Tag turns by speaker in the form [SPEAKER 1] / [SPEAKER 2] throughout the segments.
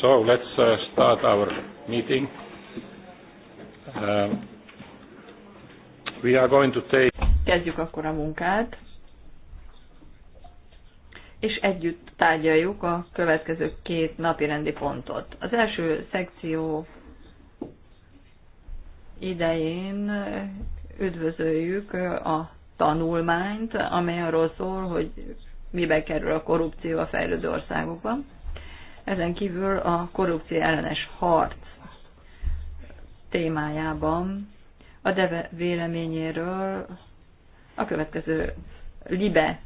[SPEAKER 1] So let's uh, start our meeting. Uh, we are going to take...
[SPEAKER 2] Kezdjük akkor a munkát, és együtt tárgyaljuk a következő két napi rendi pontot. Az első szekció idején üdvözöljük a tanulmányt, amely arról szól, hogy mibe kerül a korrupció a fejlődő országokban ezen kívül a korrupció ellenes harc témájában a Deve véleményéről a következő Libe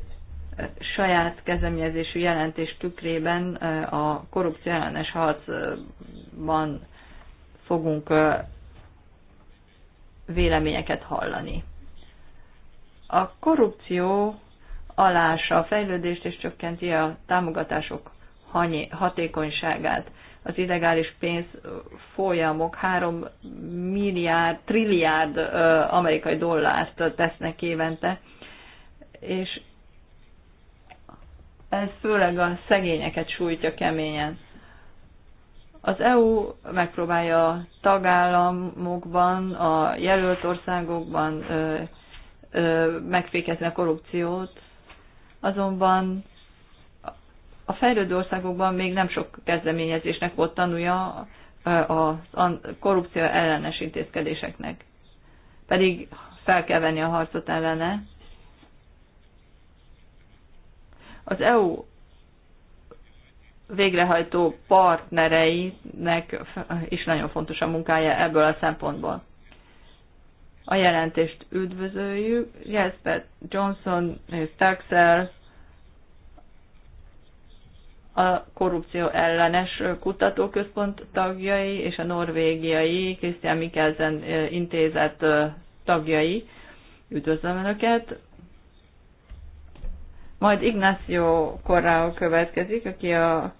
[SPEAKER 2] eh, saját kezdeményezésű jelentés tükrében eh, a korrupció ellenes harcban eh, fogunk véleményeket hallani. A korrupció alása a fejlődést és csökkenti a támogatások hatékonyságát. Az illegális pénzfolyamok 3 milliárd, trilliárd amerikai dollárt tesznek évente, és ez főleg a szegényeket sújtja keményen. Az EU megpróbálja a tagállamokban, a jelölt országokban megfékezni a korrupciót, azonban a fejlődő országokban még nem sok kezdeményezésnek volt tanulja a korrupció ellenes intézkedéseknek. Pedig fel kell venni a harcot ellene. Az EU végrehajtó partnereinek is nagyon fontos a munkája ebből a szempontból. A jelentést üdvözöljük. Jesper Johnson, Staxel a korrupció ellenes kutatóközpont tagjai és a norvégiai Krisztián Mikkelsen intézet tagjai. Üdvözlöm Önöket! Majd Ignacio Corral következik, aki a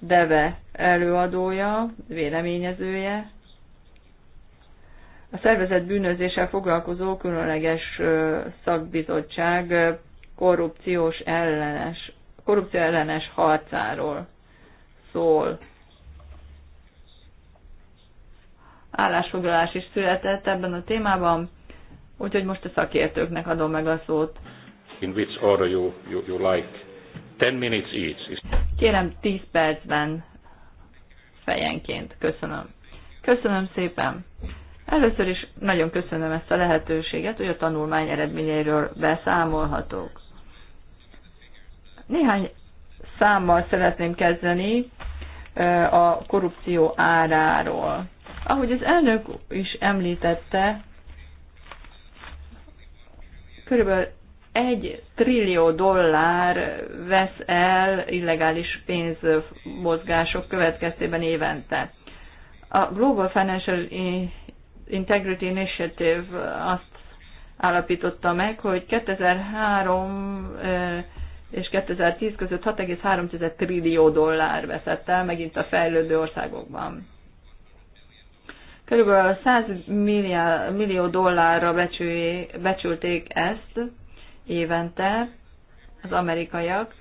[SPEAKER 2] Deve előadója, véleményezője. A szervezet bűnözéssel foglalkozó különleges szakbizottság korrupciós ellenes korrupció ellenes harcáról szól. Állásfoglalás is született ebben a témában, úgyhogy most a szakértőknek adom meg a szót.
[SPEAKER 1] In which order you, you, you like. Ten minutes each.
[SPEAKER 2] Kérem 10 percben fejenként. Köszönöm. Köszönöm szépen. Először is nagyon köszönöm ezt a lehetőséget, hogy a tanulmány eredményeiről beszámolhatok. Néhány számmal szeretném kezdeni a korrupció áráról. Ahogy az elnök is említette, körülbelül egy trillió dollár vesz el illegális pénzmozgások következtében évente. A Global Financial Integrity Initiative azt állapította meg, hogy 2003 és 2010 között 6,3 trillió dollár veszett el megint a fejlődő országokban. Körülbelül 100 millió, millió dollárra becsülték ezt évente az amerikaiak.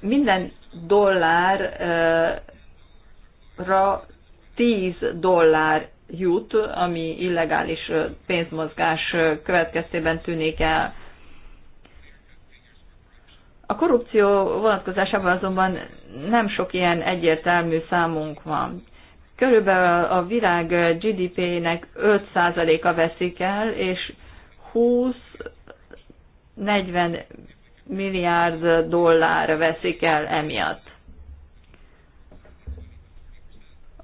[SPEAKER 2] Minden dollárra 10 dollár jut, ami illegális pénzmozgás következtében tűnik el a korrupció vonatkozásában azonban nem sok ilyen egyértelmű számunk van. Körülbelül a világ GDP-nek 5%-a veszik el, és 20-40 milliárd dollár veszik el emiatt.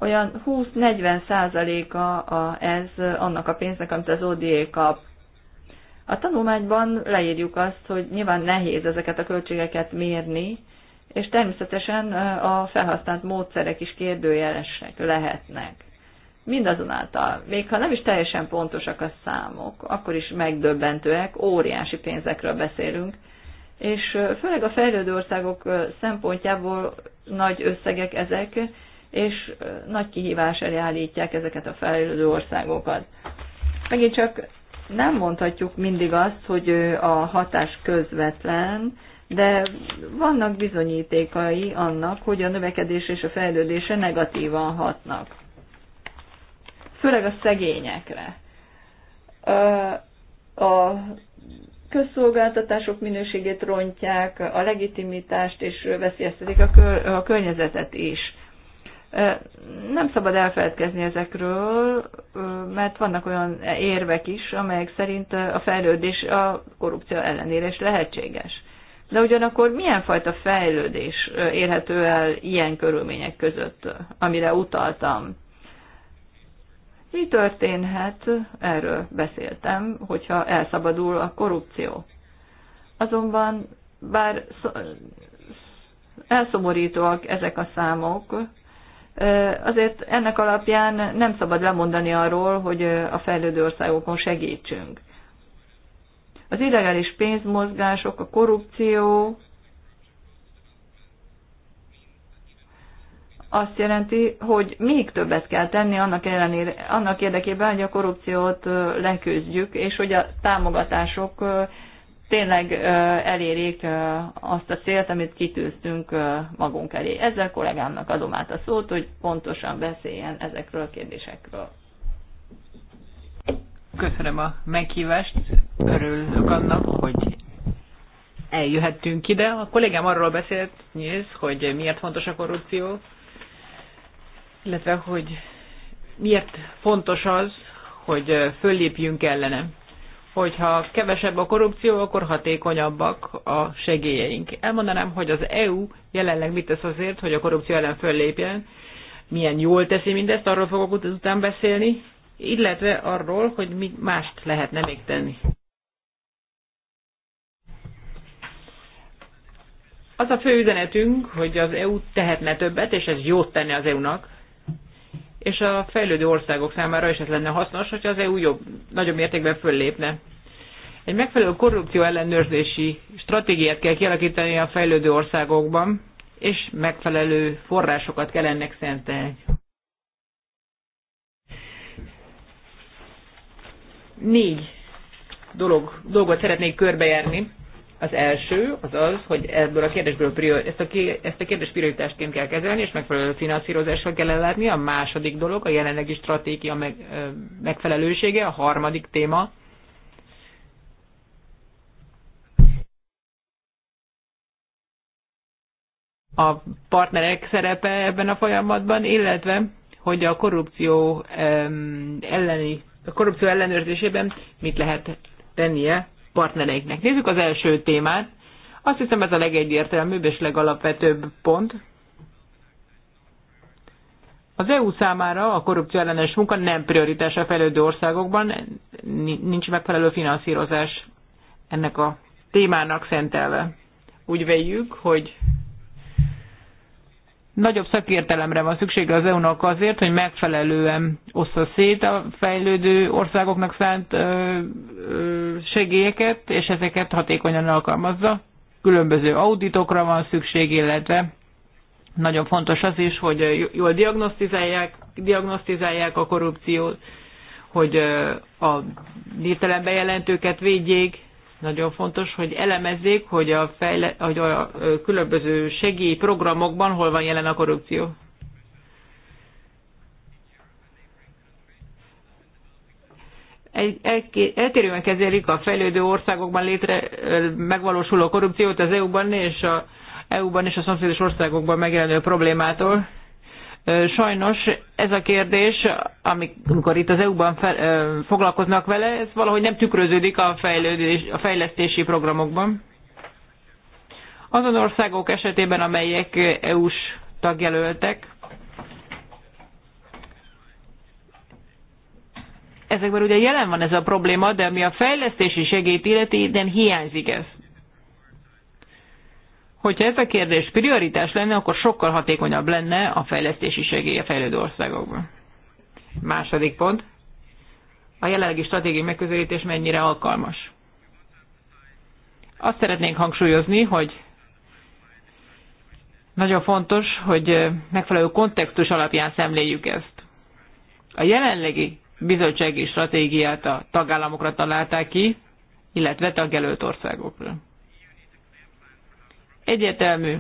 [SPEAKER 2] Olyan 20-40 százaléka ez annak a pénznek, amit az ODA kap. A tanulmányban leírjuk azt, hogy nyilván nehéz ezeket a költségeket mérni, és természetesen a felhasznált módszerek is kérdőjelesek lehetnek. Mindazonáltal, még ha nem is teljesen pontosak a számok, akkor is megdöbbentőek, óriási pénzekről beszélünk, és főleg a fejlődő országok szempontjából nagy összegek ezek, és nagy kihívás elé állítják ezeket a fejlődő országokat. Megint csak nem mondhatjuk mindig azt, hogy a hatás közvetlen, de vannak bizonyítékai annak, hogy a növekedés és a fejlődése negatívan hatnak. Főleg a szegényekre. A közszolgáltatások minőségét rontják, a legitimitást és veszélyeztetik a, kör, a környezetet is. Nem szabad elfeledkezni ezekről, mert vannak olyan érvek is, amelyek szerint a fejlődés a korrupció ellenére is lehetséges. De ugyanakkor milyen fajta fejlődés érhető el ilyen körülmények között, amire utaltam? Mi történhet, erről beszéltem, hogyha elszabadul a korrupció. Azonban bár elszomorítóak ezek a számok, azért ennek alapján nem szabad lemondani arról, hogy a fejlődő országokon segítsünk. Az illegális pénzmozgások, a korrupció azt jelenti, hogy még többet kell tenni annak, ellenére, annak érdekében, hogy a korrupciót leküzdjük, és hogy a támogatások tényleg elérjék azt a célt, amit kitűztünk magunk elé. Ezzel kollégámnak adom át a szót, hogy pontosan beszéljen ezekről a kérdésekről.
[SPEAKER 3] Köszönöm a meghívást, örülök annak, hogy eljöhettünk ide. A kollégám arról beszélt, Nyilz, hogy miért fontos a korrupció, illetve hogy miért fontos az, hogy föllépjünk ellene hogyha kevesebb a korrupció, akkor hatékonyabbak a segélyeink. Elmondanám, hogy az EU jelenleg mit tesz azért, hogy a korrupció ellen föllépjen, milyen jól teszi mindezt, arról fogok után beszélni, illetve arról, hogy mit mást lehetne még tenni. Az a fő üzenetünk, hogy az EU tehetne többet, és ez jót tenni az EU-nak és a fejlődő országok számára is ez lenne hasznos, hogyha az EU jobb, nagyobb mértékben föllépne. Egy megfelelő korrupció ellenőrzési stratégiát kell kialakítani a fejlődő országokban, és megfelelő forrásokat kell ennek szentelni. Négy dolog, dolgot szeretnék körbejárni az első az az, hogy ebből a kérdésből prior, ezt, a, ezt a kérdés prioritásként kell kezelni, és megfelelő finanszírozással kell ellátni. A második dolog a jelenlegi stratégia meg, megfelelősége, a harmadik téma a partnerek szerepe ebben a folyamatban, illetve hogy a korrupció elleni, a korrupció ellenőrzésében mit lehet tennie partnereinknek. Nézzük az első témát. Azt hiszem ez a legegyértelműbb és legalapvetőbb pont. Az EU számára a korrupció ellenes munka nem prioritás a fejlődő országokban, nincs megfelelő finanszírozás ennek a témának szentelve. Úgy véljük, hogy Nagyobb szakértelemre van szüksége az EU-nak azért, hogy megfelelően ossza szét a fejlődő országoknak szánt ö, ö, segélyeket, és ezeket hatékonyan alkalmazza. Különböző auditokra van szükség, illetve nagyon fontos az is, hogy jól diagnosztizálják, diagnosztizálják a korrupciót, hogy a nyíltelen bejelentőket védjék, nagyon fontos, hogy elemezzék, hogy a, fejle, hogy a különböző segélyprogramokban hol van jelen a korrupció. eltérően kezelik a fejlődő országokban létre megvalósuló korrupciót az EU-ban és a EU-ban és a szomszédos országokban megjelenő problémától. Sajnos ez a kérdés, amikor itt az EU-ban foglalkoznak vele, ez valahogy nem tükröződik a, fejlődés, a fejlesztési programokban. Azon országok esetében, amelyek EU-s tagjelöltek, ezekben ugye jelen van ez a probléma, de ami a fejlesztési segélyt illeti, nem hiányzik ez. Hogyha ez a kérdés prioritás lenne, akkor sokkal hatékonyabb lenne a fejlesztési segély a fejlődő országokban. Második pont. A jelenlegi stratégiai megközelítés mennyire alkalmas? Azt szeretnénk hangsúlyozni, hogy nagyon fontos, hogy megfelelő kontextus alapján szemléljük ezt. A jelenlegi bizottsági stratégiát a tagállamokra találták ki, illetve tagjelölt országokra. Egyértelmű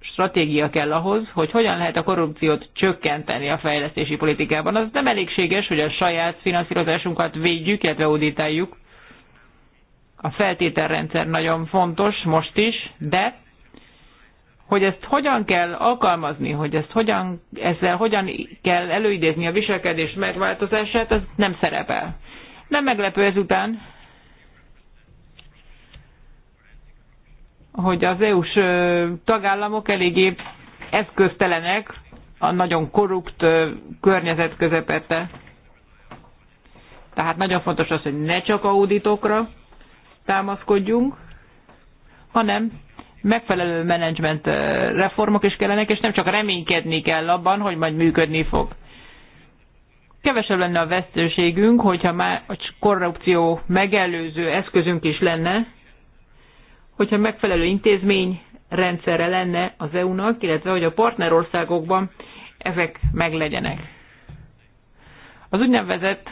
[SPEAKER 3] stratégia kell ahhoz, hogy hogyan lehet a korrupciót csökkenteni a fejlesztési politikában. Az nem elégséges, hogy a saját finanszírozásunkat védjük, illetve auditáljuk. A feltételrendszer nagyon fontos most is, de hogy ezt hogyan kell alkalmazni, hogy ezt hogyan, ezzel hogyan kell előidézni a viselkedés megváltozását, az nem szerepel. Nem meglepő ezután, hogy az EU-s tagállamok eléggé eszköztelenek a nagyon korrupt környezet közepette. Tehát nagyon fontos az, hogy ne csak auditokra támaszkodjunk, hanem megfelelő menedzsment reformok is kellenek, és nem csak reménykedni kell abban, hogy majd működni fog. Kevesebb lenne a vesztőségünk, hogyha már a korrupció megelőző eszközünk is lenne, hogyha megfelelő intézmény rendszerre lenne az EU-nak, illetve hogy a partnerországokban ezek meglegyenek. Az úgynevezett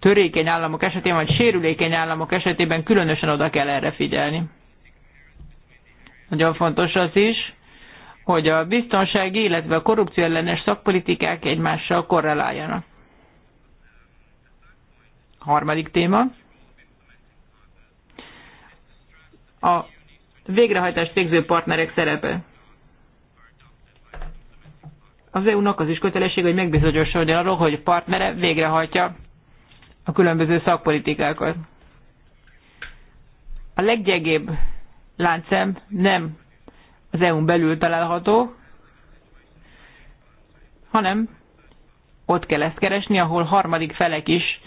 [SPEAKER 3] törékeny államok esetében, vagy sérülékeny államok esetében különösen oda kell erre figyelni. Nagyon fontos az is, hogy a biztonsági, illetve a korrupció ellenes szakpolitikák egymással korreláljanak. Harmadik téma. a végrehajtást végző partnerek szerepe. Az EU-nak az is kötelessége, hogy megbizonyosodjon arról, hogy partnere végrehajtja a különböző szakpolitikákat. A leggyengébb láncem nem az EU-n belül található, hanem ott kell ezt keresni, ahol harmadik felek is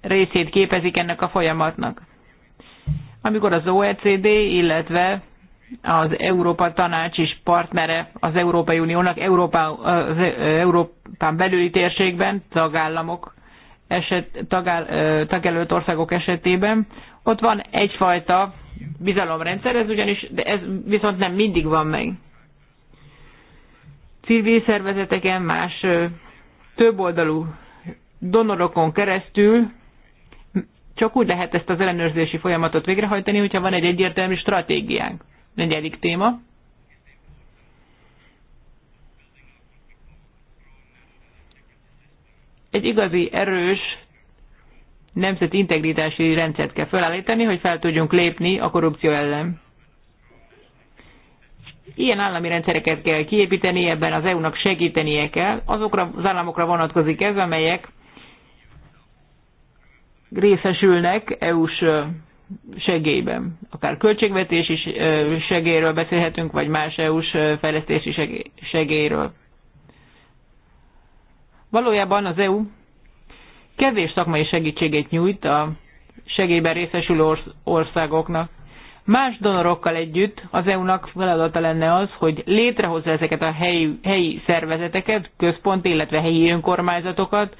[SPEAKER 3] részét képezik ennek a folyamatnak amikor az OECD, illetve az Európa Tanács is partnere az Európai Uniónak Európa, az Európán belüli térségben, tagállamok eset, tagáll, tagjelölt országok esetében. Ott van egyfajta bizalomrendszer, ez ugyanis, de ez viszont nem mindig van meg. Civil szervezeteken, más többoldalú donorokon keresztül csak úgy lehet ezt az ellenőrzési folyamatot végrehajtani, hogyha van egy egyértelmű stratégiánk. Negyedik téma. Egy igazi, erős nemzeti integritási rendszert kell felállítani, hogy fel tudjunk lépni a korrupció ellen. Ilyen állami rendszereket kell kiépíteni, ebben az EU-nak segítenie kell. Azokra az államokra vonatkozik ez, amelyek részesülnek EU-s segélyben. Akár költségvetési segélyről beszélhetünk, vagy más EU-s fejlesztési segélyről. Valójában az EU kevés szakmai segítségét nyújt a segélyben részesülő országoknak. Más donorokkal együtt az EU-nak feladata lenne az, hogy létrehozza ezeket a helyi, helyi szervezeteket, központi, illetve helyi önkormányzatokat,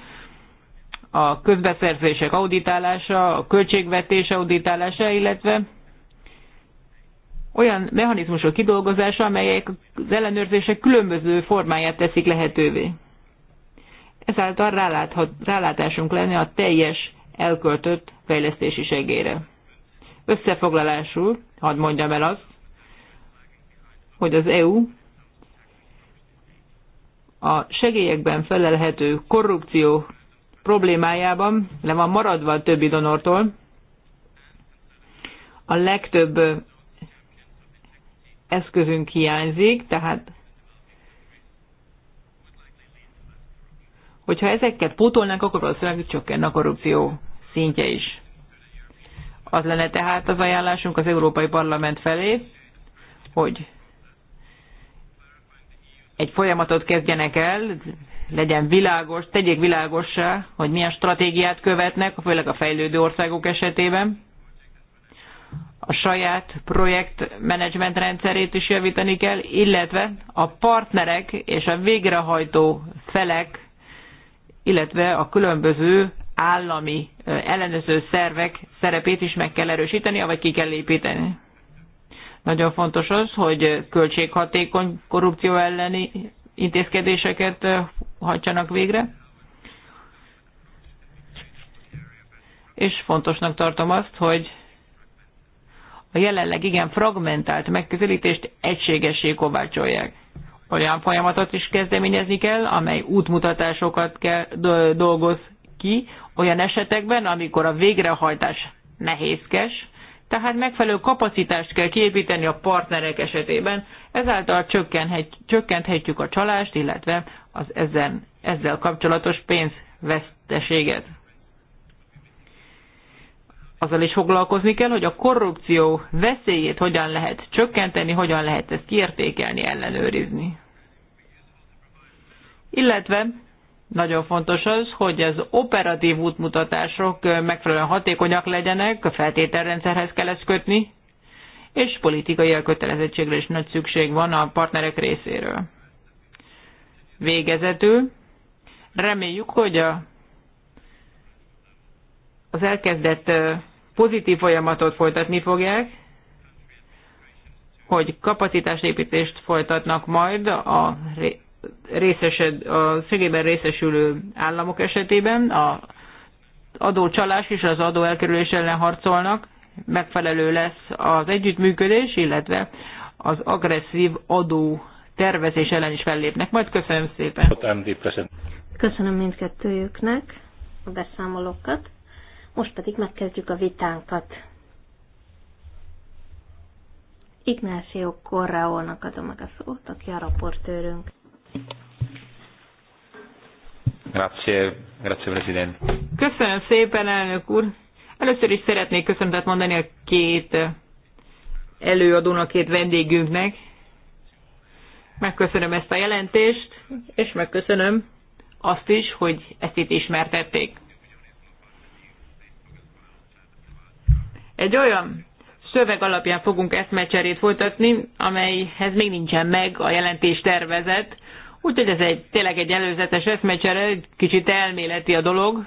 [SPEAKER 3] a közbeszerzések auditálása, a költségvetés auditálása, illetve olyan mechanizmusok kidolgozása, amelyek az ellenőrzések különböző formáját teszik lehetővé. Ezáltal ráláthat, rálátásunk lenne a teljes elköltött fejlesztési segélyre. Összefoglalásul, hadd mondjam el azt, hogy az EU a segélyekben felelhető korrupció problémájában le van maradva a többi donortól. A legtöbb eszközünk hiányzik, tehát hogyha ezeket pótolnánk, akkor valószínűleg csökkenne a korrupció szintje is. Az lenne tehát az ajánlásunk az Európai Parlament felé, hogy egy folyamatot kezdjenek el, legyen világos, tegyék világossá, hogy milyen stratégiát követnek, főleg a fejlődő országok esetében. A saját projektmenedzsment rendszerét is javítani kell, illetve a partnerek és a végrehajtó felek, illetve a különböző állami ellenőrző szervek szerepét is meg kell erősíteni, vagy ki kell építeni. Nagyon fontos az, hogy költséghatékony korrupció elleni intézkedéseket eh, hajtsanak végre. És fontosnak tartom azt, hogy a jelenleg igen fragmentált megközelítést egységessé kovácsolják. Olyan folyamatot is kezdeményezni kell, amely útmutatásokat kell, dolgoz ki olyan esetekben, amikor a végrehajtás nehézkes, tehát megfelelő kapacitást kell kiépíteni a partnerek esetében, Ezáltal csökkenthetjük a csalást, illetve az ezen, ezzel kapcsolatos pénzveszteséget. Azzal is foglalkozni kell, hogy a korrupció veszélyét hogyan lehet csökkenteni, hogyan lehet ezt kiértékelni, ellenőrizni. Illetve nagyon fontos az, hogy az operatív útmutatások megfelelően hatékonyak legyenek, a feltételrendszerhez kell ezt kötni, és politikai elkötelezettségre is nagy szükség van a partnerek részéről. Végezetül reméljük, hogy a, az elkezdett pozitív folyamatot folytatni fogják, hogy kapacitásépítést folytatnak majd a részesed, a szegében részesülő államok esetében, a adócsalás és az adóelkerülés ellen harcolnak, megfelelő lesz az együttműködés, illetve
[SPEAKER 4] az agresszív adó tervezés ellen is fellépnek. Majd köszönöm szépen. Köszönöm mindkettőjüknek a beszámolókat. Most pedig megkezdjük a vitánkat. Ignácio Corraónak adom meg a szót, aki a raportőrünk.
[SPEAKER 1] Grazie, grazie Presidente.
[SPEAKER 4] Köszönöm szépen, elnök úr.
[SPEAKER 3] Először is szeretnék köszönetet mondani a két előadónak, két vendégünknek. Megköszönöm ezt a jelentést, és megköszönöm azt is, hogy ezt itt ismertették. Egy olyan szöveg alapján fogunk eszmecserét folytatni, amelyhez még nincsen meg a jelentés tervezet, úgyhogy ez egy, tényleg egy előzetes eszmecsere, egy kicsit elméleti a dolog,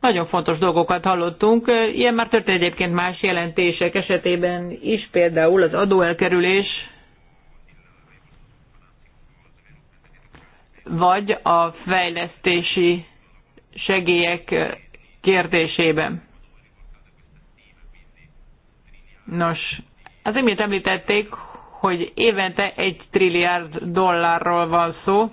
[SPEAKER 3] nagyon fontos dolgokat hallottunk. Ilyen már történt egyébként más jelentések esetében is, például az adóelkerülés, vagy a fejlesztési segélyek kérdésében. Nos, az imént említették, hogy évente egy trilliárd dollárról van szó,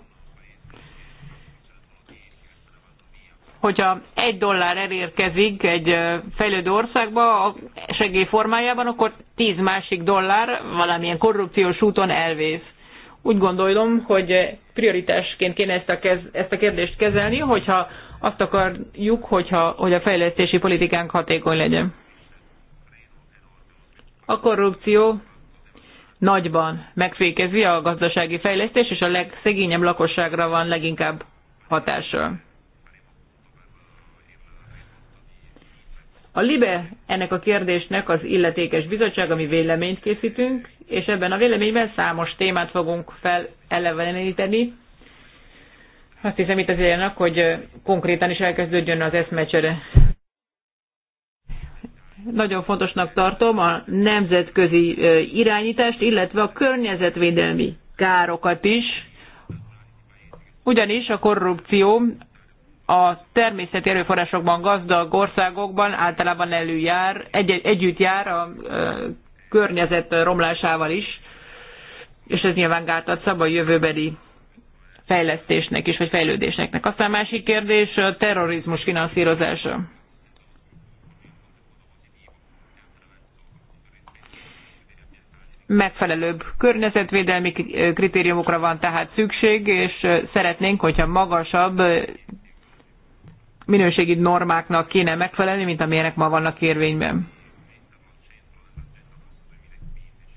[SPEAKER 3] hogyha egy dollár elérkezik egy fejlődő országba a segély formájában, akkor tíz másik dollár valamilyen korrupciós úton elvész. Úgy gondolom, hogy prioritásként kéne ezt a, kez, ezt a kérdést kezelni, hogyha azt akarjuk, hogyha, hogy a fejlesztési politikánk hatékony legyen. A korrupció nagyban megfékezi a gazdasági fejlesztés, és a legszegényebb lakosságra van leginkább hatással. A LIBE ennek a kérdésnek az illetékes bizottság, ami véleményt készítünk, és ebben a véleményben számos témát fogunk feleleveníteni. Azt hiszem itt az ilyenek, hogy konkrétan is elkezdődjön az eszmecsere. Nagyon fontosnak tartom a nemzetközi irányítást, illetve a környezetvédelmi károkat is, ugyanis a korrupció a természeti erőforrásokban gazdag országokban általában előjár, egy, együtt jár a, környezet romlásával is, és ez nyilván gátat szab a jövőbeli fejlesztésnek is, vagy fejlődésnek. Aztán másik kérdés a terrorizmus finanszírozása. Megfelelőbb környezetvédelmi kritériumokra van tehát szükség, és szeretnénk, hogyha magasabb minőségi normáknak kéne megfelelni, mint amilyenek ma vannak érvényben.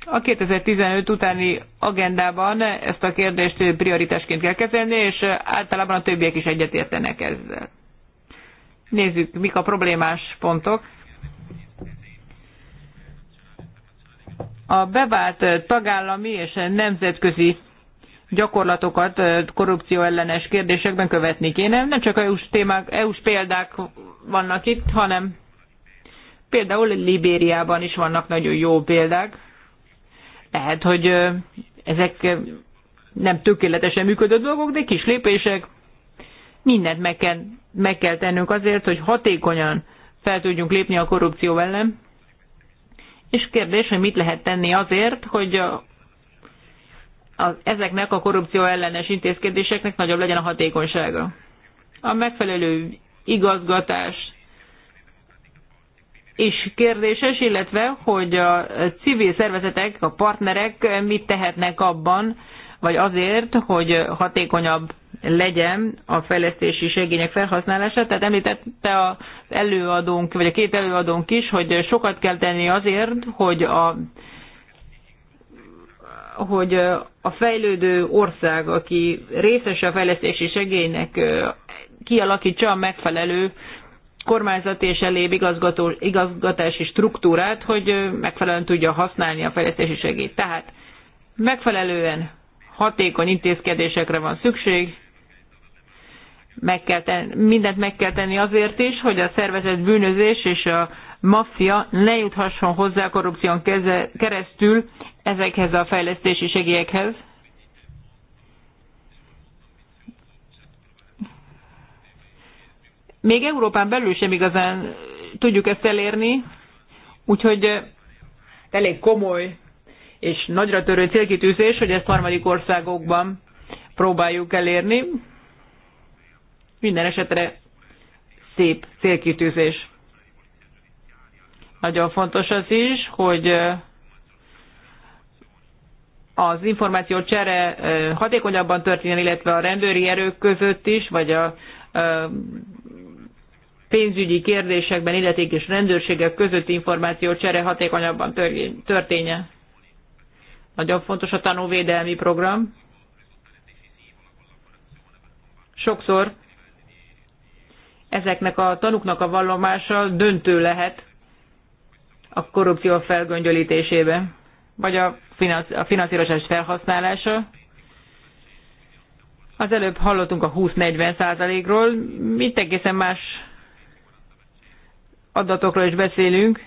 [SPEAKER 3] A 2015 utáni agendában ezt a kérdést prioritásként kell kezelni, és általában a többiek is egyetértenek ezzel. Nézzük, mik a problémás pontok. A bevált tagállami és nemzetközi gyakorlatokat korrupció ellenes kérdésekben követni kéne. Nem csak EU-s, témák, EU-s példák vannak itt, hanem például Libériában is vannak nagyon jó példák. Lehet, hogy ezek nem tökéletesen működő dolgok, de kis lépések. Mindent meg kell, meg kell tennünk azért, hogy hatékonyan fel tudjunk lépni a korrupció ellen. És kérdés, hogy mit lehet tenni azért, hogy a a, ezeknek a korrupció ellenes intézkedéseknek nagyobb legyen a hatékonysága. A megfelelő igazgatás is kérdéses, illetve hogy a civil szervezetek, a partnerek mit tehetnek abban, vagy azért, hogy hatékonyabb legyen a fejlesztési segények felhasználása. Tehát említette az előadónk, vagy a két előadónk is, hogy sokat kell tenni azért, hogy a hogy a fejlődő ország, aki részese a fejlesztési segélynek, kialakítsa a megfelelő kormányzati és elébb igazgató, igazgatási struktúrát, hogy megfelelően tudja használni a fejlesztési segélyt. Tehát megfelelően hatékony intézkedésekre van szükség, meg kell tenni, mindent meg kell tenni azért is, hogy a szervezet bűnözés és a maffia ne juthasson hozzá korrupción keresztül ezekhez a fejlesztési segélyekhez. Még Európán belül sem igazán tudjuk ezt elérni, úgyhogy elég komoly és nagyra törő célkitűzés, hogy ezt harmadik országokban próbáljuk elérni. Minden esetre szép célkitűzés. Nagyon fontos az is, hogy az információ csere hatékonyabban történjen, illetve a rendőri erők között is, vagy a pénzügyi kérdésekben illeték és rendőrségek közötti információ csere hatékonyabban történje. Nagyon fontos a tanúvédelmi program. Sokszor ezeknek a tanuknak a vallomása döntő lehet a korrupció felgöngyölítésébe vagy a, finansz, a finanszírozás felhasználása. Az előbb hallottunk a 20-40 százalékról, mint egészen más adatokról is beszélünk.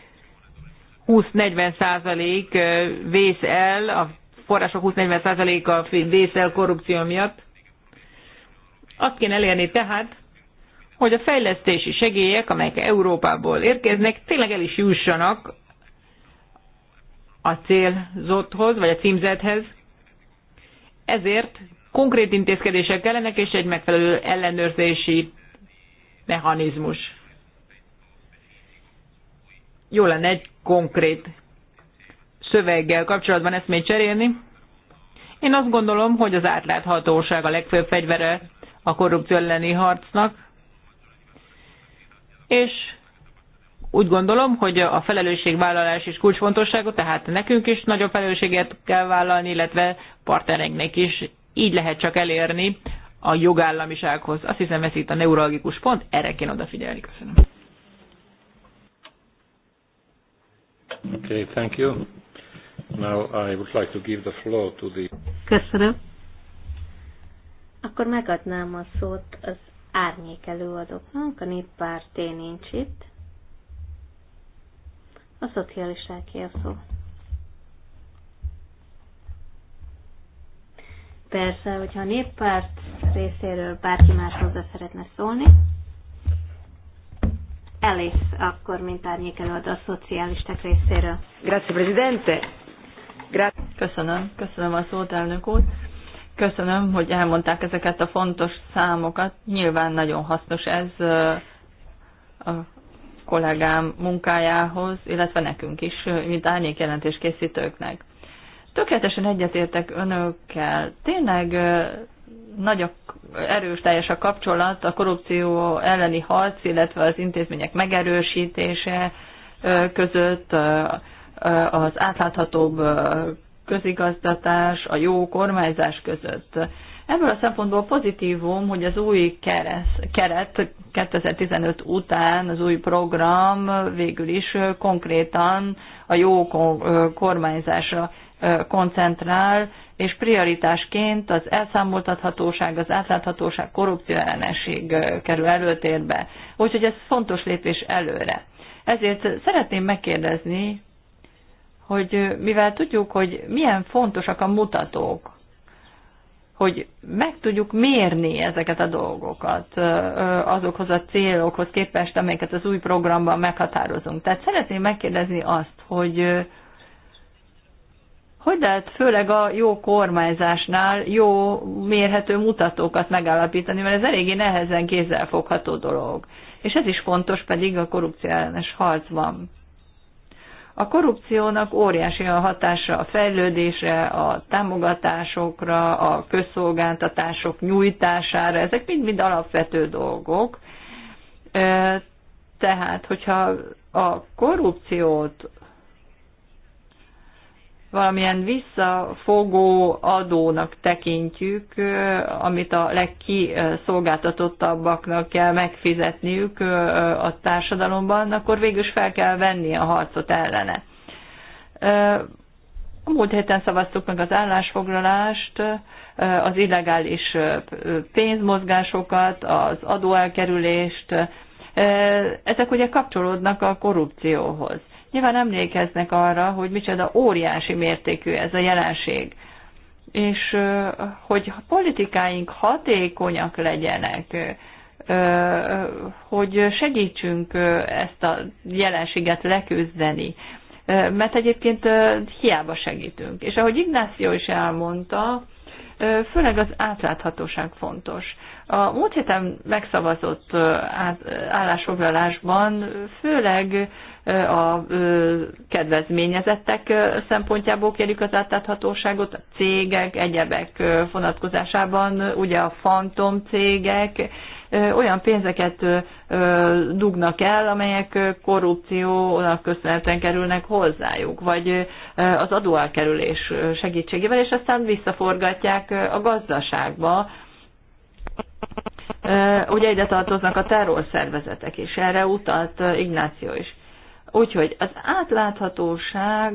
[SPEAKER 3] 20-40 százalék el, a források 20-40 vész el korrupció miatt. Azt kéne elérni tehát, hogy a fejlesztési segélyek, amelyek Európából érkeznek, tényleg el is jussanak a célzotthoz, vagy a címzethez. Ezért konkrét intézkedések kellenek, és egy megfelelő ellenőrzési mechanizmus. Jó lenne egy konkrét szöveggel kapcsolatban ezt még cserélni. Én azt gondolom, hogy az átláthatóság a legfőbb fegyvere a korrupció elleni harcnak, és úgy gondolom, hogy a felelősségvállalás is kulcsfontosságú, tehát nekünk is nagyobb felelősséget kell vállalni, illetve partnereinknek is. Így lehet csak elérni a jogállamisághoz. Azt hiszem, ez itt a neuralgikus pont, erre kéne odafigyelni. Köszönöm.
[SPEAKER 1] Okay, thank you. Now I would like to give the floor to the...
[SPEAKER 4] Köszönöm. Akkor megadnám a szót az árnyék előadóknak, a néppárté nincs itt. A szocialistáké a szó. Persze, hogyha a néppárt részéről bárki más hozzá szeretne szólni, elis, akkor mint árnyék előadó a szocialisták
[SPEAKER 2] részéről. Grazie, Presidente. Gra- Köszönöm, köszönöm a szót, elnök úr. Köszönöm, hogy elmondták ezeket a fontos számokat. Nyilván nagyon hasznos ez a kollégám munkájához, illetve nekünk is, mint árnyékjelentés készítőknek. Tökéletesen egyetértek önökkel. Tényleg nagy a, erős teljes a kapcsolat a korrupció elleni harc, illetve az intézmények megerősítése között az átláthatóbb közigazgatás, a jó kormányzás között. Ebből a szempontból pozitívum, hogy az új keret 2015 után az új program végül is konkrétan a jó kormányzásra koncentrál, és prioritásként az elszámoltathatóság, az átláthatóság, korrupció ellenesség kerül előtérbe. Úgyhogy ez fontos lépés előre. Ezért szeretném megkérdezni, hogy mivel tudjuk, hogy milyen fontosak a mutatók, hogy meg tudjuk mérni ezeket a dolgokat azokhoz a célokhoz képest, amelyeket az új programban meghatározunk. Tehát szeretném megkérdezni azt, hogy hogy lehet főleg a jó kormányzásnál jó mérhető mutatókat megállapítani, mert ez eléggé nehezen kézzelfogható dolog. És ez is fontos pedig a korrupció harcban. A korrupciónak óriási a hatása a fejlődésre, a támogatásokra, a közszolgáltatások nyújtására, ezek mind-mind alapvető dolgok. Tehát, hogyha a korrupciót valamilyen visszafogó adónak tekintjük, amit a legkiszolgáltatottabbaknak kell megfizetniük a társadalomban, akkor végül is fel kell venni a harcot ellene. A múlt héten szavaztuk meg az állásfoglalást, az illegális pénzmozgásokat, az adóelkerülést. Ezek ugye kapcsolódnak a korrupcióhoz. Nyilván emlékeznek arra, hogy micsoda óriási mértékű ez a jelenség. És hogy a politikáink hatékonyak legyenek, hogy segítsünk ezt a jelenséget leküzdeni. Mert egyébként hiába segítünk. És ahogy Ignácio is elmondta, főleg az átláthatóság fontos. A múlt héten megszavazott állásfoglalásban főleg a kedvezményezettek szempontjából kérjük az átláthatóságot, a cégek, egyebek vonatkozásában, ugye a fantom cégek olyan pénzeket dugnak el, amelyek korrupciónak köszönhetően kerülnek hozzájuk, vagy az adóelkerülés segítségével, és aztán visszaforgatják a gazdaságba, Ugye ide tartoznak a terrorszervezetek is, erre utalt Ignáció is. Úgyhogy az átláthatóság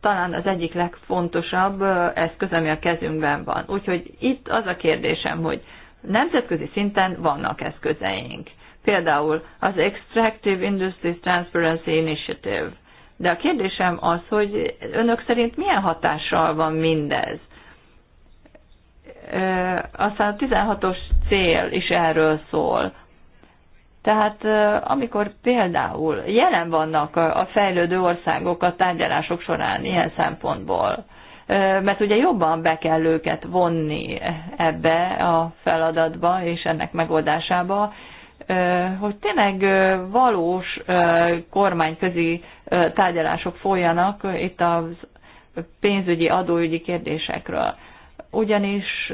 [SPEAKER 2] talán az egyik legfontosabb eszköz, ami a kezünkben van. Úgyhogy itt az a kérdésem, hogy nemzetközi szinten vannak eszközeink. Például az Extractive Industries Transparency Initiative. De a kérdésem az, hogy önök szerint milyen hatással van mindez? aztán a 16-os cél is erről szól. Tehát amikor például jelen vannak a fejlődő országok a tárgyalások során ilyen szempontból, mert ugye jobban be kell őket vonni ebbe a feladatba és ennek megoldásába, hogy tényleg valós kormányközi tárgyalások folyanak itt a pénzügyi, adóügyi kérdésekről ugyanis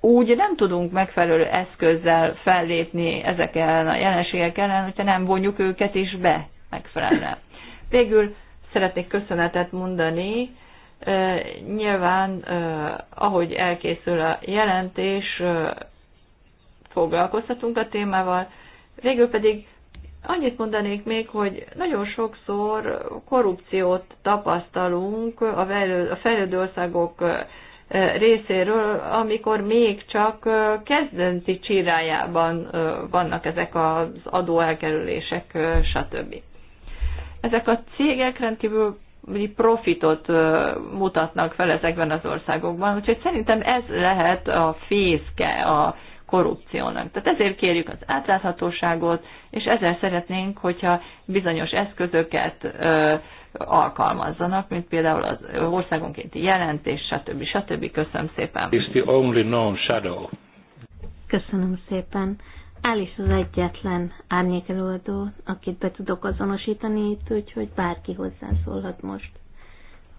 [SPEAKER 2] úgy nem tudunk megfelelő eszközzel fellépni ezek ellen a jelenségek ellen, hogyha nem vonjuk őket is be megfelelően. Végül szeretnék köszönetet mondani, nyilván, ahogy elkészül a jelentés, foglalkoztatunk a témával. Végül pedig annyit mondanék még, hogy nagyon sokszor korrupciót tapasztalunk a fejlődő országok részéről, amikor még csak kezdenti csirájában vannak ezek az adóelkerülések, stb. Ezek a cégek rendkívül profitot mutatnak fel ezekben az országokban, úgyhogy szerintem ez lehet a fészke a korrupciónak. Tehát ezért kérjük az átláthatóságot, és ezzel szeretnénk, hogyha bizonyos eszközöket alkalmazzanak, mint például az országonkénti jelentés, stb. stb. Köszönöm szépen.
[SPEAKER 1] It's the only known shadow.
[SPEAKER 2] Köszönöm
[SPEAKER 4] szépen. Ális az egyetlen árnyékelőadó, akit be tudok azonosítani itt, úgyhogy bárki hozzászólhat most.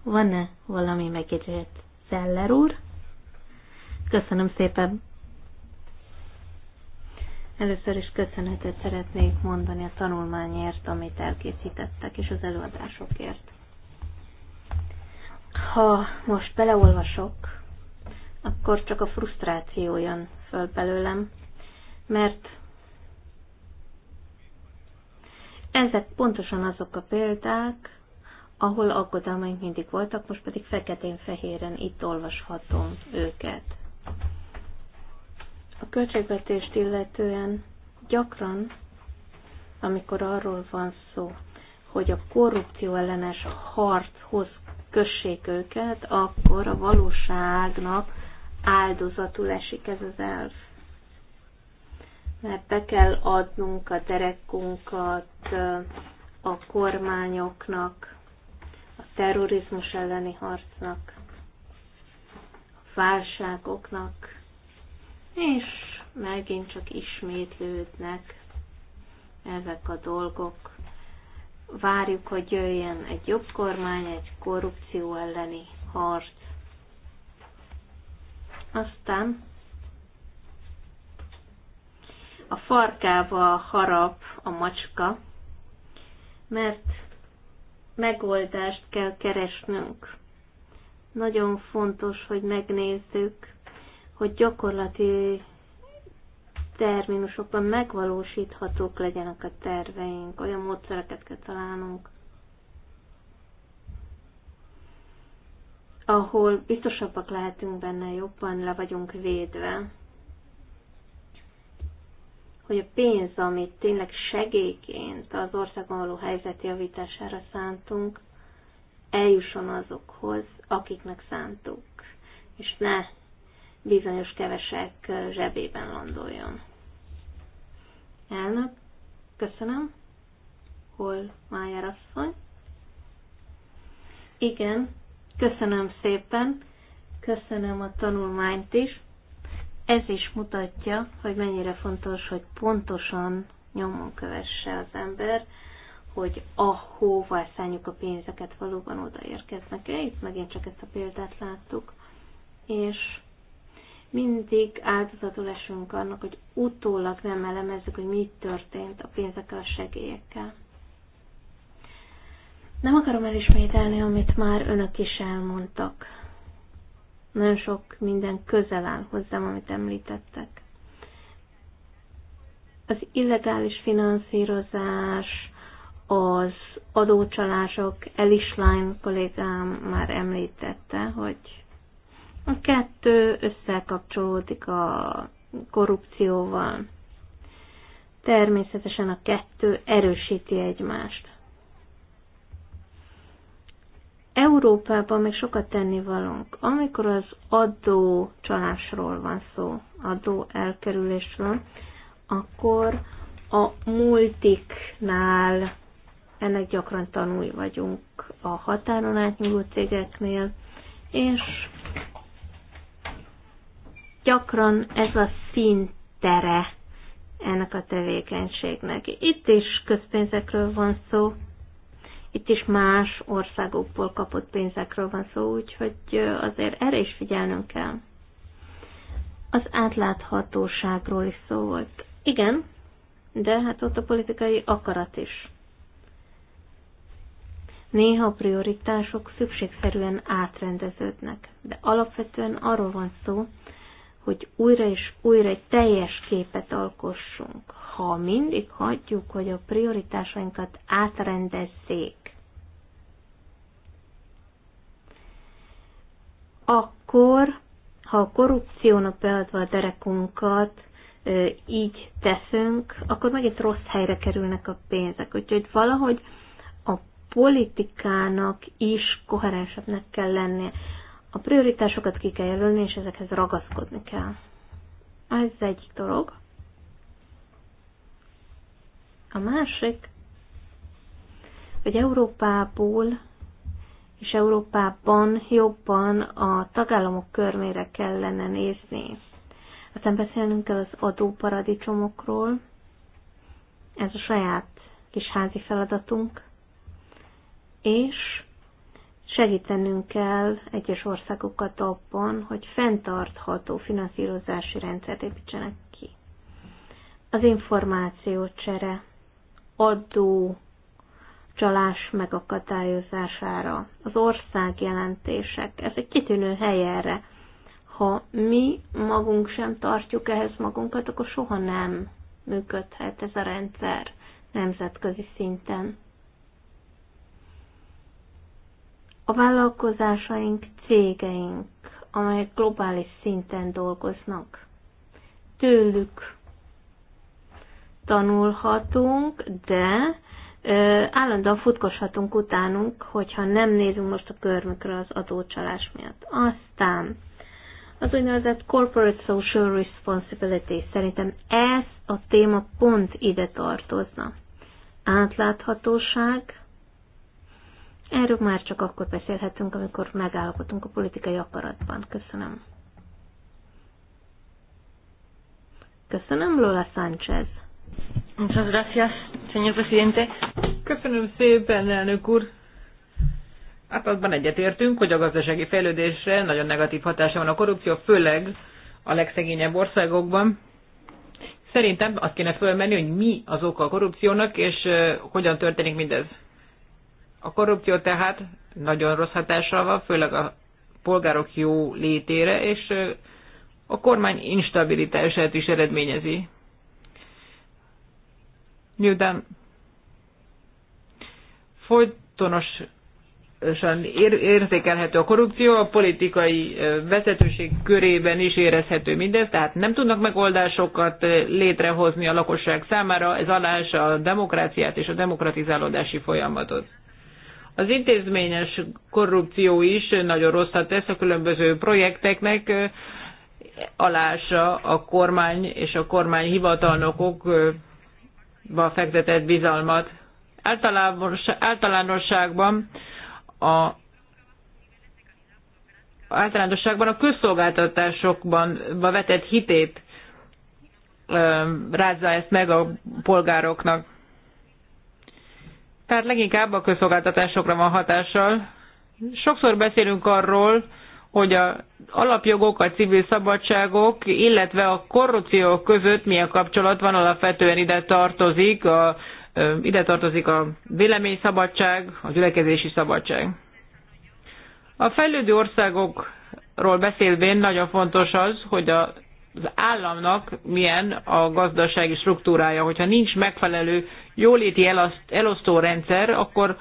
[SPEAKER 4] Van-e valami megjegyzett Zeller úr? Köszönöm szépen. Először is köszönetet szeretnék mondani a tanulmányért, amit elkészítettek, és az előadásokért. Ha most beleolvasok, akkor csak a frusztráció jön föl belőlem, mert ezek pontosan azok a példák, ahol aggodalmaink mindig voltak, most pedig feketén-fehéren itt olvashatom őket. A költségvetést illetően gyakran, amikor arról van szó, hogy a korrupció ellenes harchoz kössék őket, akkor a valóságnak áldozatul esik ez az elv. Mert be kell adnunk a derekunkat a kormányoknak, a terrorizmus elleni harcnak, a válságoknak, és megint csak ismétlődnek ezek a dolgok. Várjuk, hogy jöjjön egy jobb kormány, egy korrupció elleni harc. Aztán a farkával harap a macska, mert megoldást kell keresnünk. Nagyon fontos, hogy megnézzük, hogy gyakorlati terminusokban megvalósíthatók legyenek a terveink, olyan módszereket kell találnunk, ahol biztosabbak lehetünk benne, jobban le vagyunk védve, hogy a pénz, amit tényleg segélyként az országon való helyzet javítására szántunk, eljusson azokhoz, akiknek szántuk, és ne bizonyos kevesek zsebében landoljon. Elnök, köszönöm. Hol Májer asszony? Igen, köszönöm szépen, köszönöm a tanulmányt is. Ez is mutatja, hogy mennyire fontos, hogy pontosan nyomon kövesse az ember, hogy ahova szálljuk a pénzeket, valóban odaérkeznek-e. Itt megint csak ezt a példát láttuk. És mindig áldozatul esünk annak, hogy utólag nem elemezzük, hogy mi történt a pénzekkel, a segélyekkel. Nem akarom elismételni, amit már önök is elmondtak. Nagyon sok minden közel áll hozzám, amit említettek. Az illegális finanszírozás, az adócsalások, Elislein kollégám már említette, hogy a kettő összekapcsolódik a korrupcióval. Természetesen a kettő erősíti egymást. Európában még sokat tennivalunk. Amikor az adó csalásról van szó, adó elkerülésről, akkor a multiknál ennek gyakran tanulj vagyunk a határon átnyúló cégeknél, és gyakran ez a színtere ennek a tevékenységnek. Itt is közpénzekről van szó, itt is más országokból kapott pénzekről van szó, úgyhogy azért erre is figyelnünk kell. Az átláthatóságról is szó volt. Igen, de hát ott a politikai akarat is. Néha a prioritások szükségszerűen átrendeződnek, de alapvetően arról van szó, hogy újra és újra egy teljes képet alkossunk. Ha mindig hagyjuk, hogy a prioritásainkat átrendezzék, akkor, ha a korrupciónak beadva a derekunkat, így teszünk, akkor megint rossz helyre kerülnek a pénzek. Úgyhogy valahogy a politikának is koherensebbnek kell lennie. A prioritásokat ki kell jelölni, és ezekhez ragaszkodni kell. Ez egyik dolog. A másik, hogy Európából és Európában jobban a tagállamok körmére kellene nézni. Aztán beszélnünk kell az adóparadicsomokról. Ez a saját kis házi feladatunk. És segítenünk kell egyes országokat abban, hogy fenntartható finanszírozási rendszert építsenek ki. Az információcsere, adó, csalás megakadályozására, az országjelentések, ez egy kitűnő hely erre. Ha mi magunk sem tartjuk ehhez magunkat, akkor soha nem működhet ez a rendszer nemzetközi szinten. A vállalkozásaink, cégeink, amelyek globális szinten dolgoznak, tőlük tanulhatunk, de ö, állandóan futkoshatunk utánunk, hogyha nem nézünk most a körmükre az adócsalás miatt. Aztán az úgynevezett corporate social responsibility. Szerintem ez a téma pont ide tartozna. Átláthatóság, Erről már csak akkor beszélhetünk, amikor megállapodunk a politikai akaratban. Köszönöm. Köszönöm, Lola Sánchez. Muchas gracias, señor presidente. Köszönöm szépen, elnök úr.
[SPEAKER 3] Hát azban egyetértünk, hogy a gazdasági fejlődésre nagyon negatív hatása van a korrupció, főleg a legszegényebb országokban. Szerintem azt kéne fölmenni, hogy mi az oka a korrupciónak, és hogyan történik mindez. A korrupció tehát nagyon rossz hatással van, főleg a polgárok jó létére, és a kormány instabilitását is eredményezi. Miután folytonosan érzékelhető a korrupció, a politikai vezetőség körében is érezhető mindez, tehát nem tudnak megoldásokat létrehozni a lakosság számára, ez alása a demokráciát és a demokratizálódási folyamatot. Az intézményes korrupció is nagyon rosszat tesz a különböző projekteknek, alása a kormány és a kormány hivatalnokokba fektetett bizalmat. Általánosságban a általánosságban a közszolgáltatásokban vetett hitét rázza ezt meg a polgároknak tehát leginkább a közszolgáltatásokra van hatással. Sokszor beszélünk arról, hogy a alapjogok, a civil szabadságok, illetve a korrupció között milyen kapcsolat van, alapvetően ide tartozik a, ide tartozik a véleményszabadság, a gyülekezési szabadság. A fejlődő országokról beszélvén nagyon fontos az, hogy a az államnak milyen a gazdasági struktúrája. Hogyha nincs megfelelő jóléti elosztó rendszer, akkor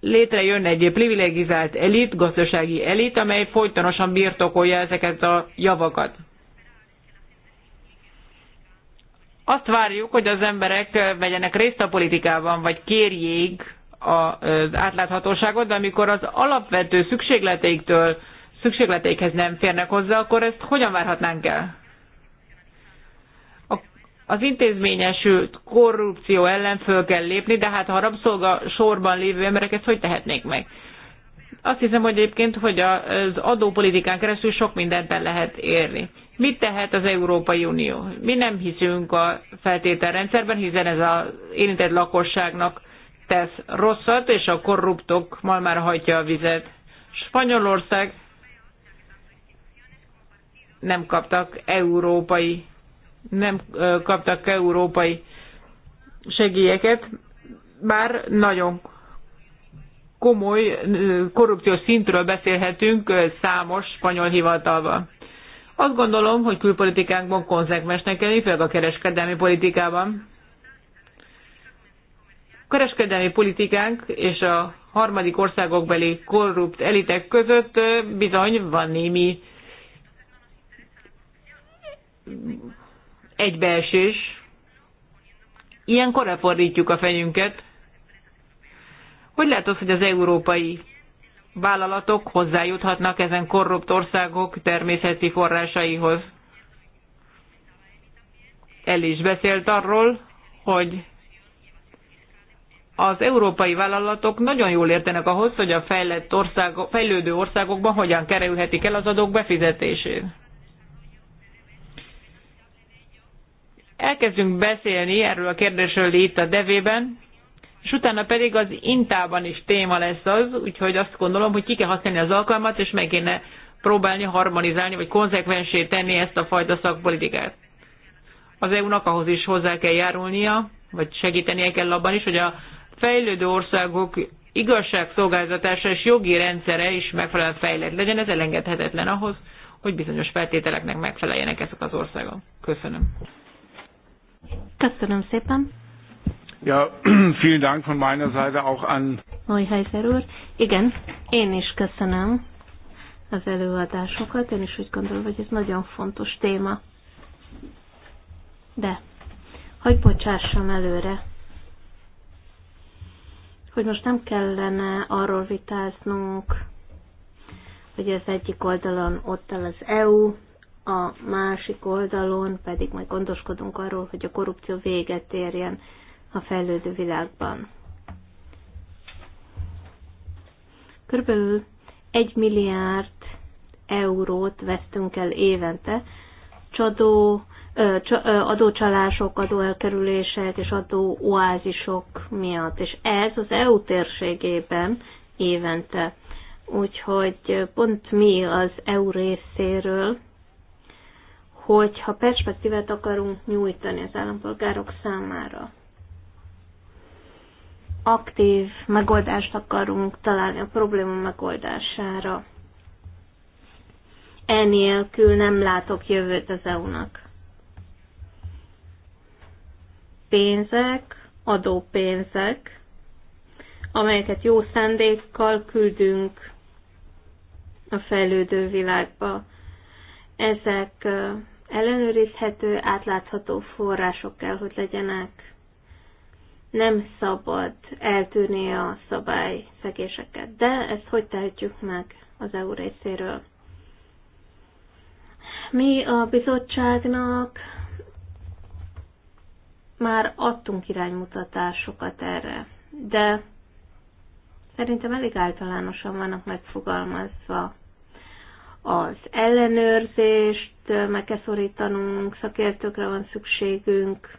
[SPEAKER 3] létrejön egy privilegizált elit, gazdasági elit, amely folytonosan birtokolja ezeket a javakat. Azt várjuk, hogy az emberek vegyenek részt a politikában, vagy kérjék az átláthatóságot, de amikor az alapvető szükségleteiktől szükségleteikhez nem férnek hozzá, akkor ezt hogyan várhatnánk el? Az intézményesült korrupció ellen föl kell lépni, de hát ha a rabszolga sorban lévő emberek ezt hogy tehetnék meg? Azt hiszem, hogy egyébként, hogy az adópolitikán keresztül sok mindent lehet érni. Mit tehet az Európai Unió? Mi nem hiszünk a feltételrendszerben, hiszen ez az érintett lakosságnak tesz rosszat, és a korruptok malmára hajtja a vizet. Spanyolország nem kaptak európai nem kaptak európai segélyeket, bár nagyon komoly korrupciós szintről beszélhetünk számos spanyol hivatalban. Azt gondolom, hogy külpolitikánkban konzekvensnek kell, főleg a kereskedelmi politikában. A kereskedelmi politikánk és a harmadik országokbeli korrupt elitek között bizony van némi egybeesés. Ilyenkor fordítjuk a fejünket. Hogy lehet az, hogy az európai vállalatok hozzájuthatnak ezen korrupt országok természeti forrásaihoz? El is beszélt arról, hogy az európai vállalatok nagyon jól értenek ahhoz, hogy a fejlett országok, fejlődő országokban hogyan kerülhetik el az adók befizetését. elkezdünk beszélni erről a kérdésről itt a devében, és utána pedig az intában is téma lesz az, úgyhogy azt gondolom, hogy ki kell használni az alkalmat, és meg kéne próbálni harmonizálni, vagy konzekvensé tenni ezt a fajta szakpolitikát. Az EU-nak ahhoz is hozzá kell járulnia, vagy segítenie kell abban is, hogy a fejlődő országok igazságszolgáltatása és jogi rendszere is megfelelően fejlett legyen, ez elengedhetetlen ahhoz, hogy bizonyos feltételeknek megfeleljenek ezek az országok.
[SPEAKER 2] Köszönöm.
[SPEAKER 4] Köszönöm szépen.
[SPEAKER 2] Ja, vielen Dank von meiner
[SPEAKER 1] Seite auch an...
[SPEAKER 4] Neuheiser úr, igen, én is köszönöm az előadásokat, én is úgy gondolom, hogy ez nagyon fontos téma. De, hogy bocsássam előre, hogy most nem kellene arról vitáznunk, hogy az egyik oldalon ott áll az EU, a másik oldalon pedig majd gondoskodunk arról, hogy a korrupció véget érjen a fejlődő világban. Körülbelül egy milliárd eurót vesztünk el évente, csadó, adócsalások, adóelkerülések és adóoázisok miatt. És ez az EU térségében évente. Úgyhogy pont mi az EU részéről hogyha perspektívet akarunk nyújtani az állampolgárok számára, aktív megoldást akarunk találni a probléma megoldására, enélkül nem látok jövőt az EU-nak. Pénzek, adópénzek, amelyeket jó szándékkal küldünk a fejlődő világba. Ezek ellenőrizhető, átlátható források kell, hogy legyenek. Nem szabad eltűrni a szabályszegéseket, de ezt hogy tehetjük meg az EU részéről? Mi a bizottságnak már adtunk iránymutatásokat erre, de szerintem elég általánosan vannak megfogalmazva az ellenőrzést meg kell szorítanunk, szakértőkre van szükségünk,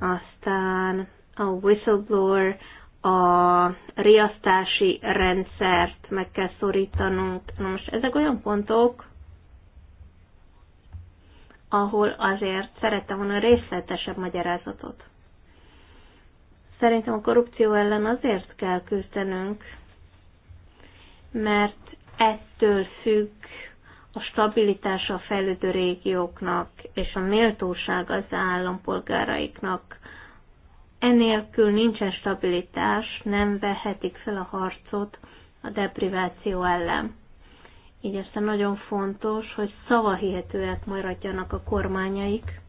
[SPEAKER 4] aztán a whistleblower, a riasztási rendszert meg kell szorítanunk. Na most ezek olyan pontok, ahol azért szerettem volna részletesebb magyarázatot. Szerintem a korrupció ellen azért kell küzdenünk, mert ettől függ a stabilitása a fejlődő régióknak és a méltóság az állampolgáraiknak. Enélkül nincsen stabilitás, nem vehetik fel a harcot a depriváció ellen. Így aztán nagyon fontos, hogy szavahihetőek maradjanak a kormányaik,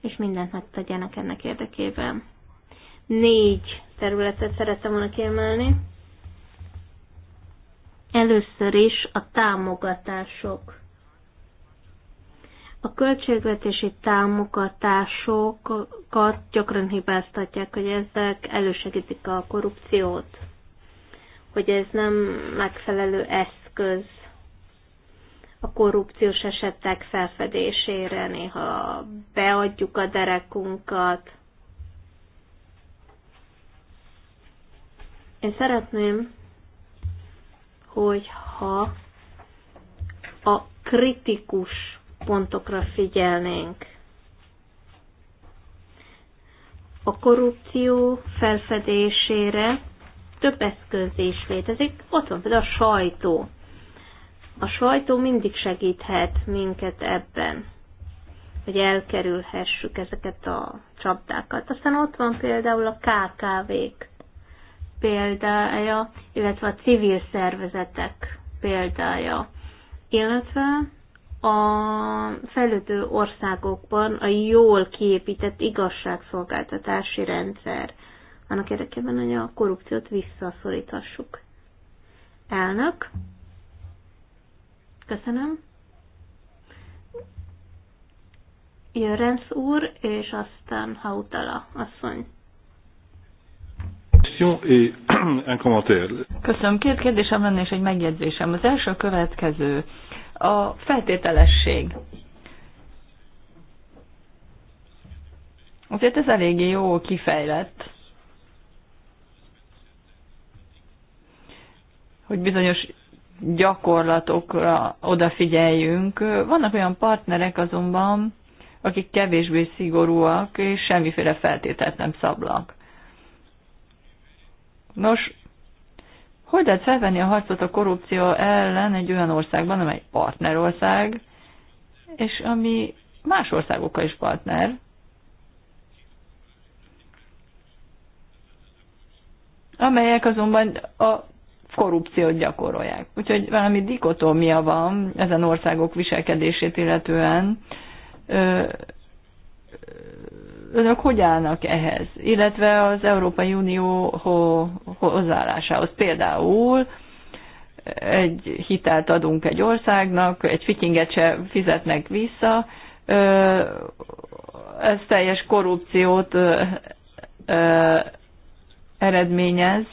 [SPEAKER 4] és mindent megtegyenek ennek érdekében. Négy területet szerettem volna kiemelni. Először is a támogatások. A költségvetési támogatásokat gyakran hibáztatják, hogy ezek elősegítik a korrupciót, hogy ez nem megfelelő eszköz a korrupciós esetek felfedésére, néha beadjuk a derekunkat, Én szeretném, hogyha a kritikus pontokra figyelnénk. A korrupció felfedésére több eszköz is létezik. Ott van például a sajtó. A sajtó mindig segíthet minket ebben, hogy elkerülhessük ezeket a csapdákat. Aztán ott van például a KKV-k példája, illetve a civil szervezetek példája, illetve a fejlődő országokban a jól kiépített igazságszolgáltatási rendszer, annak érdekében, hogy a korrupciót visszaszorítassuk. Elnök, köszönöm. Jörensz úr, és
[SPEAKER 2] aztán Hautala asszony.
[SPEAKER 1] Köszönöm. Két
[SPEAKER 2] kérdésem lenne és egy megjegyzésem. Az első a következő. A feltételesség. Azért ez eléggé jó kifejlett, hogy bizonyos gyakorlatokra odafigyeljünk. Vannak olyan partnerek azonban, akik kevésbé szigorúak, és semmiféle feltételt nem szablak. Nos, hogy lehet felvenni a harcot a korrupció ellen egy olyan országban, amely partnerország, és ami más országokkal is partner? amelyek azonban a korrupciót gyakorolják. Úgyhogy valami dikotómia van ezen országok viselkedését illetően. Ö, önök hogy állnak ehhez, illetve az Európai Unió hozzáállásához. Például egy hitelt adunk egy országnak, egy fikinget se fizetnek vissza, ez teljes korrupciót eredményez,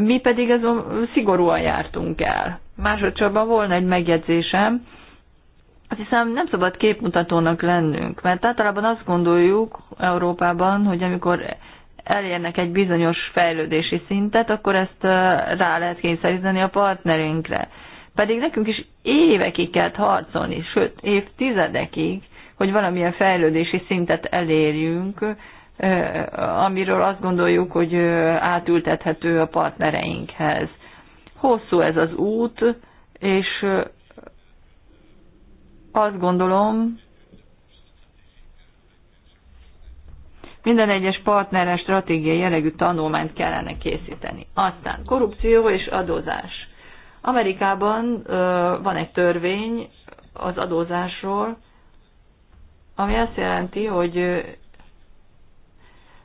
[SPEAKER 2] mi pedig azon szigorúan jártunk el. Másodszorban volna egy megjegyzésem, azt hiszem nem szabad képmutatónak lennünk, mert általában azt gondoljuk Európában, hogy amikor elérnek egy bizonyos fejlődési szintet, akkor ezt rá lehet kényszeríteni a partnerünkre. Pedig nekünk is évekig kell harcolni, sőt évtizedekig, hogy valamilyen fejlődési szintet elérjünk, amiről azt gondoljuk, hogy átültethető a partnereinkhez. Hosszú ez az út, és azt gondolom, minden egyes partnerre stratégiai jellegű tanulmányt kellene készíteni. Aztán korrupció és adózás. Amerikában ö, van egy törvény az adózásról, ami azt jelenti, hogy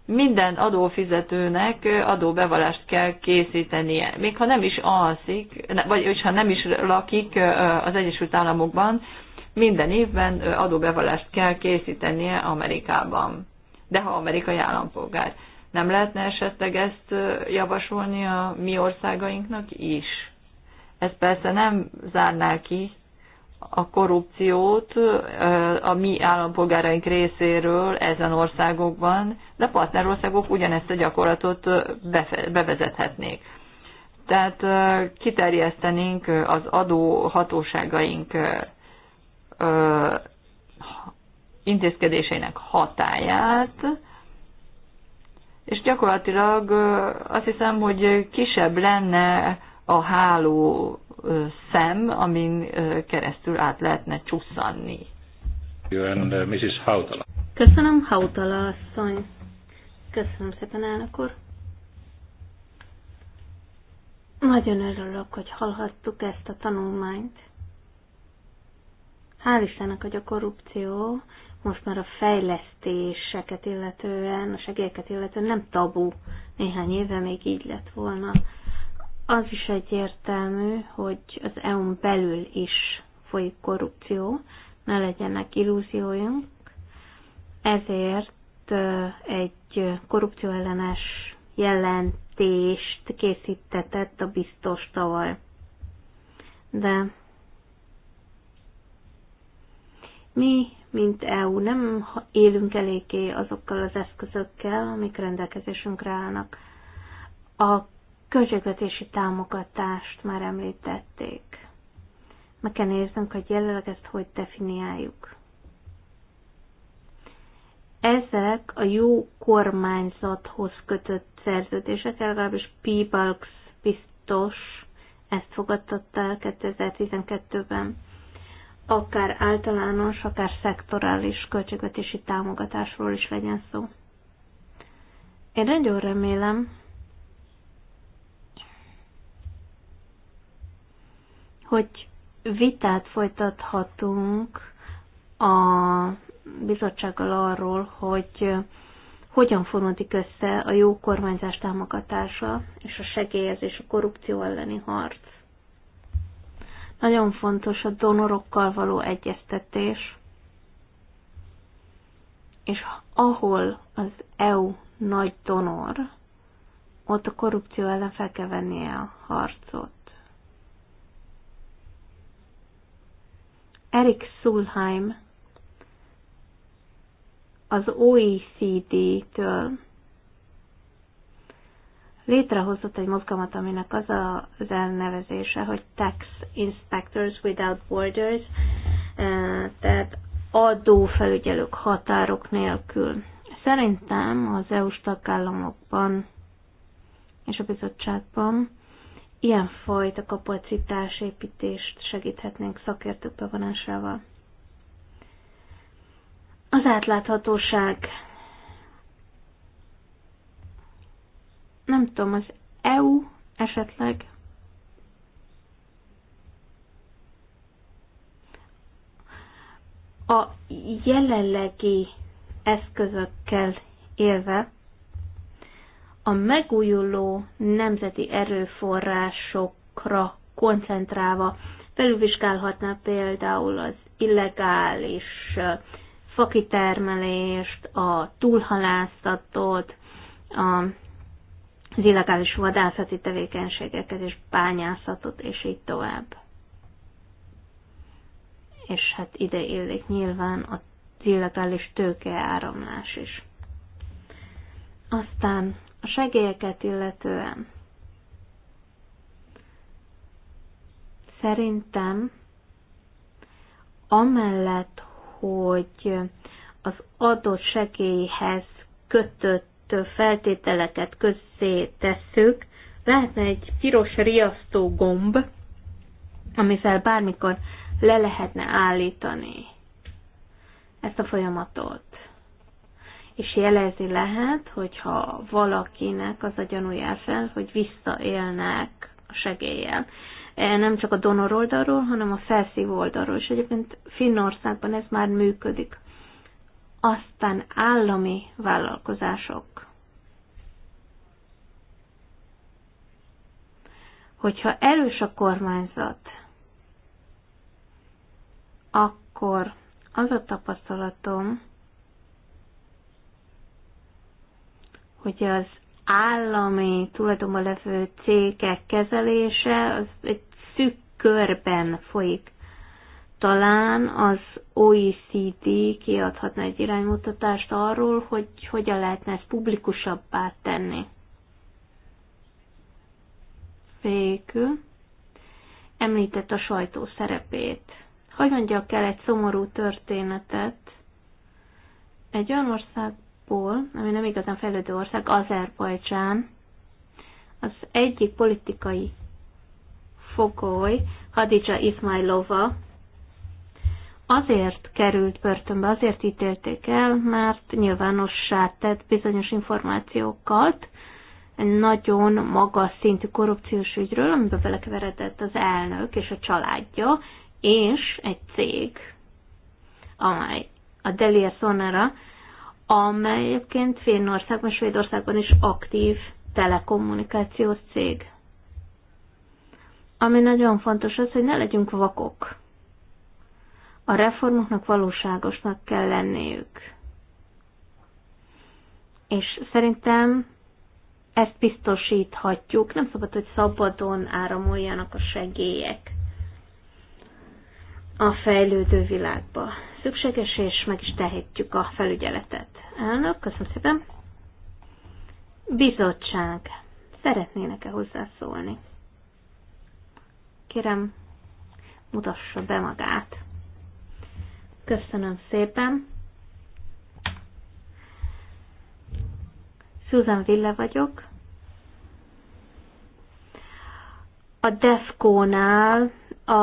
[SPEAKER 2] minden adófizetőnek adóbevallást kell készítenie. Még ha nem is alszik, vagy ha nem is lakik az Egyesült Államokban, minden évben adóbevallást kell készítenie Amerikában. De ha amerikai állampolgár, nem lehetne esetleg ezt javasolni a mi országainknak is? Ez persze nem zárná ki a korrupciót a mi állampolgáraink részéről ezen országokban, de partnerországok ugyanezt a gyakorlatot bevezethetnék. Tehát kiterjesztenénk az adóhatóságaink. hatóságaink ö, intézkedéseinek hatáját, és gyakorlatilag azt hiszem, hogy kisebb lenne a háló szem, amin keresztül át lehetne csusszanni.
[SPEAKER 1] And, uh, Mrs. Hautala.
[SPEAKER 2] Köszönöm,
[SPEAKER 4] Hautala asszony. Köszönöm szépen, elnök úr. Nagyon örülök, hogy hallhattuk ezt a tanulmányt. Hál' Istennek, hogy a korrupció most már a fejlesztéseket illetően, a segélyeket illetően nem tabu. Néhány éve még így lett volna. Az is egyértelmű, hogy az EU-n belül is folyik korrupció, ne legyenek illúzióink. Ezért egy korrupcióellenes jelentést készítetett a biztos tavaly. De Mi, mint EU nem élünk eléggé azokkal az eszközökkel, amik rendelkezésünkre állnak. A költségvetési támogatást már említették. Meg kell néznünk, hogy jelenleg ezt hogy definiáljuk. Ezek a jó kormányzathoz kötött szerződések, legalábbis Peebalks biztos ezt fogadtatta el 2012-ben akár általános, akár szektorális költségvetési támogatásról is legyen szó. Én nagyon remélem, hogy vitát folytathatunk a bizottsággal arról, hogy hogyan fonódik össze a jó kormányzás támogatása és a segélyezés, a korrupció elleni harc. Nagyon fontos a donorokkal való egyeztetés, és ahol az EU nagy donor, ott a korrupció ellen fel kell vennie a harcot. Erik Sulheim az OECD-től létrehozott egy mozgalmat, aminek az a, az elnevezése, hogy Tax Inspectors Without Borders, eh, tehát adófelügyelők határok nélkül. Szerintem az EU-s tagállamokban és a bizottságban ilyenfajta kapacitásépítést segíthetnénk szakértők bevonásával. Az átláthatóság nem tudom, az EU esetleg a jelenlegi eszközökkel élve a megújuló nemzeti erőforrásokra koncentrálva felülvizsgálhatná például az illegális fakitermelést, a túlhalászatot, a az illegális vadászati tevékenységeket és bányászatot, és így tovább. És hát ide illik nyilván a illegális tőke áramlás is. Aztán a segélyeket illetően szerintem amellett, hogy az adott segélyhez kötött feltételeket közzé tesszük, lehetne egy piros riasztó gomb, amivel bármikor le lehetne állítani ezt a folyamatot. És jelezi lehet, hogyha valakinek az a gyanúja fel, hogy visszaélnek a segéllyel. E, nem csak a donor oldalról, hanem a felszívó oldalról, és egyébként Finnországban ez már működik. Aztán állami vállalkozások hogyha erős a kormányzat, akkor az a tapasztalatom, hogy az állami tulajdonban levő cégek kezelése az egy szűk körben folyik. Talán az OECD kiadhatna egy iránymutatást arról, hogy hogyan lehetne ezt publikusabbá tenni. Végül említett a sajtó szerepét. Hogy mondjak el egy szomorú történetet egy olyan országból, ami nem igazán fejlődő ország, Azerbajdzsán, az egyik politikai fogoly, Hadija Ismailova, azért került börtönbe, azért ítélték el, mert nyilvánossá tett bizonyos információkat egy nagyon magas szintű korrupciós ügyről, amiben belekeveredett az elnök és a családja, és egy cég, amely a Delia Sonera, amely egyébként Finnországban, Svédországban is aktív telekommunikációs cég. Ami nagyon fontos az, hogy ne legyünk vakok. A reformoknak valóságosnak kell lenniük. És szerintem ezt biztosíthatjuk. Nem szabad, hogy szabadon áramoljanak a segélyek a fejlődő világba. Szükséges, és meg is tehetjük a felügyeletet. Elnök, köszönöm szépen. Bizottság. Szeretnének-e hozzászólni? Kérem, mutassa be magát. Köszönöm szépen. Susan Ville vagyok. A DEFCO-nál a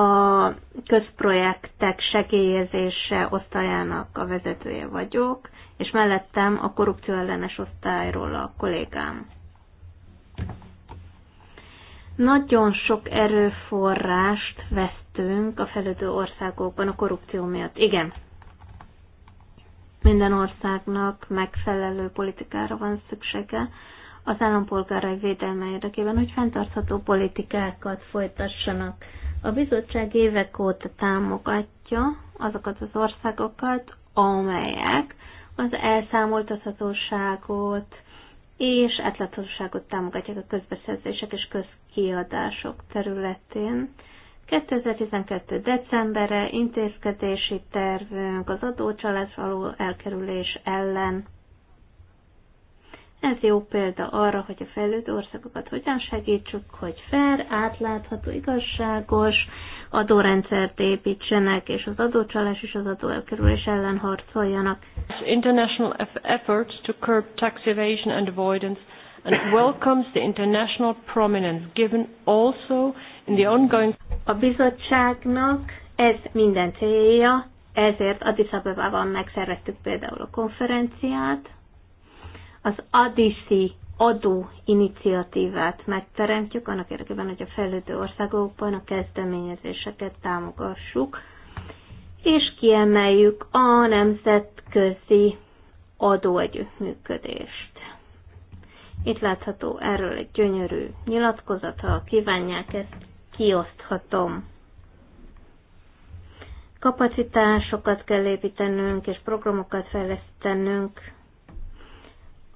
[SPEAKER 4] közprojektek segélyezése osztályának a vezetője vagyok, és mellettem a korrupció ellenes osztályról a kollégám. Nagyon sok erőforrást vesztünk a fejlődő országokban a korrupció miatt. Igen, minden országnak megfelelő politikára van szüksége az állampolgárai védelme érdekében, hogy fenntartható politikákat folytassanak. A bizottság évek óta támogatja azokat az országokat, amelyek az elszámoltathatóságot és átláthatóságot támogatják a közbeszerzések és közkiadások területén 2012. decemberre intézkedési tervünk az adócsalás való elkerülés ellen. Ez jó példa arra, hogy a fejlődő országokat hogyan segítsük, hogy fair, átlátható, igazságos adórendszert építsenek, és az adócsalás és az adóelkerülés ellen harcoljanak. International efforts
[SPEAKER 2] to curb tax evasion and avoidance and welcomes the international prominence given also the ongoing... A bizottságnak ez
[SPEAKER 4] minden célja, ezért Addis Abebában megszerveztük például a konferenciát, az Addisi adó iniciatívát megteremtjük, annak érdekében, hogy a fejlődő országokban a kezdeményezéseket támogassuk, és kiemeljük a nemzetközi adóegyüttműködést. Itt látható erről egy gyönyörű nyilatkozat, ha kívánják, ezt kioszthatom. Kapacitásokat kell építenünk, és programokat fejlesztenünk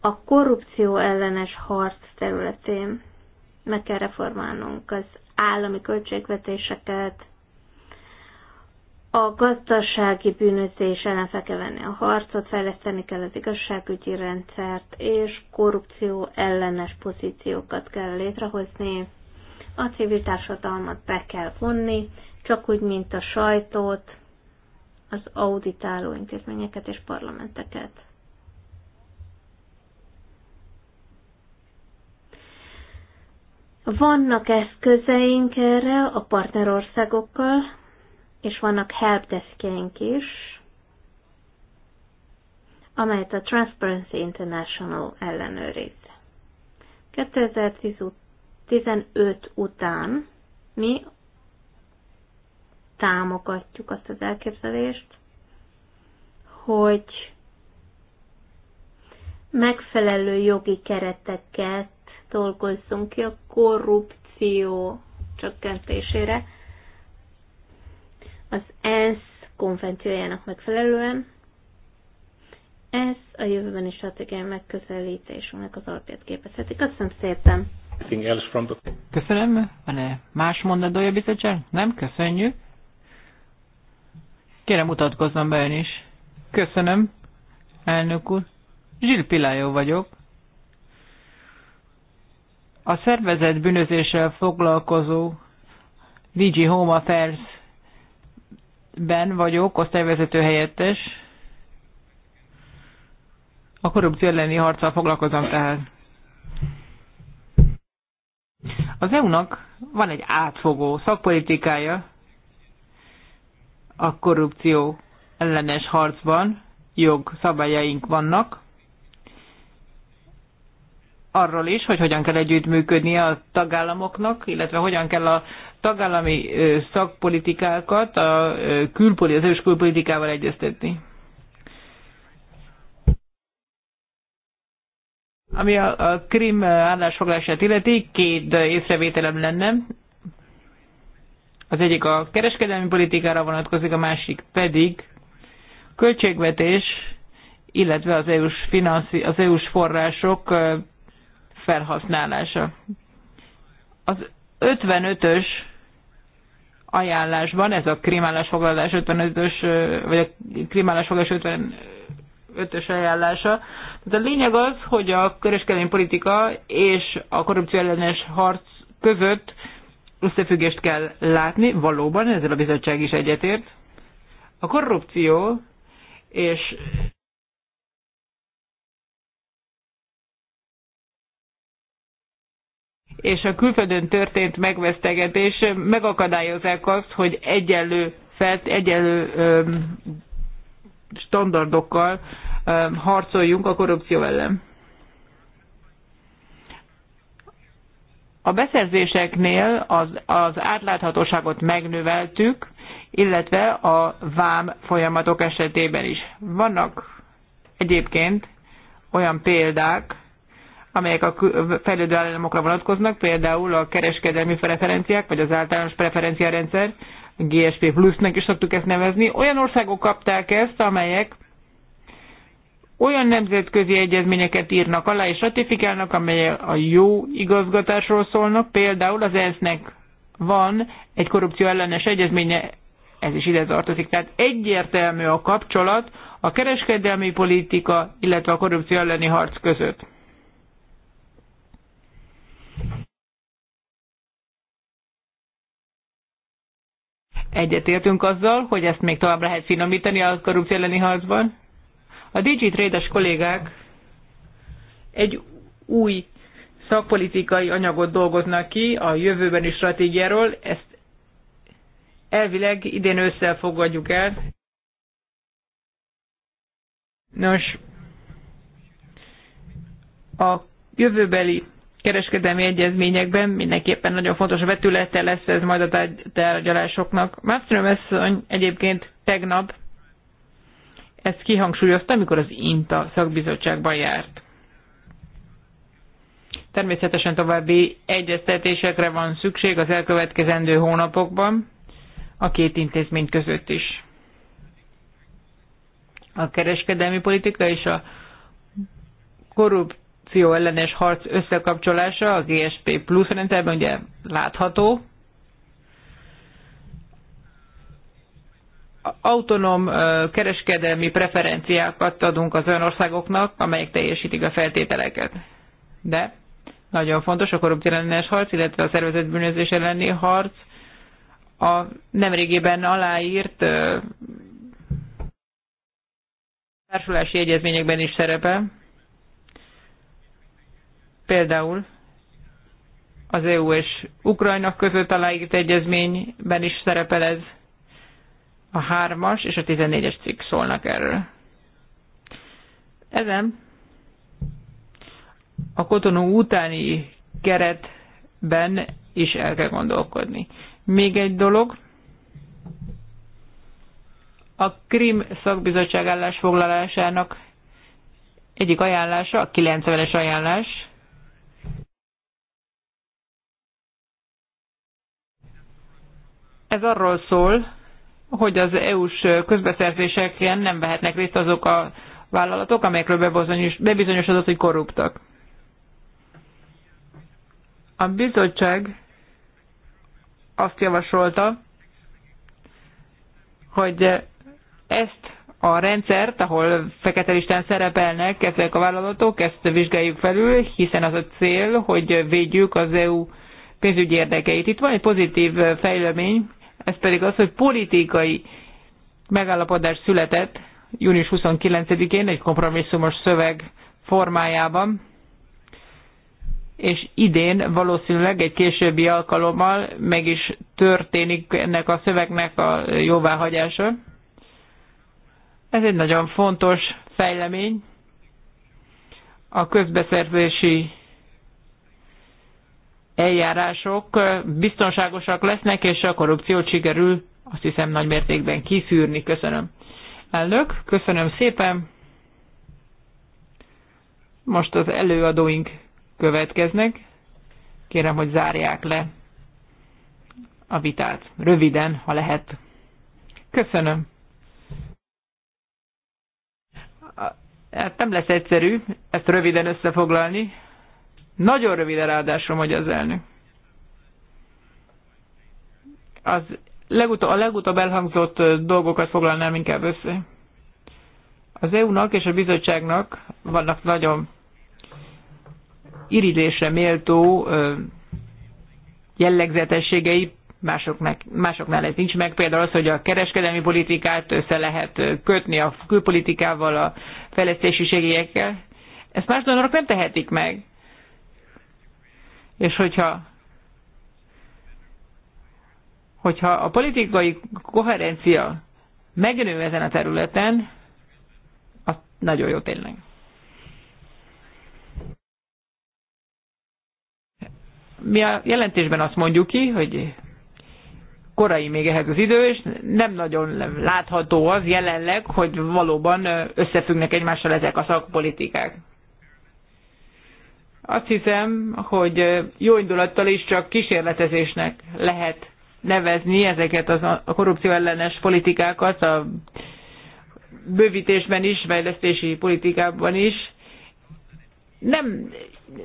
[SPEAKER 4] a korrupció ellenes harc területén. Meg kell reformálnunk az állami költségvetéseket, a gazdasági bűnözés ellen fel kell venni a harcot, fejleszteni kell az igazságügyi rendszert, és korrupció ellenes pozíciókat kell létrehozni. A civil társadalmat be kell vonni, csak úgy, mint a sajtót, az auditáló intézményeket és parlamenteket. Vannak eszközeink erre a partnerországokkal, és vannak helpdeskjeink is, amelyet a Transparency International ellenőriz. 2010 után 15 után mi támogatjuk azt az elképzelést, hogy megfelelő jogi kereteket dolgozzunk ki a korrupció csökkentésére az ENSZ konvenciójának megfelelően. Ez a jövőbeni stratégiai megközelítésünknek az alapját képezheti. Köszönöm szépen!
[SPEAKER 3] Köszönöm. Van-e más mondandója bizottság? Nem? Köszönjük. Kérem, mutatkozzon be ön is. Köszönöm, elnök úr. Zsil Pilájó vagyok. A szervezet bűnözéssel foglalkozó VG Home Affairs ben vagyok, osztályvezető helyettes. A korrupció elleni harccal foglalkozom tehát. Az EU-nak van egy átfogó szakpolitikája a korrupció ellenes harcban, jogszabályaink vannak, arról is, hogy hogyan kell együttműködnie a tagállamoknak, illetve hogyan kell a tagállami szakpolitikákat a külpoli, az ős külpolitikával egyeztetni. Ami a, a krim eh, állásfoglását illeti, két eh, észrevételem lenne. Az egyik a kereskedelmi politikára vonatkozik, a másik pedig költségvetés, illetve az EU-s, finanszi, az EU-s források eh, felhasználása. Az 55-ös ajánlásban, ez a foglalás 55-ös, vagy a krimállásfoglalás ötös ajánlása. Tehát a lényeg az, hogy a kereskedelmi politika és a korrupció ellenes harc között összefüggést kell látni, valóban, ezzel a bizottság is egyetért. A korrupció és és a külföldön történt megvesztegetés megakadályozák azt, hogy egyenlő, felt, egyenlő öm, standardokkal eh, harcoljunk a korrupció ellen. A beszerzéseknél az, az átláthatóságot megnöveltük, illetve a vám folyamatok esetében is. Vannak egyébként olyan példák, amelyek a fejlődő államokra vonatkoznak, például a kereskedelmi preferenciák, vagy az általános preferenciarendszer, GSP Plusnek is szoktuk ezt nevezni. Olyan országok kapták ezt, amelyek olyan nemzetközi egyezményeket írnak alá és ratifikálnak, amelyek a jó igazgatásról szólnak. Például az ENSZ-nek van egy korrupció ellenes egyezménye, ez is ide tartozik. Tehát egyértelmű a kapcsolat a kereskedelmi politika, illetve a korrupció elleni harc között. Egyetértünk azzal, hogy ezt még tovább lehet finomítani a korrupció elleni harcban. A DigiTrade-es kollégák egy új szakpolitikai anyagot dolgoznak ki a jövőbeni stratégiáról, ezt elvileg idén ősszel fogadjuk el. Nos, a jövőbeli kereskedelmi egyezményekben mindenképpen nagyon fontos a vetülete lesz ez majd a tárgyalásoknak. Malmström asszony egyébként tegnap ezt kihangsúlyozta, amikor az INTA szakbizottságban járt. Természetesen további egyeztetésekre van szükség az elkövetkezendő hónapokban, a két intézmény között is. A kereskedelmi politika és a korrupt korrupció ellenes harc összekapcsolása a GSP plusz rendszerben ugye látható. Autonóm kereskedelmi preferenciákat adunk az olyan országoknak, amelyek teljesítik a feltételeket. De nagyon fontos a korrupció ellenes harc, illetve a szervezett bűnözés elleni harc a nemrégiben aláírt társulási egyezményekben is szerepel Például az EU és Ukrajna között aláírt egyezményben is szerepel ez. A 3-as és a 14-es cikk szólnak erről. Ezen a kotonó utáni keretben is el kell gondolkodni. Még egy dolog, a Krim szakbizottság állásfoglalásának egyik ajánlása, a 90-es ajánlás, Ez arról szól, hogy az EU-s közbeszerzéseken nem vehetnek részt azok a vállalatok, amelyekről bebizonyosodott, hogy korruptak. A bizottság azt javasolta, hogy ezt a rendszert, ahol fekete listán szerepelnek ezek a vállalatok, ezt vizsgáljuk felül, hiszen az a cél, hogy védjük az EU pénzügyi érdekeit. Itt van egy pozitív fejlemény, ez pedig az, hogy politikai megállapodás született június 29-én egy kompromisszumos szöveg formájában, és idén valószínűleg egy későbbi alkalommal meg is történik ennek a szövegnek a jóváhagyása. Ez egy nagyon fontos fejlemény. A közbeszerzési eljárások biztonságosak lesznek, és a korrupciót sikerül azt hiszem nagy mértékben kiszűrni. Köszönöm. Elnök, köszönöm szépen. Most az előadóink következnek. Kérem, hogy zárják le a vitát. Röviden, ha lehet. Köszönöm. Hát nem lesz egyszerű ezt röviden összefoglalni. Nagyon rövid ráadásul, hogy az elnök. Az legutóbb, a legutóbb elhangzott dolgokat foglalnám inkább össze. Az EU-nak és a bizottságnak vannak nagyon iridésre méltó jellegzetességei, másoknak, másoknál ez nincs meg. Például az, hogy a kereskedelmi politikát össze lehet kötni a külpolitikával, a fejlesztési segélyekkel. Ezt más donorok nem tehetik meg és hogyha hogyha a politikai koherencia megnő ezen a területen, az nagyon jó tényleg. Mi a jelentésben azt mondjuk ki, hogy korai még ehhez az idő, és nem nagyon látható az jelenleg, hogy valóban összefüggnek egymással ezek a szakpolitikák. Azt hiszem, hogy jó indulattal is csak kísérletezésnek lehet nevezni ezeket az a korrupció ellenes politikákat, a bővítésben is, fejlesztési politikában is. Nem,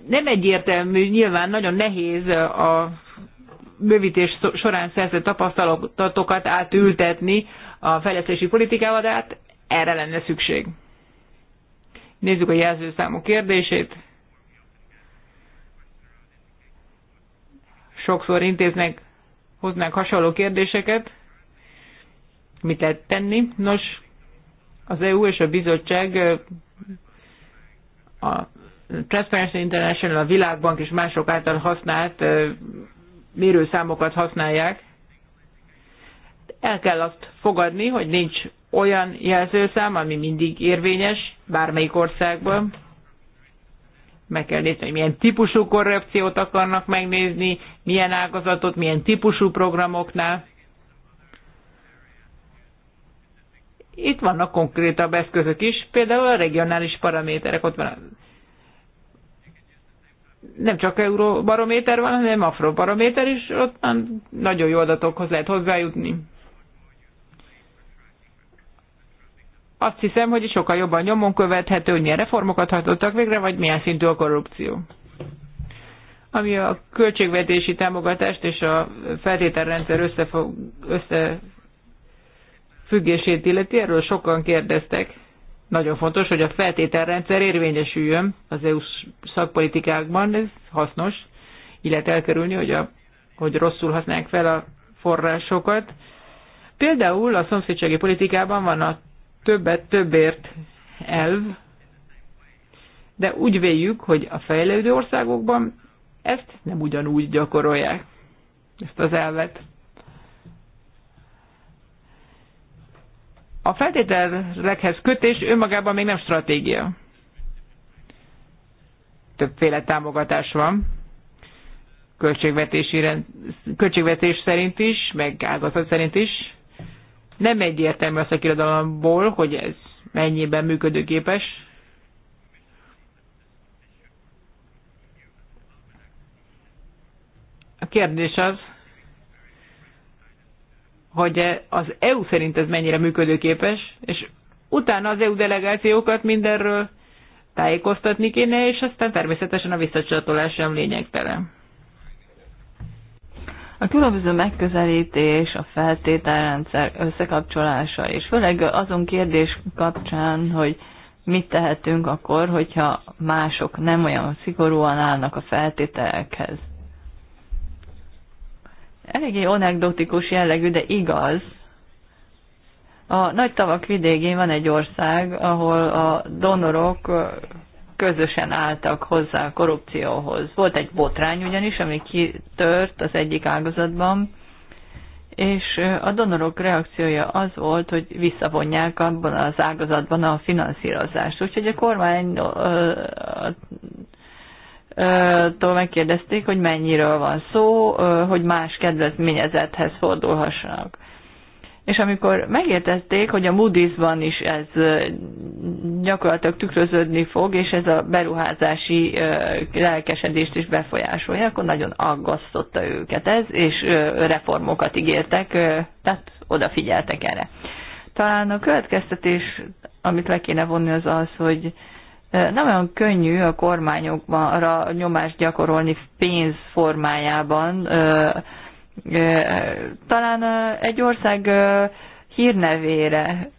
[SPEAKER 3] nem egyértelmű, nyilván nagyon nehéz a bővítés során szerzett tapasztalatokat átültetni a fejlesztési politikával de hát erre lenne szükség. Nézzük a jelzőszámok kérdését. sokszor intéznek, hoznak hasonló kérdéseket. Mit lehet tenni? Nos, az EU és a bizottság a Transparency International, a Világbank és mások által használt mérőszámokat használják. El kell azt fogadni, hogy nincs olyan jelzőszám, ami mindig érvényes bármelyik országban meg kell nézni, hogy milyen típusú korrupciót akarnak megnézni, milyen ágazatot, milyen típusú programoknál. Itt vannak konkrétabb eszközök is, például a regionális paraméterek, ott van a nem csak euróbarométer van, hanem afrobarométer is, ott nagyon jó adatokhoz lehet hozzájutni. azt hiszem, hogy sokkal jobban nyomon követhető, hogy milyen reformokat hajtottak végre, vagy milyen szintű a korrupció. Ami a költségvetési támogatást és a feltételrendszer összefüggését illeti, erről sokan kérdeztek. Nagyon fontos, hogy a feltételrendszer érvényesüljön az EU szakpolitikákban, ez hasznos, illetve elkerülni, hogy, a, hogy rosszul használják fel a forrásokat. Például a szomszédsági politikában van a többet többért elv, de úgy véljük, hogy a fejlődő országokban ezt nem ugyanúgy gyakorolják, ezt az elvet. A feltételekhez kötés önmagában még nem stratégia. Többféle támogatás van, költségvetési rend, költségvetés szerint is, meg ágazat szerint is. Nem egyértelmű a szakirodalomból, hogy ez mennyiben működőképes. A kérdés az, hogy az EU szerint ez mennyire működőképes, és utána az EU delegációkat mindenről tájékoztatni kéne, és aztán természetesen a visszacsatolás sem lényegtelen.
[SPEAKER 2] A különböző megközelítés, a feltételrendszer összekapcsolása, és főleg azon kérdés kapcsán, hogy mit tehetünk akkor, hogyha mások nem olyan szigorúan állnak a feltételekhez. Eléggé anekdotikus jellegű, de igaz. A nagy tavak vidégén van egy ország, ahol a donorok közösen álltak hozzá a korrupcióhoz. Volt egy botrány ugyanis, ami kitört az egyik ágazatban, és a donorok reakciója az volt, hogy visszavonják abban az ágazatban a finanszírozást. Úgyhogy a kormány megkérdezték, hogy mennyiről van szó, hogy más kedvezményezethez fordulhassanak és amikor megértették, hogy a moodys is ez gyakorlatilag tükröződni fog, és ez a beruházási lelkesedést is befolyásolja, akkor nagyon aggasztotta őket ez, és reformokat ígértek, tehát odafigyeltek erre. Talán a következtetés, amit le kéne vonni, az az, hogy nem olyan könnyű a kormányokra nyomást gyakorolni pénz formájában, talán egy ország hírnevére,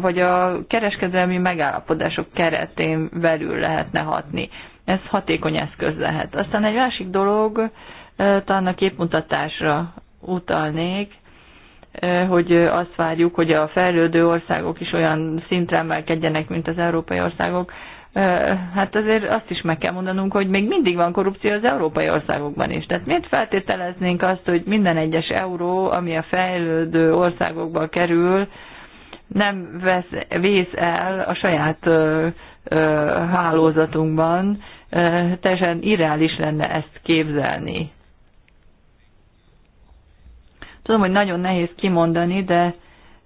[SPEAKER 2] vagy a kereskedelmi megállapodások keretén belül lehetne hatni. Ez hatékony eszköz lehet. Aztán egy másik dolog, talán a képmutatásra utalnék, hogy azt várjuk, hogy a fejlődő országok is olyan szintre emelkedjenek, mint az európai országok hát azért azt is meg kell mondanunk, hogy még mindig van korrupció az európai országokban is. Tehát miért feltételeznénk azt, hogy minden egyes euró, ami a fejlődő országokba kerül, nem vesz, vész el a saját ö, ö, hálózatunkban, ö, teljesen irreális lenne ezt képzelni. Tudom, hogy nagyon nehéz kimondani, de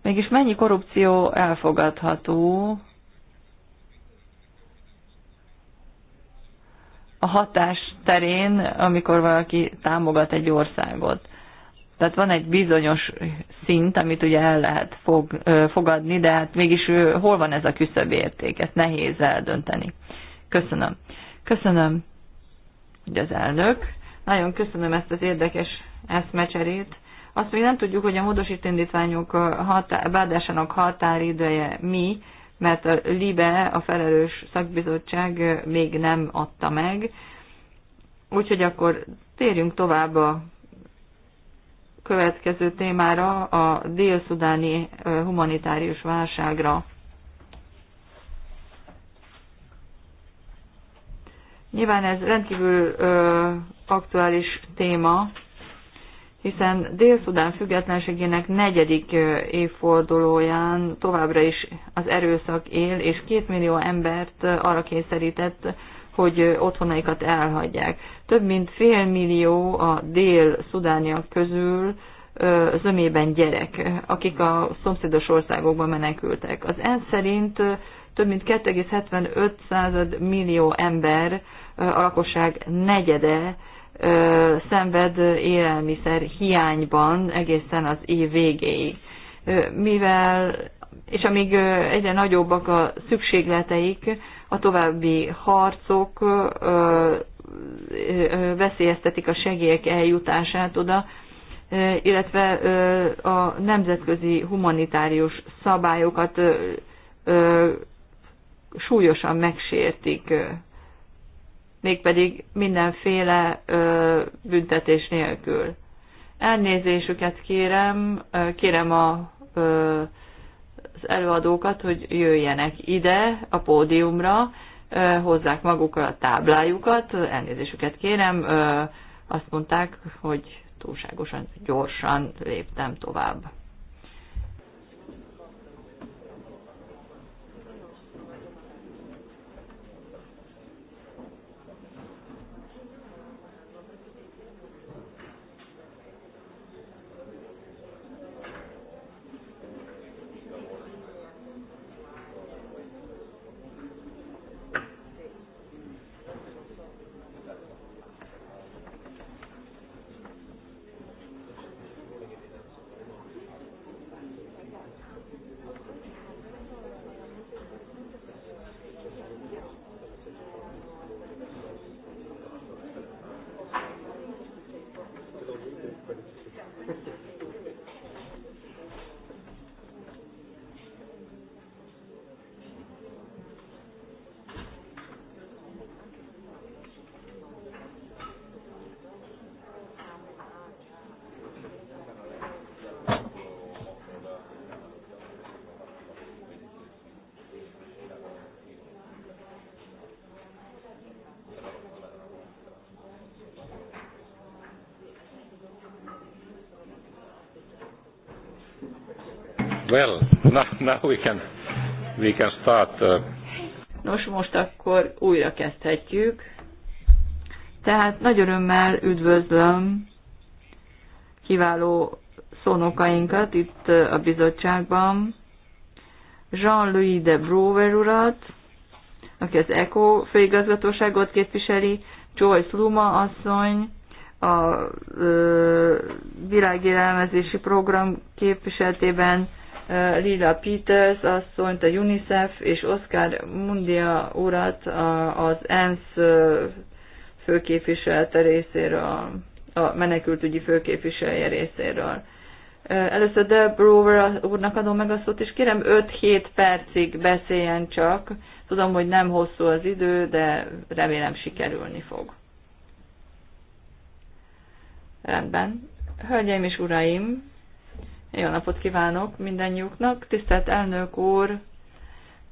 [SPEAKER 2] mégis mennyi korrupció elfogadható, a hatás terén, amikor valaki támogat egy országot. Tehát van egy bizonyos szint, amit ugye el lehet fog, fogadni, de hát mégis hol van ez a küszöb érték? Ezt nehéz eldönteni. Köszönöm. Köszönöm, hogy az elnök. Nagyon köszönöm ezt az érdekes eszmecserét. Azt még nem tudjuk, hogy a módosítindítványok hatá- bádásának határideje mi, mert a LIBE, a felelős szakbizottság még nem adta meg. Úgyhogy akkor térjünk tovább a következő témára, a dél-szudáni humanitárius válságra. Nyilván ez rendkívül ö, aktuális téma, hiszen Dél-Szudán függetlenségének negyedik évfordulóján továbbra is az erőszak él, és két millió embert arra kényszerített, hogy otthonaikat elhagyják. Több mint fél millió a dél-szudániak közül zömében gyerek, akik a szomszédos országokba menekültek. Az ENSZ szerint több mint 2,75 millió ember, a lakosság negyede szenved élelmiszer hiányban egészen az év végéig. Mivel, és amíg egyre nagyobbak a szükségleteik, a további harcok veszélyeztetik a segélyek eljutását oda, illetve a nemzetközi humanitárius szabályokat súlyosan megsértik mégpedig mindenféle ö, büntetés nélkül. Elnézésüket kérem, kérem a, ö, az előadókat, hogy jöjjenek ide a pódiumra, ö, hozzák magukkal a táblájukat, elnézésüket kérem, ö, azt mondták, hogy túlságosan gyorsan léptem tovább.
[SPEAKER 1] Well, now, now we can, we can start. Uh, Nos, most akkor újra kezdhetjük.
[SPEAKER 2] Tehát nagy örömmel üdvözlöm kiváló szónokainkat itt uh, a bizottságban. Jean-Louis de Brouwer urat, aki az ECO főigazgatóságot képviseli, Joyce Luma asszony, a ö, uh, világélelmezési program képviseltében Lila Peters asszonyt, a UNICEF és Oscar Mundia urat az ENSZ főképviselte részéről, a menekültügyi főképviselje részéről. Először de Brower úrnak adom meg a szót, és kérem 5-7 percig beszéljen csak. Tudom, hogy nem hosszú az idő, de remélem sikerülni fog. Rendben. Hölgyeim és uraim, jó napot kívánok mindannyiuknak. Tisztelt elnök úr,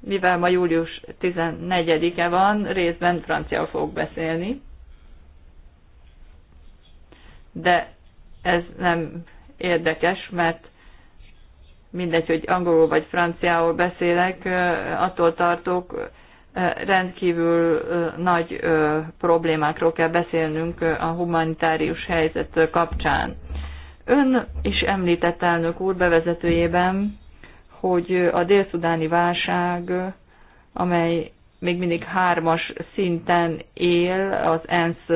[SPEAKER 2] mivel ma július 14-e van, részben francia fogok beszélni. De ez nem érdekes, mert mindegy, hogy angolul vagy franciául beszélek, attól tartok, rendkívül nagy problémákról kell beszélnünk a humanitárius helyzet kapcsán. Ön is említett elnök úr bevezetőjében, hogy a délszudáni válság, amely még mindig hármas szinten él, az ENSZ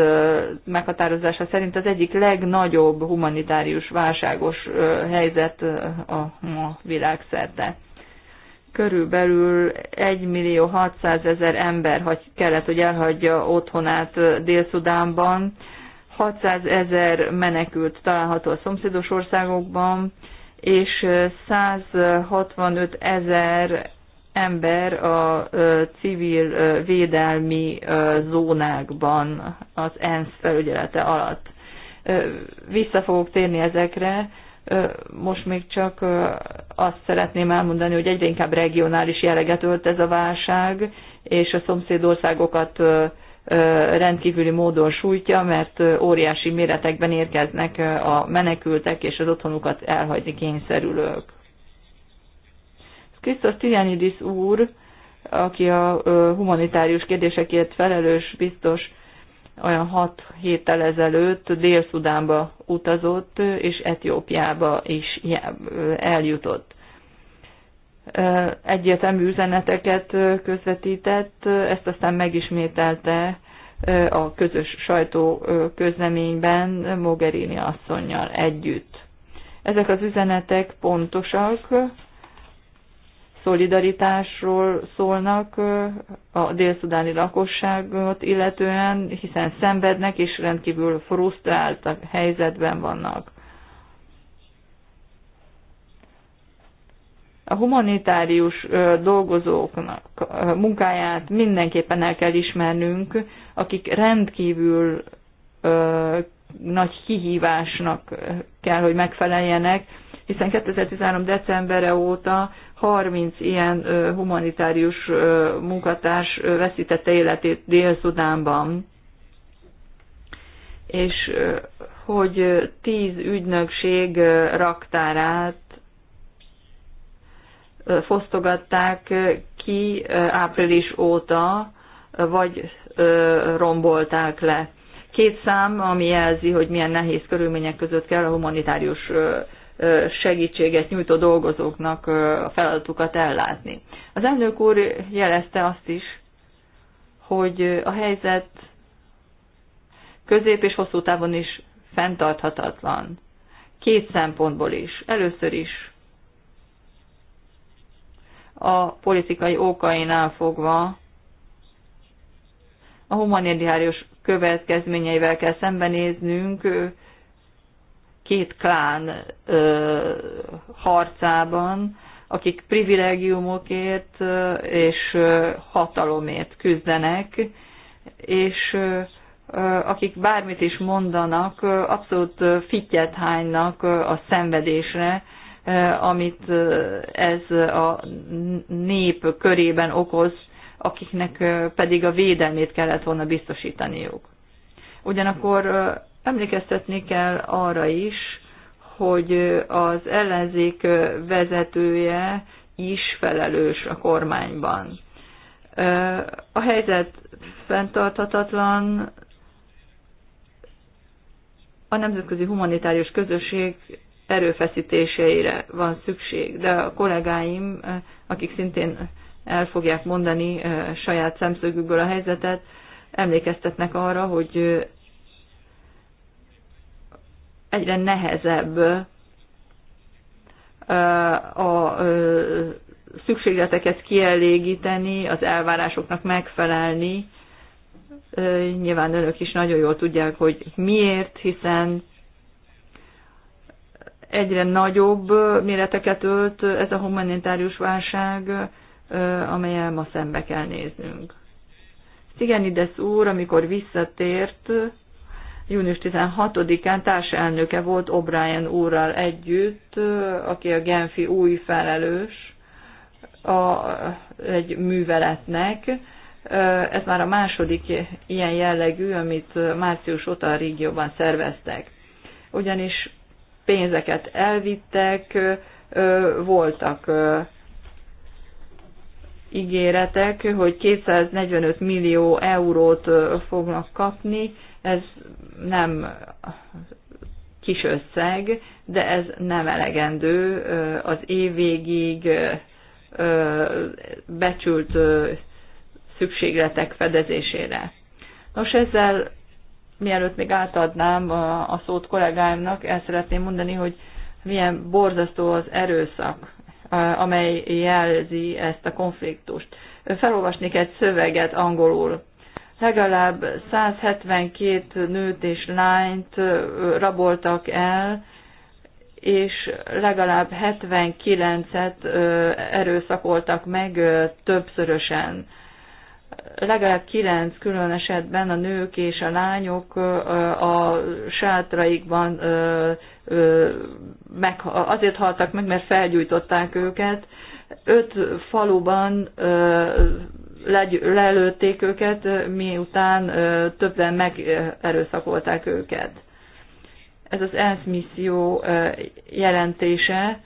[SPEAKER 2] meghatározása szerint az egyik legnagyobb humanitárius válságos helyzet a ma világszerte. Körülbelül 1 millió 600 ezer ember kellett, hogy elhagyja otthonát Dél-Szudánban, 600 ezer menekült található a szomszédos országokban, és 165 ezer ember a civil védelmi zónákban az ENSZ felügyelete alatt. Vissza fogok térni ezekre, most még csak azt szeretném elmondani, hogy egyre inkább regionális jelleget ölt ez a válság, és a szomszédországokat országokat rendkívüli módon sújtja, mert óriási méretekben érkeznek a menekültek és az otthonukat elhagyni kényszerülők. Krisztus Tirianidis úr, aki a humanitárius kérdésekért felelős, biztos olyan hat héttel ezelőtt Dél-Szudánba utazott, és Etiópiába is eljutott egyértelmű üzeneteket közvetített, ezt aztán megismételte a közös sajtó közleményben Mogherini asszonynal együtt. Ezek az üzenetek pontosak, szolidaritásról szólnak a délszudáni lakosságot illetően, hiszen szenvednek és rendkívül frusztrált helyzetben vannak. a humanitárius dolgozóknak munkáját mindenképpen el kell ismernünk, akik rendkívül nagy kihívásnak kell, hogy megfeleljenek, hiszen 2013. decembere óta 30 ilyen humanitárius munkatárs veszítette életét Dél-Szudánban, és hogy 10 ügynökség raktárát fosztogatták ki április óta, vagy rombolták le. Két szám, ami jelzi, hogy milyen nehéz körülmények között kell a humanitárius segítséget nyújtó dolgozóknak a feladatukat ellátni. Az elnök úr jelezte azt is, hogy a helyzet közép és hosszú távon is fenntarthatatlan. Két szempontból is. Először is a politikai okainál fogva a humanitárius következményeivel kell szembenéznünk két klán ö, harcában, akik privilegiumokért és hatalomért küzdenek, és akik bármit is mondanak, abszolút fittyet hánynak a szenvedésre, Eh, amit eh, ez a nép körében okoz, akiknek eh, pedig a védelmét kellett volna biztosítaniuk. Ugyanakkor emlékeztetni kell arra is, hogy az ellenzék vezetője is felelős a kormányban. A helyzet fenntarthatatlan, a nemzetközi humanitárius közösség erőfeszítéseire van szükség, de a kollégáim, eh, akik szintén el fogják mondani eh, saját szemszögükből a helyzetet, emlékeztetnek arra, hogy eh, egyre nehezebb a szükségleteket kielégíteni, az elvárásoknak megfelelni. Nyilván önök is nagyon jól tudják, hogy miért, hiszen egyre nagyobb méreteket ölt ez a humanitárius válság, amelyel ma szembe kell néznünk. Szigenides úr, amikor visszatért, június 16-án társelnöke volt O'Brien úrral együtt, aki a Genfi új felelős a, egy műveletnek. Ez már a második ilyen jellegű, amit március óta a régióban szerveztek. Ugyanis pénzeket elvittek, voltak ígéretek, hogy 245 millió eurót fognak kapni, ez nem kis összeg, de ez nem elegendő az év végig becsült szükségletek fedezésére. Nos, ezzel mielőtt még átadnám a szót kollégáimnak, el szeretném mondani, hogy milyen borzasztó az erőszak, amely jelzi ezt a konfliktust. Felolvasnék egy szöveget angolul. Legalább 172 nőt és lányt raboltak el, és legalább 79-et erőszakoltak meg többszörösen legalább kilenc külön esetben a nők és a lányok a sátraikban azért haltak meg, mert felgyújtották őket. Öt faluban lelőtték őket, miután többen megerőszakolták őket. Ez az ENSZ misszió jelentése,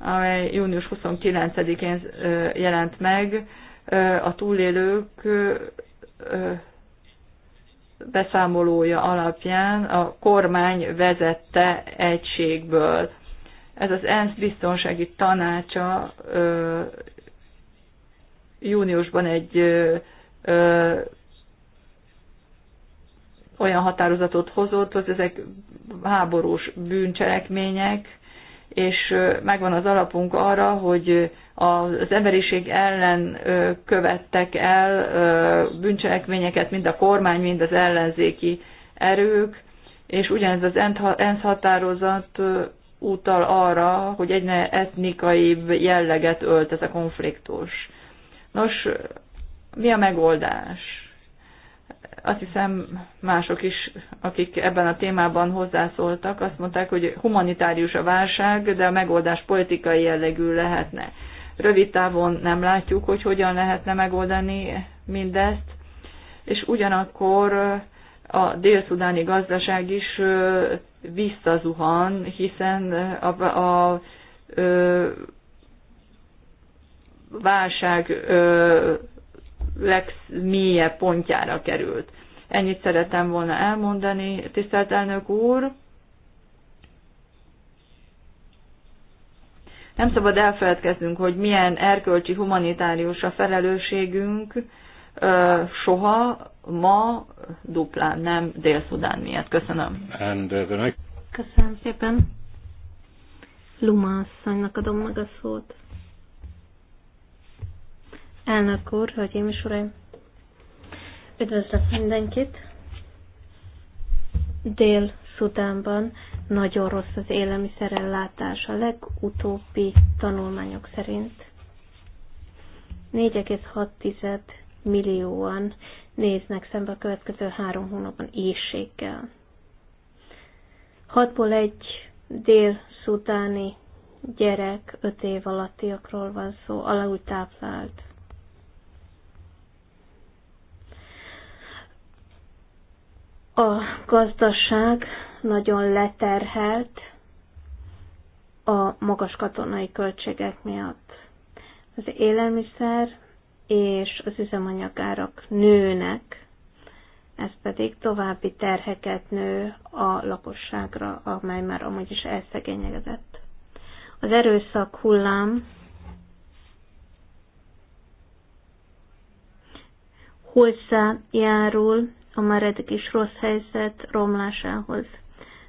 [SPEAKER 2] amely június 29-én jelent meg, a túlélők beszámolója alapján a kormány vezette egységből. Ez az ENSZ biztonsági tanácsa júniusban egy olyan határozatot hozott, hogy ezek háborús bűncselekmények, és megvan az alapunk arra, hogy az emberiség ellen követtek el bűncselekményeket mind a kormány, mind az ellenzéki erők, és ugyanez az ENSZ határozat utal arra, hogy egyre etnikai jelleget ölt ez a konfliktus. Nos, mi a megoldás? Azt hiszem mások is, akik ebben a témában hozzászóltak, azt mondták, hogy humanitárius a válság, de a megoldás politikai jellegű lehetne. Rövid távon nem látjuk, hogy hogyan lehetne megoldani mindezt, és ugyanakkor a délszudáni gazdaság is visszazuhan, hiszen a, a, a válság legmélyebb pontjára került. Ennyit szeretem volna elmondani, tisztelt elnök úr. Nem szabad elfeledkeznünk, hogy milyen erkölcsi, humanitárius a felelősségünk soha, ma duplán, nem Dél-Szudán miatt. Köszönöm.
[SPEAKER 1] And, uh,
[SPEAKER 2] Köszönöm szépen. Luma asszonynak adom
[SPEAKER 4] meg a szót. Elnök úr, hölgyeim és uraim! Üdvözlök mindenkit! Dél-Szudánban nagyon rossz az élelmiszerellátás a legutóbbi tanulmányok szerint. 4,6 millióan néznek szembe a következő három hónapban éjséggel. 6-ból egy dél-szudáni gyerek 5 év alattiakról van szó, alul táplált. A gazdaság nagyon leterhelt a magas katonai költségek miatt. Az élelmiszer és az üzemanyagárak nőnek, ez pedig további terheket nő a lakosságra, amely már amúgy is elszegényedett. Az erőszak hullám hozzájárul a már eddig is rossz helyzet romlásához.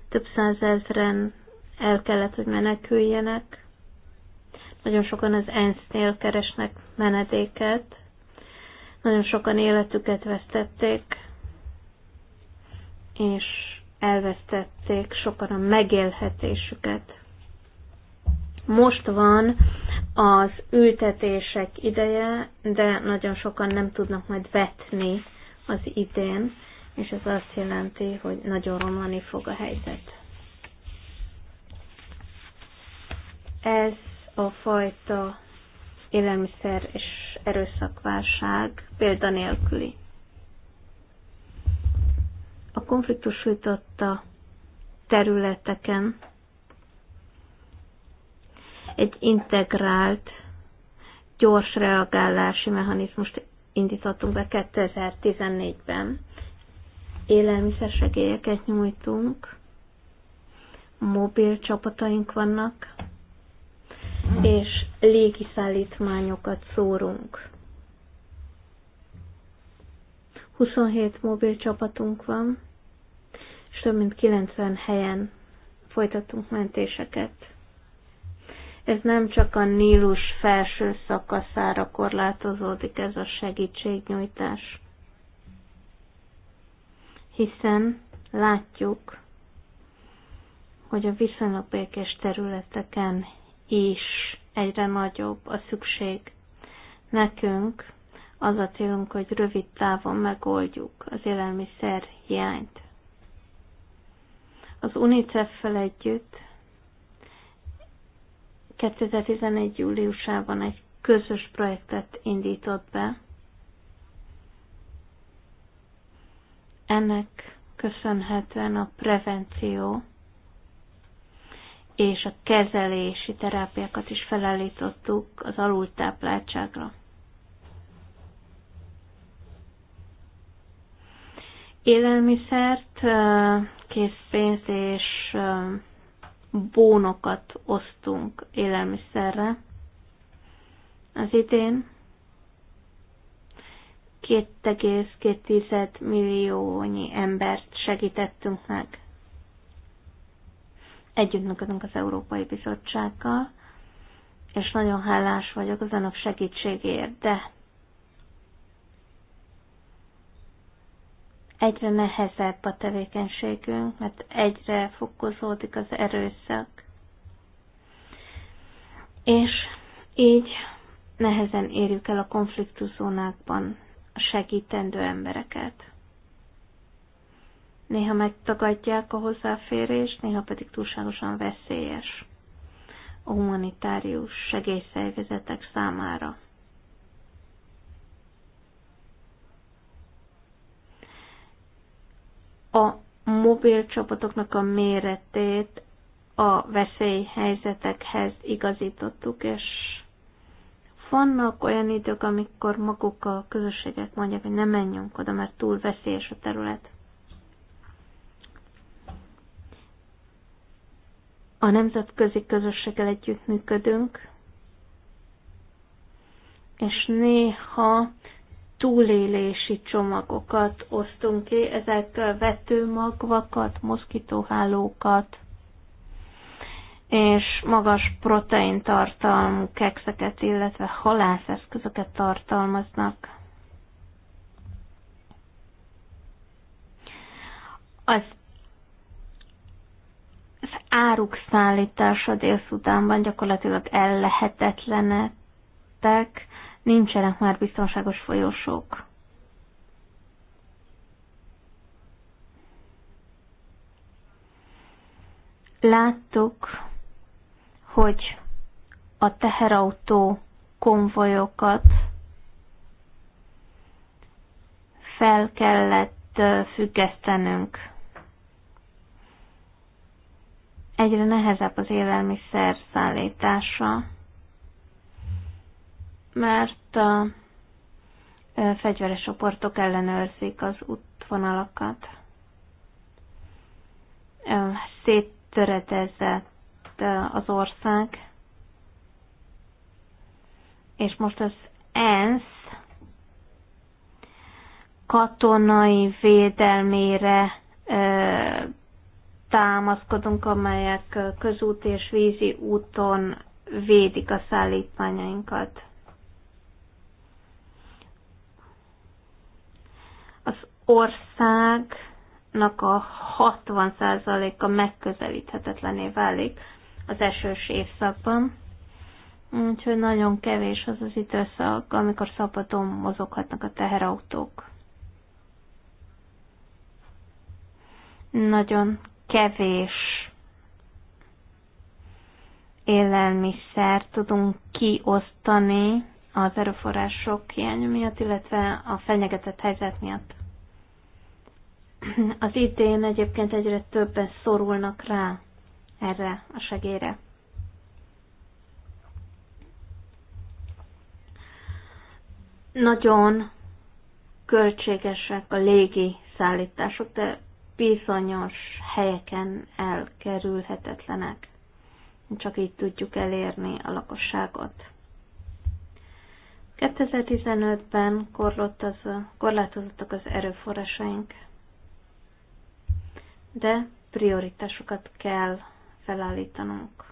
[SPEAKER 4] Több százezren el kellett, hogy meneküljenek. Nagyon sokan az ENSZ-nél keresnek menedéket. Nagyon sokan életüket vesztették, és elvesztették sokan a megélhetésüket. Most van az ültetések ideje, de nagyon sokan nem tudnak majd vetni az idén, és ez azt jelenti, hogy nagyon romlani fog a helyzet. Ez a fajta élelmiszer és erőszakválság példanélküli. A konfliktus a területeken egy integrált, gyors reagálási mechanizmust indítottunk be 2014-ben. Élelmiszersegélyeket nyújtunk, mobil csapataink vannak, és légiszállítmányokat szórunk. 27 mobil csapatunk van, és több mint 90 helyen folytatunk mentéseket. Ez nem csak a Nílus felső szakaszára korlátozódik ez a segítségnyújtás, hiszen látjuk, hogy a viszonylag békés területeken is egyre nagyobb a szükség. Nekünk az a célunk, hogy rövid távon megoldjuk az élelmiszer hiányt. Az UNICEF-fel együtt 2011. júliusában egy közös projektet indított be. Ennek köszönhetően a prevenció és a kezelési terápiákat is felállítottuk az alultápláltságra. Élelmiszert, készpénzt és bónokat osztunk élelmiszerre. Az idén 2,2 milliónyi embert segítettünk meg. Együttműködünk az Európai Bizottsággal, és nagyon hálás vagyok az önök segítségéért, de egyre nehezebb a tevékenységünk, mert egyre fokozódik az erőszak, és így nehezen érjük el a konfliktuszónákban a segítendő embereket. Néha megtagadják a hozzáférést, néha pedig túlságosan veszélyes a humanitárius segélyszervezetek számára. a mobil csapatoknak a méretét a veszélyhelyzetekhez igazítottuk, és vannak olyan idők, amikor maguk a közösségek mondják, hogy nem menjünk oda, mert túl veszélyes a terület. A nemzetközi közösséggel együttműködünk, és néha túlélési csomagokat osztunk ki, ezek vetőmagvakat, moszkitóhálókat, és magas proteintartalmú kekszeket, illetve halászeszközöket tartalmaznak. Az, az áruk szállítása Dél-Szudánban gyakorlatilag ellehetetlenedtek, nincsenek már biztonságos folyosók. Láttuk, hogy a teherautó konvojokat fel kellett függesztenünk. Egyre nehezebb az élelmiszer szállítása mert a fegyveres csoportok ellenőrzik az útvonalakat. Széttöredezett az ország, és most az ENSZ katonai védelmére támaszkodunk, amelyek közút és vízi úton védik a szállítmányainkat. országnak a 60%-a megközelíthetetlené válik az esős évszakban. Úgyhogy nagyon kevés az az időszak, amikor szabadon mozoghatnak a teherautók. Nagyon kevés élelmiszer tudunk kiosztani az erőforrások hiány miatt, illetve a fenyegetett helyzet miatt. Az idén egyébként egyre többen szorulnak rá erre a segélyre. Nagyon költségesek a légi szállítások, de bizonyos helyeken elkerülhetetlenek. Csak így tudjuk elérni a lakosságot. 2015-ben korlátozottak az erőforrásaink de prioritásokat kell felállítanunk.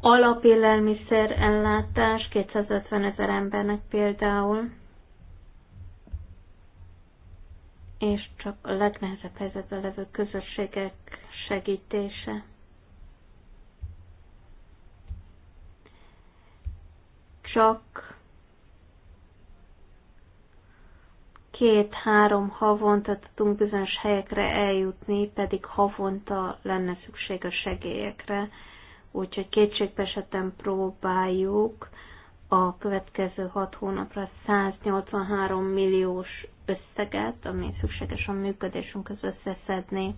[SPEAKER 4] Alapélelmiszer ellátás 250 ezer embernek például, és csak a legnehezebb helyzetben levő közösségek segítése. Csak két-három havonta tudunk bizonyos helyekre eljutni, pedig havonta lenne szükség a segélyekre. Úgyhogy kétségbe esetem próbáljuk a következő hat hónapra 183 milliós összeget, ami szükséges a működésünkhöz összeszedni.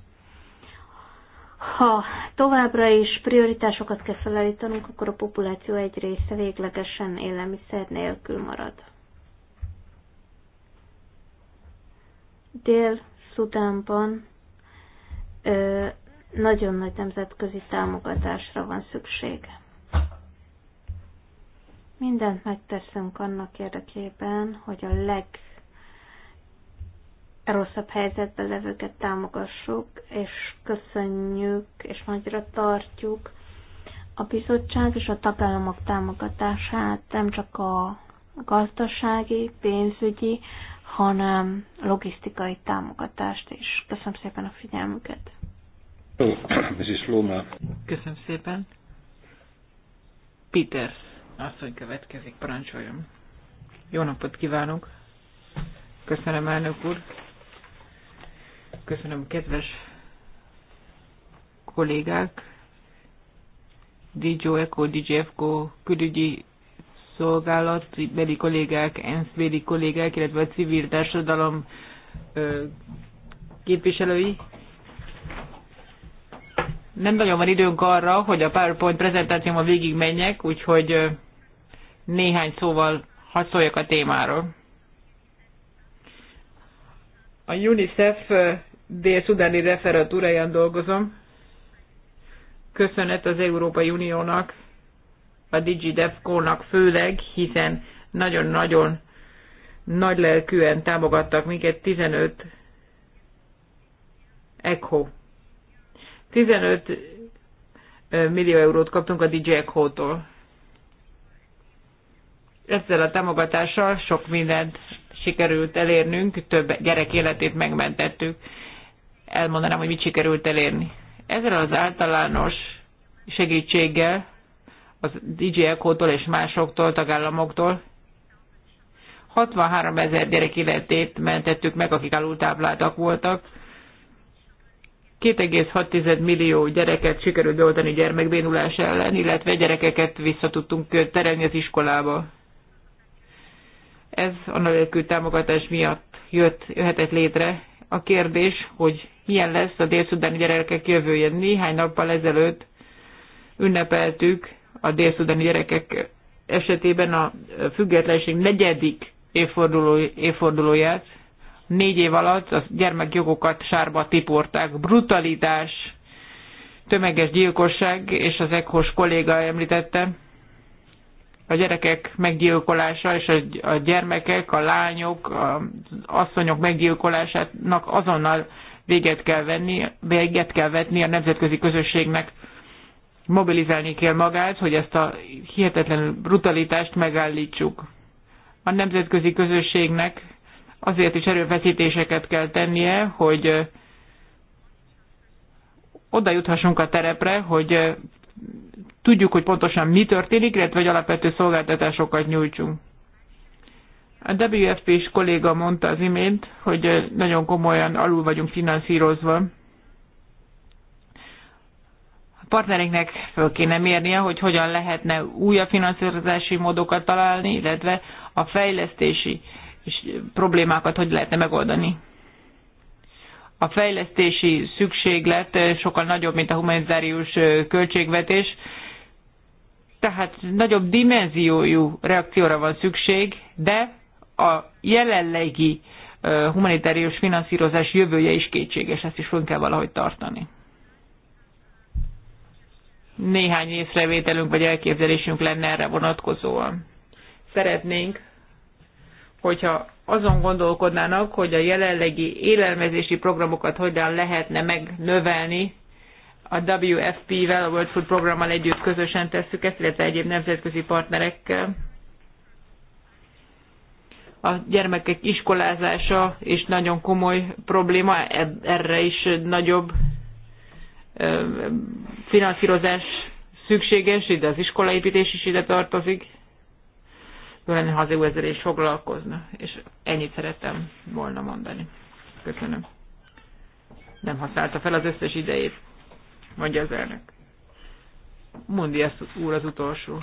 [SPEAKER 4] Ha továbbra is prioritásokat kell felállítanunk, akkor a populáció egy része véglegesen élelmiszer nélkül marad. Dél-Szudánban nagyon nagy nemzetközi támogatásra van szüksége. Mindent megteszünk annak érdekében, hogy a legrosszabb helyzetbe helyzetben levőket támogassuk, és köszönjük, és nagyra tartjuk a bizottság és a tagállamok támogatását, nem csak a gazdasági, pénzügyi, hanem logisztikai támogatást is. Köszönöm szépen a figyelmüket.
[SPEAKER 1] Jó, Mrs.
[SPEAKER 4] Köszönöm szépen. Peter,
[SPEAKER 3] asszony következik, parancsoljon. Jó napot kívánok. Köszönöm, elnök úr. Köszönöm, kedves kollégák. DJ Eko, DJ Fko, külügyi szolgálatbeli kollégák, ENSZ-béli kollégák, illetve a civil társadalom képviselői. Nem nagyon van időnk arra, hogy a PowerPoint prezentációma végig menjek, úgyhogy néhány szóval hadd a témáról. A UNICEF dél-szudáni referatúráján dolgozom. Köszönet az Európai Uniónak a DigiDevCo-nak főleg, hiszen nagyon-nagyon nagy lelkűen támogattak minket 15 ECHO. 15 millió eurót kaptunk a DJ ECHO-tól. Ezzel a támogatással sok mindent sikerült elérnünk, több gyerek életét megmentettük. Elmondanám, hogy mit sikerült elérni. Ezzel az általános segítséggel az DJ echo tól és másoktól, tagállamoktól. 63 ezer gyerek életét mentettük meg, akik alultápláltak voltak. 2,6 millió gyereket sikerült beoltani gyermekbénulás ellen, illetve gyerekeket vissza tudtunk terelni az iskolába. Ez a nélkül támogatás miatt jött, jöhetett létre. A kérdés, hogy milyen lesz a dél gyerekek jövője. Néhány nappal ezelőtt ünnepeltük a délszudani gyerekek esetében a függetlenség negyedik évforduló, évfordulóját. Négy év alatt a gyermekjogokat sárba tiporták. Brutalitás, tömeges gyilkosság, és az ekhos kolléga említette, a gyerekek meggyilkolása és a gyermekek, a lányok, az asszonyok meggyilkolásának azonnal véget kell, venni, véget kell vetni a nemzetközi közösségnek mobilizálni kell magát, hogy ezt a hihetetlen brutalitást megállítsuk. A nemzetközi közösségnek azért is erőfeszítéseket kell tennie, hogy oda juthassunk a terepre, hogy tudjuk, hogy pontosan mi történik, illetve hogy alapvető szolgáltatásokat nyújtsunk. A WFP is kolléga mondta az imént, hogy nagyon komolyan alul vagyunk finanszírozva Partnereknek föl kéne mérnie, hogy hogyan lehetne újabb finanszírozási módokat találni, illetve a fejlesztési problémákat hogy lehetne megoldani. A fejlesztési szükséglet sokkal nagyobb, mint a humanitárius költségvetés, tehát nagyobb dimenziójú reakcióra van szükség, de a jelenlegi humanitárius finanszírozás jövője is kétséges, ezt is fönn kell valahogy tartani néhány észrevételünk vagy elképzelésünk lenne erre vonatkozóan. Szeretnénk, hogyha azon gondolkodnának, hogy a jelenlegi élelmezési programokat hogyan lehetne megnövelni, a WFP-vel, a World Food Programmal együtt közösen tesszük ezt, illetve egyéb nemzetközi partnerekkel. A gyermekek iskolázása is nagyon komoly probléma, e- erre is nagyobb finanszírozás szükséges, ide az iskolaépítés is ide tartozik. Jó lenne, ha az EU ezzel is foglalkozna, és ennyit szerettem volna mondani. Köszönöm. Nem használta fel az összes idejét, mondja az elnök. Mondja ezt úr az utolsó.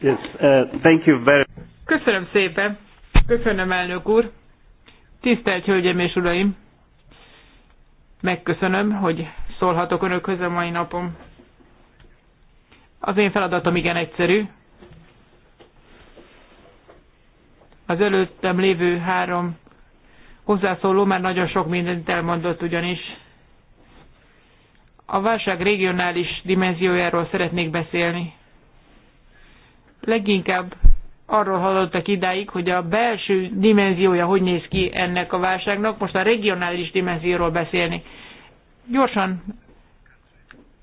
[SPEAKER 1] Yes, uh, thank you very...
[SPEAKER 3] Köszönöm szépen. Köszönöm, elnök úr. Tisztelt Hölgyeim és Uraim! Megköszönöm, hogy szólhatok Önökhöz a mai napom. Az én feladatom igen egyszerű. Az előttem lévő három hozzászóló már nagyon sok mindent elmondott ugyanis. A válság regionális dimenziójáról szeretnék beszélni. Leginkább arról hallottak idáig, hogy a belső dimenziója hogy néz ki ennek a válságnak, most a regionális dimenzióról beszélni. Gyorsan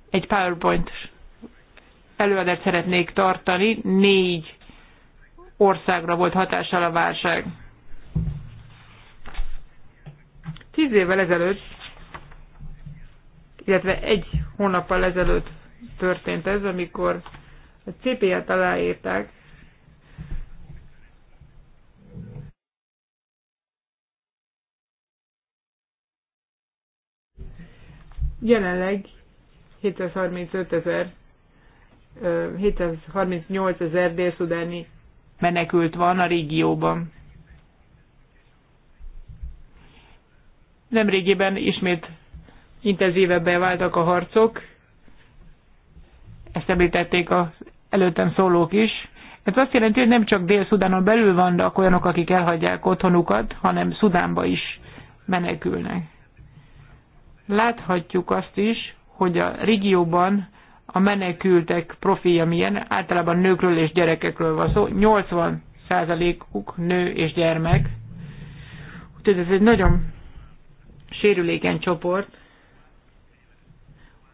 [SPEAKER 3] egy PowerPoint előadást szeretnék tartani, négy országra volt hatással a válság. Tíz évvel ezelőtt, illetve egy hónappal ezelőtt történt ez, amikor a CPA-t aláírták, Jelenleg 735 ezer 738 ezer délszudáni menekült van a régióban. Nemrégiben ismét intenzívebbé váltak a harcok, ezt említették az előttem szólók is. Ez azt jelenti, hogy nem csak Dél-Szudánon belül vannak olyanok, akik elhagyják otthonukat, hanem Szudánba is menekülnek. Láthatjuk azt is, hogy a régióban a menekültek profilja milyen, általában nőkről és gyerekekről van szó, 80%-uk nő és gyermek. Úgyhogy ez egy nagyon sérülékeny csoport,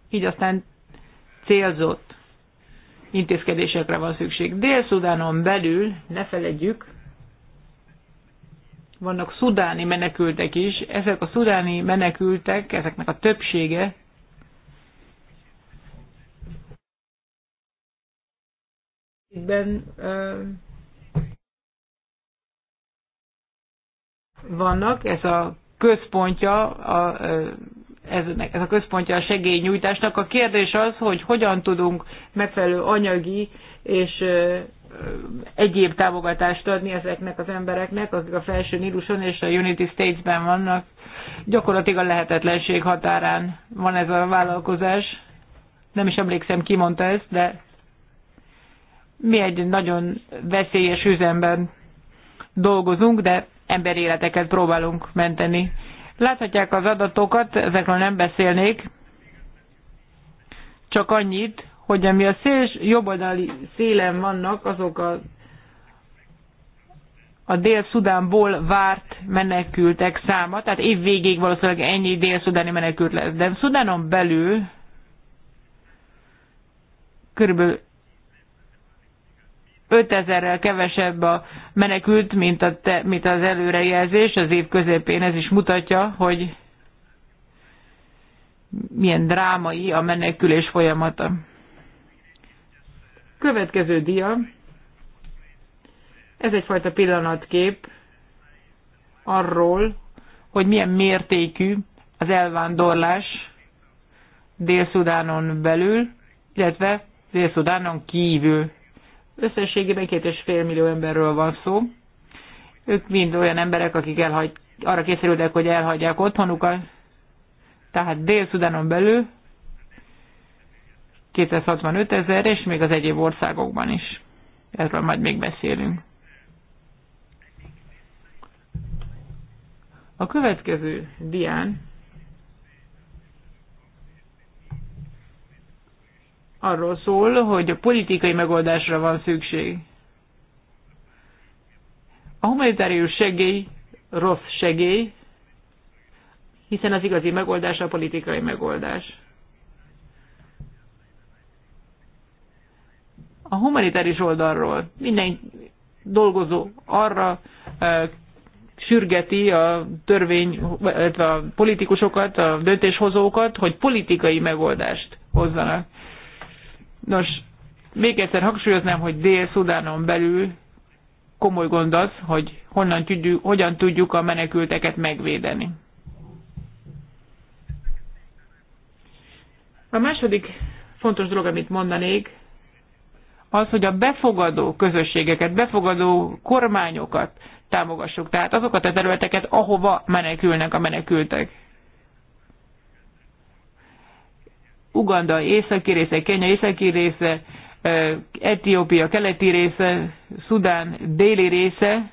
[SPEAKER 3] így aztán célzott intézkedésekre van szükség. Dél-Szudánon belül, ne feledjük, vannak szudáni menekültek is. Ezek a szudáni menekültek, ezeknek a többsége ben, vannak, ez a központja a, ez, ez a központja a segélynyújtásnak. A kérdés az, hogy hogyan tudunk megfelelő anyagi és egyéb támogatást adni ezeknek az embereknek, akik a felső Níluson és a Unity States-ben vannak. Gyakorlatilag a lehetetlenség határán van ez a vállalkozás. Nem is emlékszem, ki mondta ezt, de mi egy nagyon veszélyes üzemben dolgozunk, de emberéleteket próbálunk menteni. Láthatják az adatokat, ezekről nem beszélnék, csak annyit, hogy ami a széls, jobboldali szélen vannak, azok a, a Dél-Szudánból várt menekültek száma, tehát év végéig valószínűleg ennyi dél-szudáni menekült lesz. De Szudánon belül körülbelül 5000-rel kevesebb a menekült, mint, a te, mint az előrejelzés az év közepén. Ez is mutatja, hogy milyen drámai a menekülés folyamata. Következő dia, ez egyfajta pillanatkép arról, hogy milyen mértékű az elvándorlás Dél-Szudánon belül, illetve Dél-Szudánon kívül. Összességében két és fél millió emberről van szó. Ők mind olyan emberek, akik elhagy, arra készültek, hogy elhagyják otthonukat. Tehát Dél-Szudánon belül 265 ezer, és még az egyéb országokban is. Erről majd még beszélünk. A következő dián arról szól, hogy a politikai megoldásra van szükség. A humanitárius segély rossz segély, hiszen az igazi megoldás a politikai megoldás. a humanitáris oldalról minden dolgozó arra sürgeti a törvény, illetve a politikusokat, a döntéshozókat, hogy politikai megoldást hozzanak. Nos, még egyszer hangsúlyoznám, hogy Dél-Szudánon belül komoly gond az, hogy honnan tudjuk, hogyan tudjuk a menekülteket megvédeni. A második fontos dolog, amit mondanék, az, hogy a befogadó közösségeket, befogadó kormányokat támogassuk. Tehát azokat a területeket, ahova menekülnek a menekültek. Uganda északi része, Kenya északi része, Etiópia keleti része, Szudán déli része.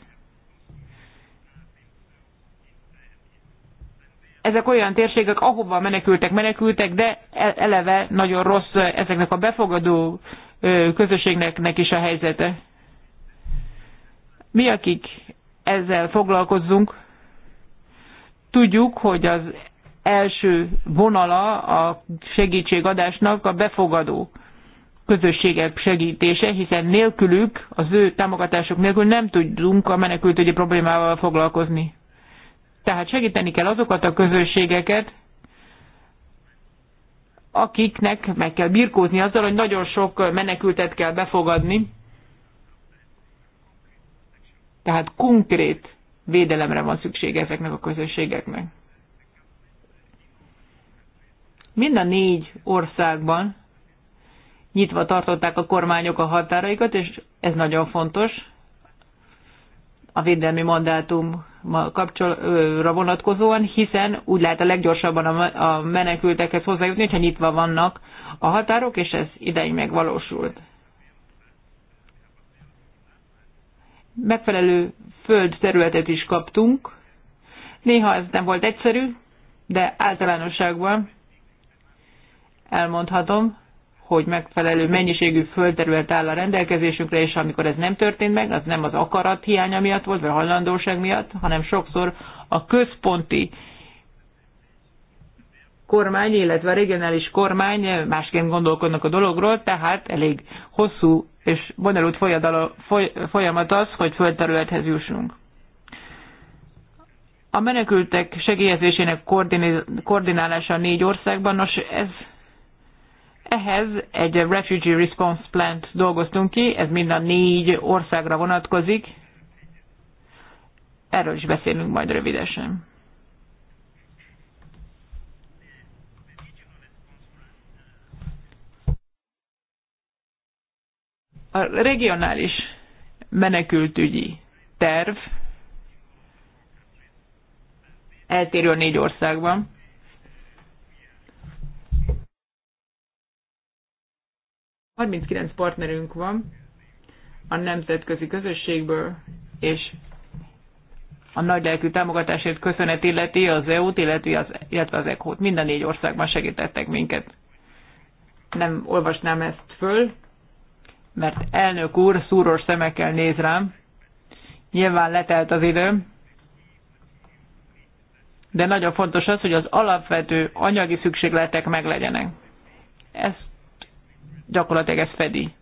[SPEAKER 3] Ezek olyan térségek, ahova menekültek, menekültek, de e- eleve nagyon rossz ezeknek a befogadó közösségnek is a helyzete. Mi, akik ezzel foglalkozzunk, tudjuk, hogy az első vonala a segítségadásnak a befogadó közösségek segítése, hiszen nélkülük, az ő támogatások nélkül nem tudunk a menekültügyi problémával foglalkozni. Tehát segíteni kell azokat a közösségeket, akiknek meg kell birkózni azzal, hogy nagyon sok menekültet kell befogadni. Tehát konkrét védelemre van szükség ezeknek a közösségeknek. Mind a négy országban nyitva tartották a kormányok a határaikat, és ez nagyon fontos. A védelmi mandátum kapcsolatra vonatkozóan, hiszen úgy lehet a leggyorsabban a menekültekhez hozzájutni, hogyha nyitva vannak a határok, és ez ideig megvalósult. Megfelelő földterületet is kaptunk. Néha ez nem volt egyszerű, de általánosságban elmondhatom, hogy megfelelő mennyiségű földterület áll a rendelkezésünkre, és amikor ez nem történt meg, az nem az akarat hiánya miatt volt, vagy hajlandóság miatt, hanem sokszor a központi kormány, illetve a regionális kormány másként gondolkodnak a dologról, tehát elég hosszú és bonyolult folyamat az, hogy földterülethez jussunk. A menekültek segélyezésének koordinálása négy országban, nos ez ehhez egy Refugee Response Plant dolgoztunk ki, ez mind a négy országra vonatkozik. Erről is beszélünk majd rövidesen. A regionális menekültügyi terv eltérő a négy országban. 39 partnerünk van a nemzetközi közösségből, és a nagy lelkű támogatásért köszönet illeti az EU-t, illeti az, illetve az ECHO-t. Mind a négy országban segítettek minket. Nem olvasnám ezt föl, mert elnök úr szúros szemekkel néz rám. Nyilván letelt az idő, de nagyon fontos az, hogy az alapvető anyagi szükségletek meglegyenek. Ezt gyakorlatilag ez fedi.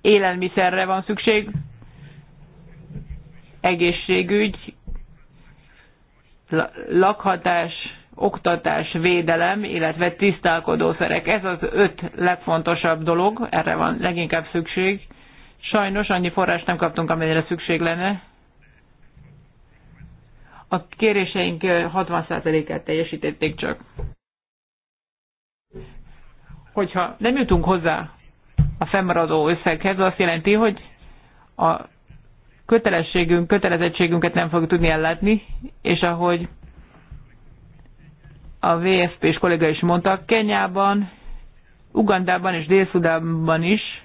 [SPEAKER 3] Élelmiszerre van szükség, egészségügy, lakhatás, oktatás, védelem, illetve tisztálkodószerek. Ez az öt legfontosabb dolog, erre van leginkább szükség. Sajnos annyi forrást nem kaptunk, amennyire szükség lenne. A kéréseink 60%-át teljesítették csak. Hogyha nem jutunk hozzá a fennmaradó összeghez, az azt jelenti, hogy a kötelességünk, kötelezettségünket nem fogjuk tudni ellátni, és ahogy a VFP és kollega is mondta, Kenyában, Ugandában és dél is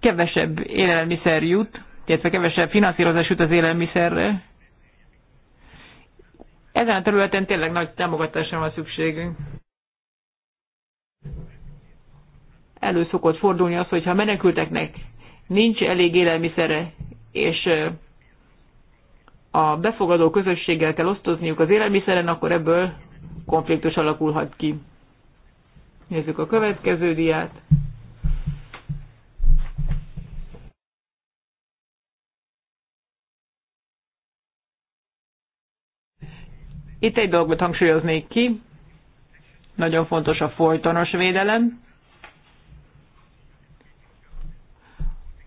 [SPEAKER 3] kevesebb élelmiszer jut, illetve kevesebb finanszírozás jut az élelmiszerre, ezen a területen tényleg nagy támogatásra van szükségünk. Elő szokott fordulni az, hogyha menekülteknek nincs elég élelmiszere, és a befogadó közösséggel kell osztozniuk az élelmiszeren, akkor ebből konfliktus alakulhat ki. Nézzük a következő diát. Itt egy dolgot hangsúlyoznék ki, nagyon fontos a folytonos védelem,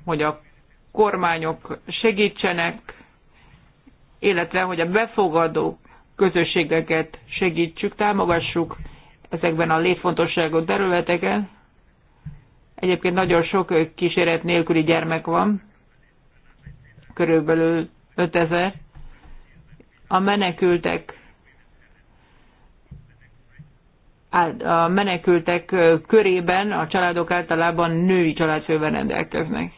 [SPEAKER 3] hogy a kormányok segítsenek, illetve hogy a befogadó közösségeket segítsük, támogassuk ezekben a létfontosságú területeken. Egyébként nagyon sok kíséret nélküli gyermek van, körülbelül 5000. A menekültek a menekültek körében a családok általában női családfővel rendelkeznek.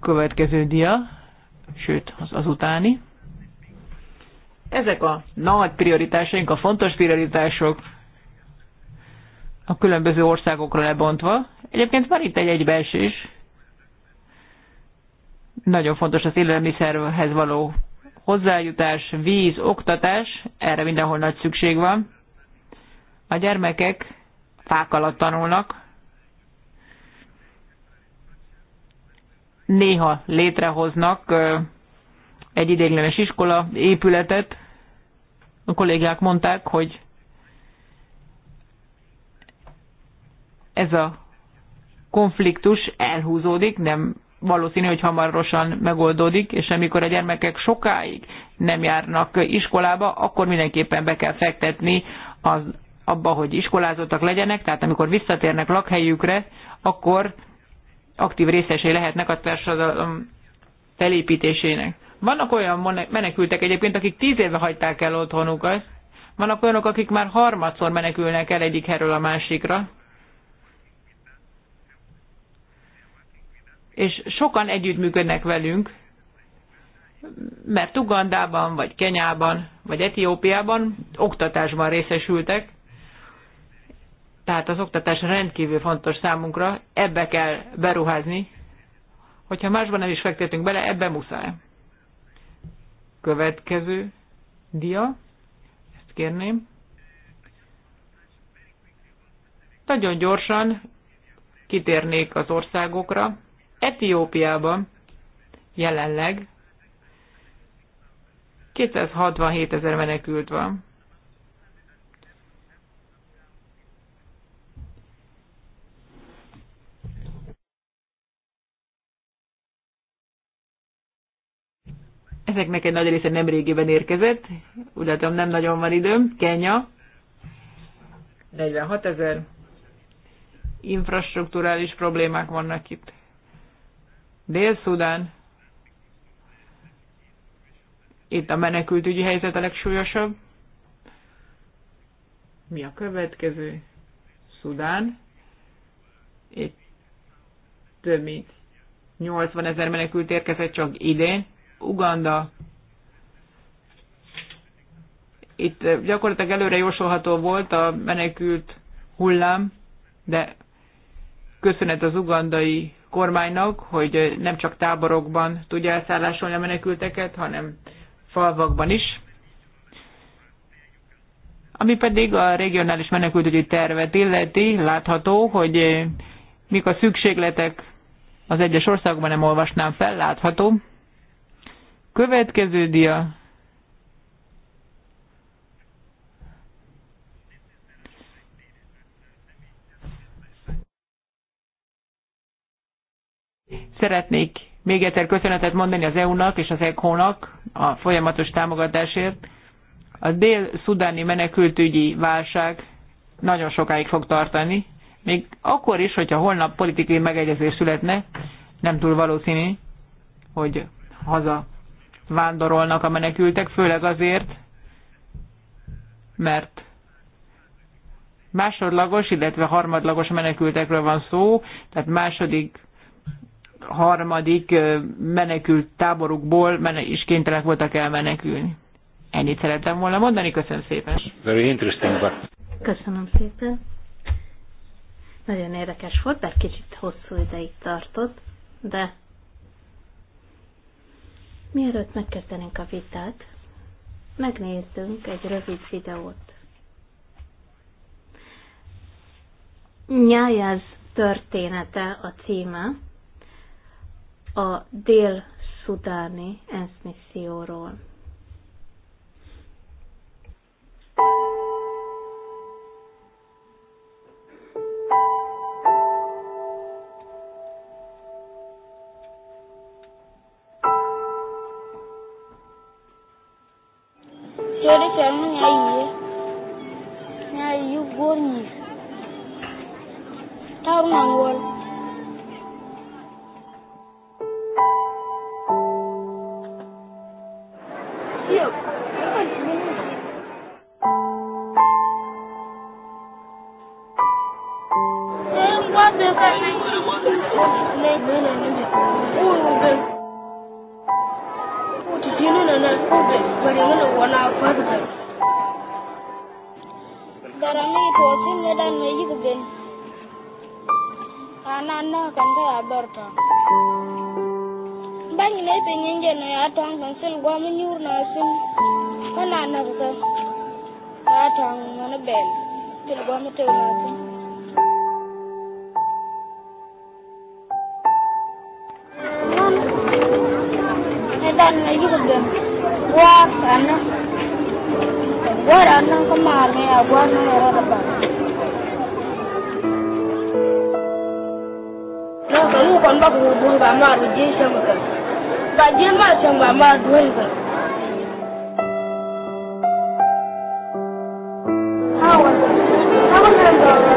[SPEAKER 3] Következő dia, sőt az, az utáni. Ezek a nagy prioritásaink, a fontos prioritások a különböző országokra lebontva. Egyébként van itt egy egybeesés. Nagyon fontos az élelmiszerhez való hozzájutás, víz, oktatás, erre mindenhol nagy szükség van. A gyermekek fák alatt tanulnak, néha létrehoznak egy idéglenes iskola épületet. A kollégák mondták, hogy ez a konfliktus elhúzódik, nem valószínű, hogy hamarosan megoldódik, és amikor a gyermekek sokáig nem járnak iskolába, akkor mindenképpen be kell fektetni az, abba, hogy iskolázottak legyenek, tehát amikor visszatérnek lakhelyükre, akkor aktív részesé lehetnek a társadalom felépítésének. Vannak olyan menekültek egyébként, akik tíz éve hagyták el otthonukat, vannak olyanok, akik már harmadszor menekülnek el egyik helyről a másikra, és sokan együttműködnek velünk, mert Ugandában, vagy Kenyában, vagy Etiópiában oktatásban részesültek, tehát az oktatás rendkívül fontos számunkra, ebbe kell beruházni, hogyha másban nem is fektetünk bele, ebbe muszáj. Következő dia, ezt kérném. Nagyon gyorsan kitérnék az országokra. Etiópiában jelenleg 267 ezer menekült van. Ezeknek egy nagy része nem régiben érkezett, úgy látom nem nagyon van időm. Kenya, 46 ezer. Infrastruktúrális problémák vannak itt. Dél-Szudán, itt a menekültügyi helyzet a legsúlyosabb. Mi a következő? Szudán. Itt több mint 80 ezer menekült érkezett csak idén. Uganda. Itt gyakorlatilag előre jósolható volt a menekült hullám, de köszönet az ugandai kormánynak, hogy nem csak táborokban tudja elszállásolni a menekülteket, hanem falvakban is. Ami pedig a regionális menekültügyi tervet illeti, látható, hogy mik a szükségletek az egyes országban nem olvasnám fel, látható. Következő dia Szeretnék még egyszer köszönetet mondani az EU-nak és az ECHO-nak a folyamatos támogatásért. A dél-szudáni menekültügyi válság nagyon sokáig fog tartani, még akkor is, hogyha holnap politikai megegyezés születne, nem túl valószínű, hogy haza vándorolnak a menekültek, főleg azért, mert másodlagos, illetve harmadlagos menekültekről van szó, tehát második harmadik menekült táborukból is kénytelenek voltak elmenekülni. Ennyit szerettem volna mondani, köszönöm szépen.
[SPEAKER 1] Very interesting, but...
[SPEAKER 4] Köszönöm szépen. Nagyon érdekes volt, bár kicsit hosszú ideig tartott, de mielőtt megkezdenénk a vitát, megnézzünk egy rövid videót. Nyájáz története a címe, a dél-szudáni ENSZ misszióról.
[SPEAKER 5] an baka hukun ga ma ruje shan ka ga je ma shan ga ma duwan ka hawa hawa na zara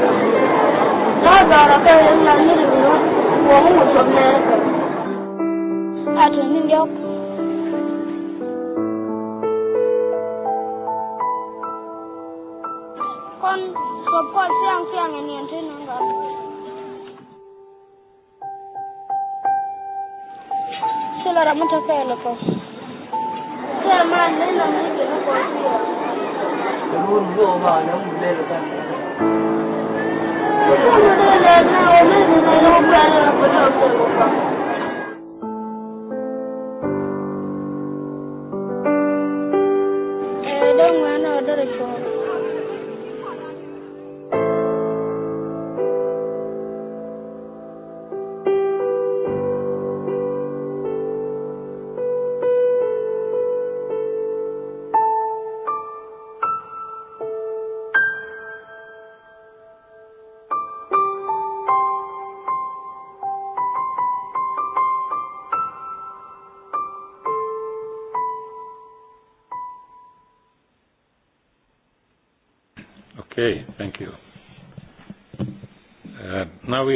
[SPEAKER 5] na zara kai yan na ni ruwa wa mu mutum ne a tunin kon so po siang siang ini Allora, molto bello questo. Cioè, ma lei non è che non può dire. Non lo va, non è vero tanto. Non è vero, non è vero, non è vero, non è vero, non è vero.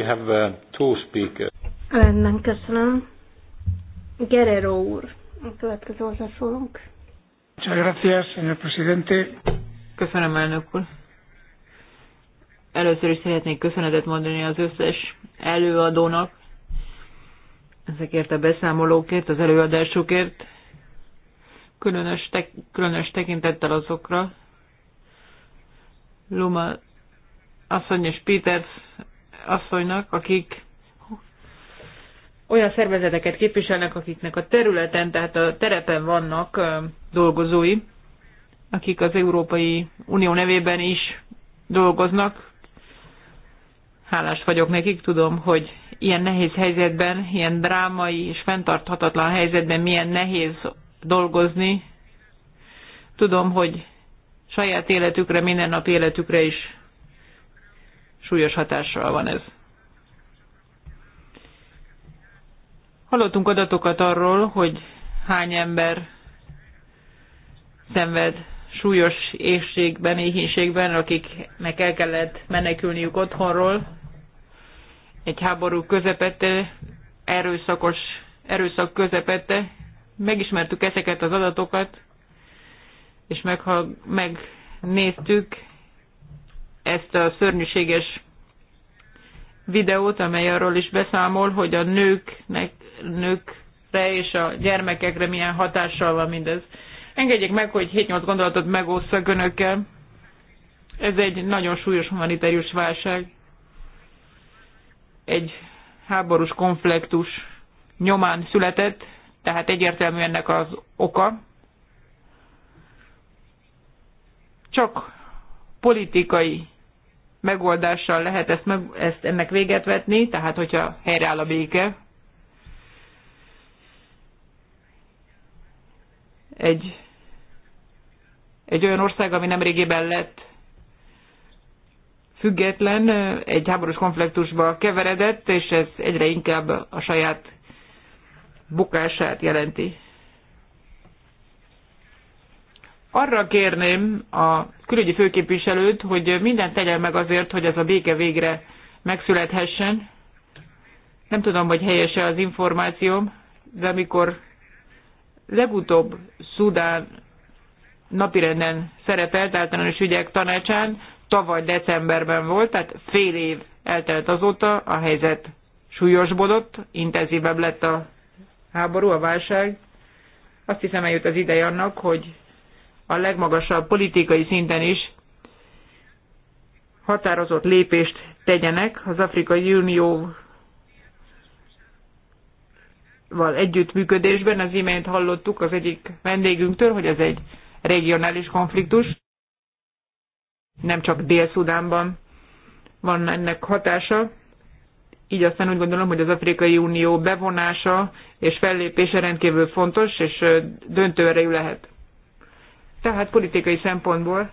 [SPEAKER 1] have uh, two speakers.
[SPEAKER 4] Rendben, köszönöm. Guerrero úr, a következő hozzászólunk.
[SPEAKER 1] Köszönöm,
[SPEAKER 3] elnök úr. Először is szeretnék köszönetet mondani az összes előadónak, ezekért a beszámolókért, az előadásokért, különös, tek, különös tekintettel azokra. Luma asszony és Peters asszonynak, akik olyan szervezeteket képviselnek, akiknek a területen, tehát a terepen vannak dolgozói, akik az Európai Unió nevében is dolgoznak. Hálás vagyok nekik, tudom, hogy ilyen nehéz helyzetben, ilyen drámai és fenntarthatatlan helyzetben milyen nehéz dolgozni. Tudom, hogy saját életükre, minden nap életükre is súlyos hatással van ez. Hallottunk adatokat arról, hogy hány ember szenved súlyos éhségben, éhénységben, akiknek el kellett menekülniük otthonról. Egy háború közepette, erőszakos, erőszak közepette. Megismertük ezeket az adatokat, és megha- megnéztük ezt a szörnyűséges videót, amely arról is beszámol, hogy a nőknek, nőkre és a gyermekekre milyen hatással van mindez. Engedjék meg, hogy 7-8 gondolatot megosszak önökkel. Ez egy nagyon súlyos humanitárius válság. Egy háborús konfliktus nyomán született, tehát egyértelmű ennek az oka. Csak politikai megoldással lehet ezt, meg, ezt ennek véget vetni, tehát hogyha helyreáll a béke, egy, egy olyan ország, ami nemrégében lett független, egy háborús konfliktusba keveredett, és ez egyre inkább a saját bukását jelenti arra kérném a külügyi főképviselőt, hogy mindent tegyen meg azért, hogy ez a béke végre megszülethessen. Nem tudom, hogy helyese az információm, de amikor legutóbb Szudán napirenden szerepelt általános ügyek tanácsán, tavaly decemberben volt, tehát fél év eltelt azóta, a helyzet súlyosbodott, intenzívebb lett a háború, a válság. Azt hiszem eljött az ideje annak, hogy a legmagasabb politikai szinten is határozott lépést tegyenek az Afrikai Unióval együttműködésben. Az imént hallottuk az egyik vendégünktől, hogy ez egy regionális konfliktus. Nem csak Dél-Szudánban van ennek hatása. Így aztán úgy gondolom, hogy az Afrikai Unió bevonása és fellépése rendkívül fontos és döntő erejű lehet. Tehát politikai szempontból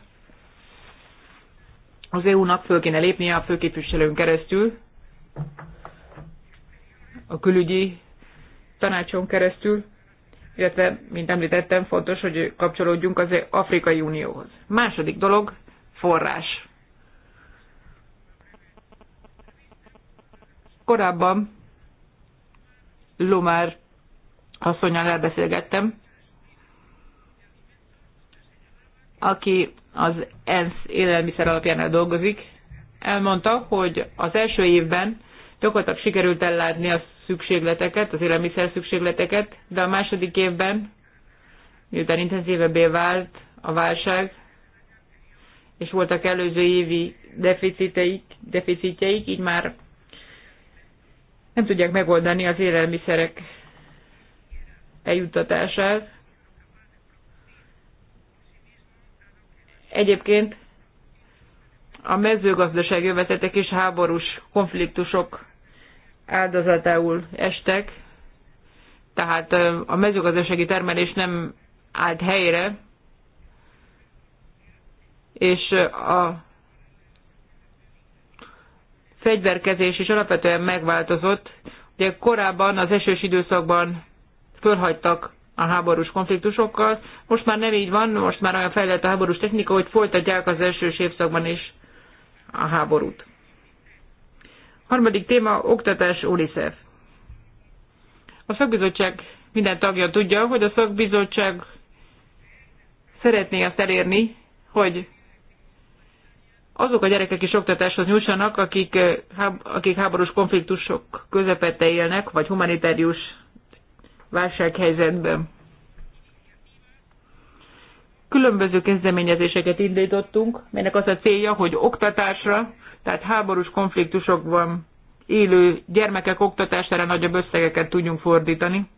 [SPEAKER 3] az EU-nak föl kéne lépnie a főképviselőn keresztül, a külügyi tanácson keresztül, illetve, mint említettem, fontos, hogy kapcsolódjunk az Afrikai Unióhoz. Második dolog, forrás. Korábban Lomár asszonyal elbeszélgettem, aki az ENSZ élelmiszer alapjánál dolgozik, elmondta, hogy az első évben gyakorlatilag sikerült ellátni a szükségleteket, az élelmiszer szükségleteket, de a második évben, miután intenzívebbé vált a válság, és voltak előző évi deficiteik, deficitjeik, így már nem tudják megoldani az élelmiszerek eljuttatását. Egyébként a mezőgazdaság jövetetek és háborús konfliktusok áldozatául estek, tehát a mezőgazdasági termelés nem állt helyre, és a fegyverkezés is alapvetően megváltozott. Ugye korábban az esős időszakban fölhagytak a háborús konfliktusokkal. Most már nem így van, most már olyan fejlett a háborús technika, hogy folytatják az első évszakban is a háborút. Harmadik téma, oktatás UNICEF. A szakbizottság minden tagja tudja, hogy a szakbizottság szeretné azt elérni, hogy azok a gyerekek is oktatáshoz nyújtsanak, akik, eh, akik háborús konfliktusok közepette élnek, vagy humanitárius válsághelyzetben. Különböző kezdeményezéseket indítottunk, melynek az a célja, hogy oktatásra, tehát háborús konfliktusokban élő gyermekek oktatására nagyobb összegeket tudjunk fordítani.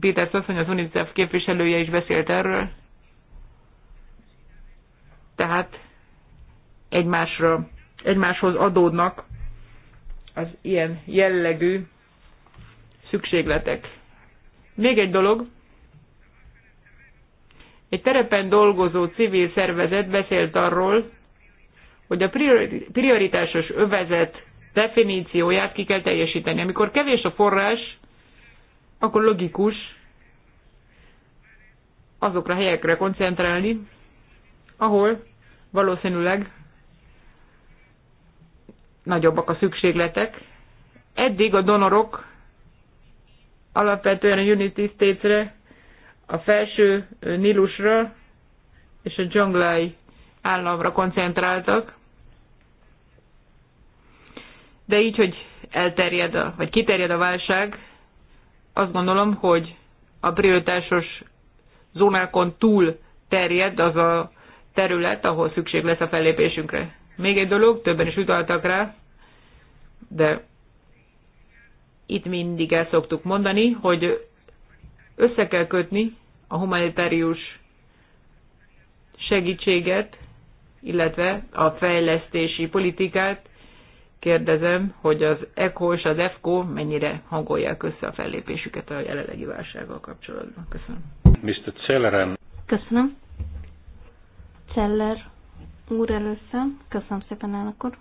[SPEAKER 3] Péter Szaszony, az UNICEF képviselője is beszélt erről. Tehát egymásra, egymáshoz adódnak az ilyen jellegű szükségletek. Még egy dolog. Egy terepen dolgozó civil szervezet beszélt arról, hogy a prioritásos övezet definícióját ki kell teljesíteni. Amikor kevés a forrás, akkor logikus azokra a helyekre koncentrálni, ahol valószínűleg nagyobbak a szükségletek. Eddig a donorok alapvetően a Unity State-re, a felső Nilusra és a Dzsonglai államra koncentráltak. De így, hogy elterjed, a, vagy kiterjed a válság, azt gondolom, hogy a prioritásos zónákon túl terjed az a terület, ahol szükség lesz a fellépésünkre. Még egy dolog, többen is utaltak rá, de itt mindig el szoktuk mondani, hogy össze kell kötni a humanitárius segítséget, illetve a fejlesztési politikát. Kérdezem, hogy az ECHO és az EFCO mennyire hangolják össze a fellépésüket a jelenlegi válsággal
[SPEAKER 4] kapcsolatban. Köszönöm.
[SPEAKER 1] Mr. Celleren.
[SPEAKER 4] Köszönöm. Celler úr először. Köszönöm szépen, elnök úr.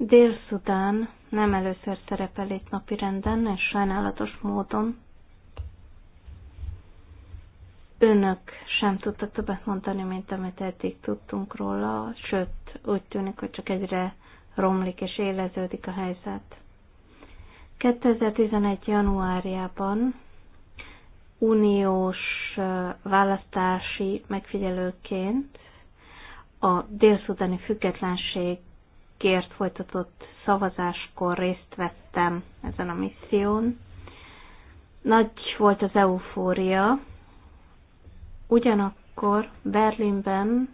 [SPEAKER 4] Dél-Szudán nem először szerepel itt napirenden, és sajnálatos módon önök sem tudtak többet mondani, mint amit eddig tudtunk róla, sőt, úgy tűnik, hogy csak egyre romlik és éleződik a helyzet. 2011. januárjában uniós választási megfigyelőként a délszudani függetlenség kért folytatott szavazáskor részt vettem ezen a misszión. Nagy volt az eufória, ugyanakkor Berlinben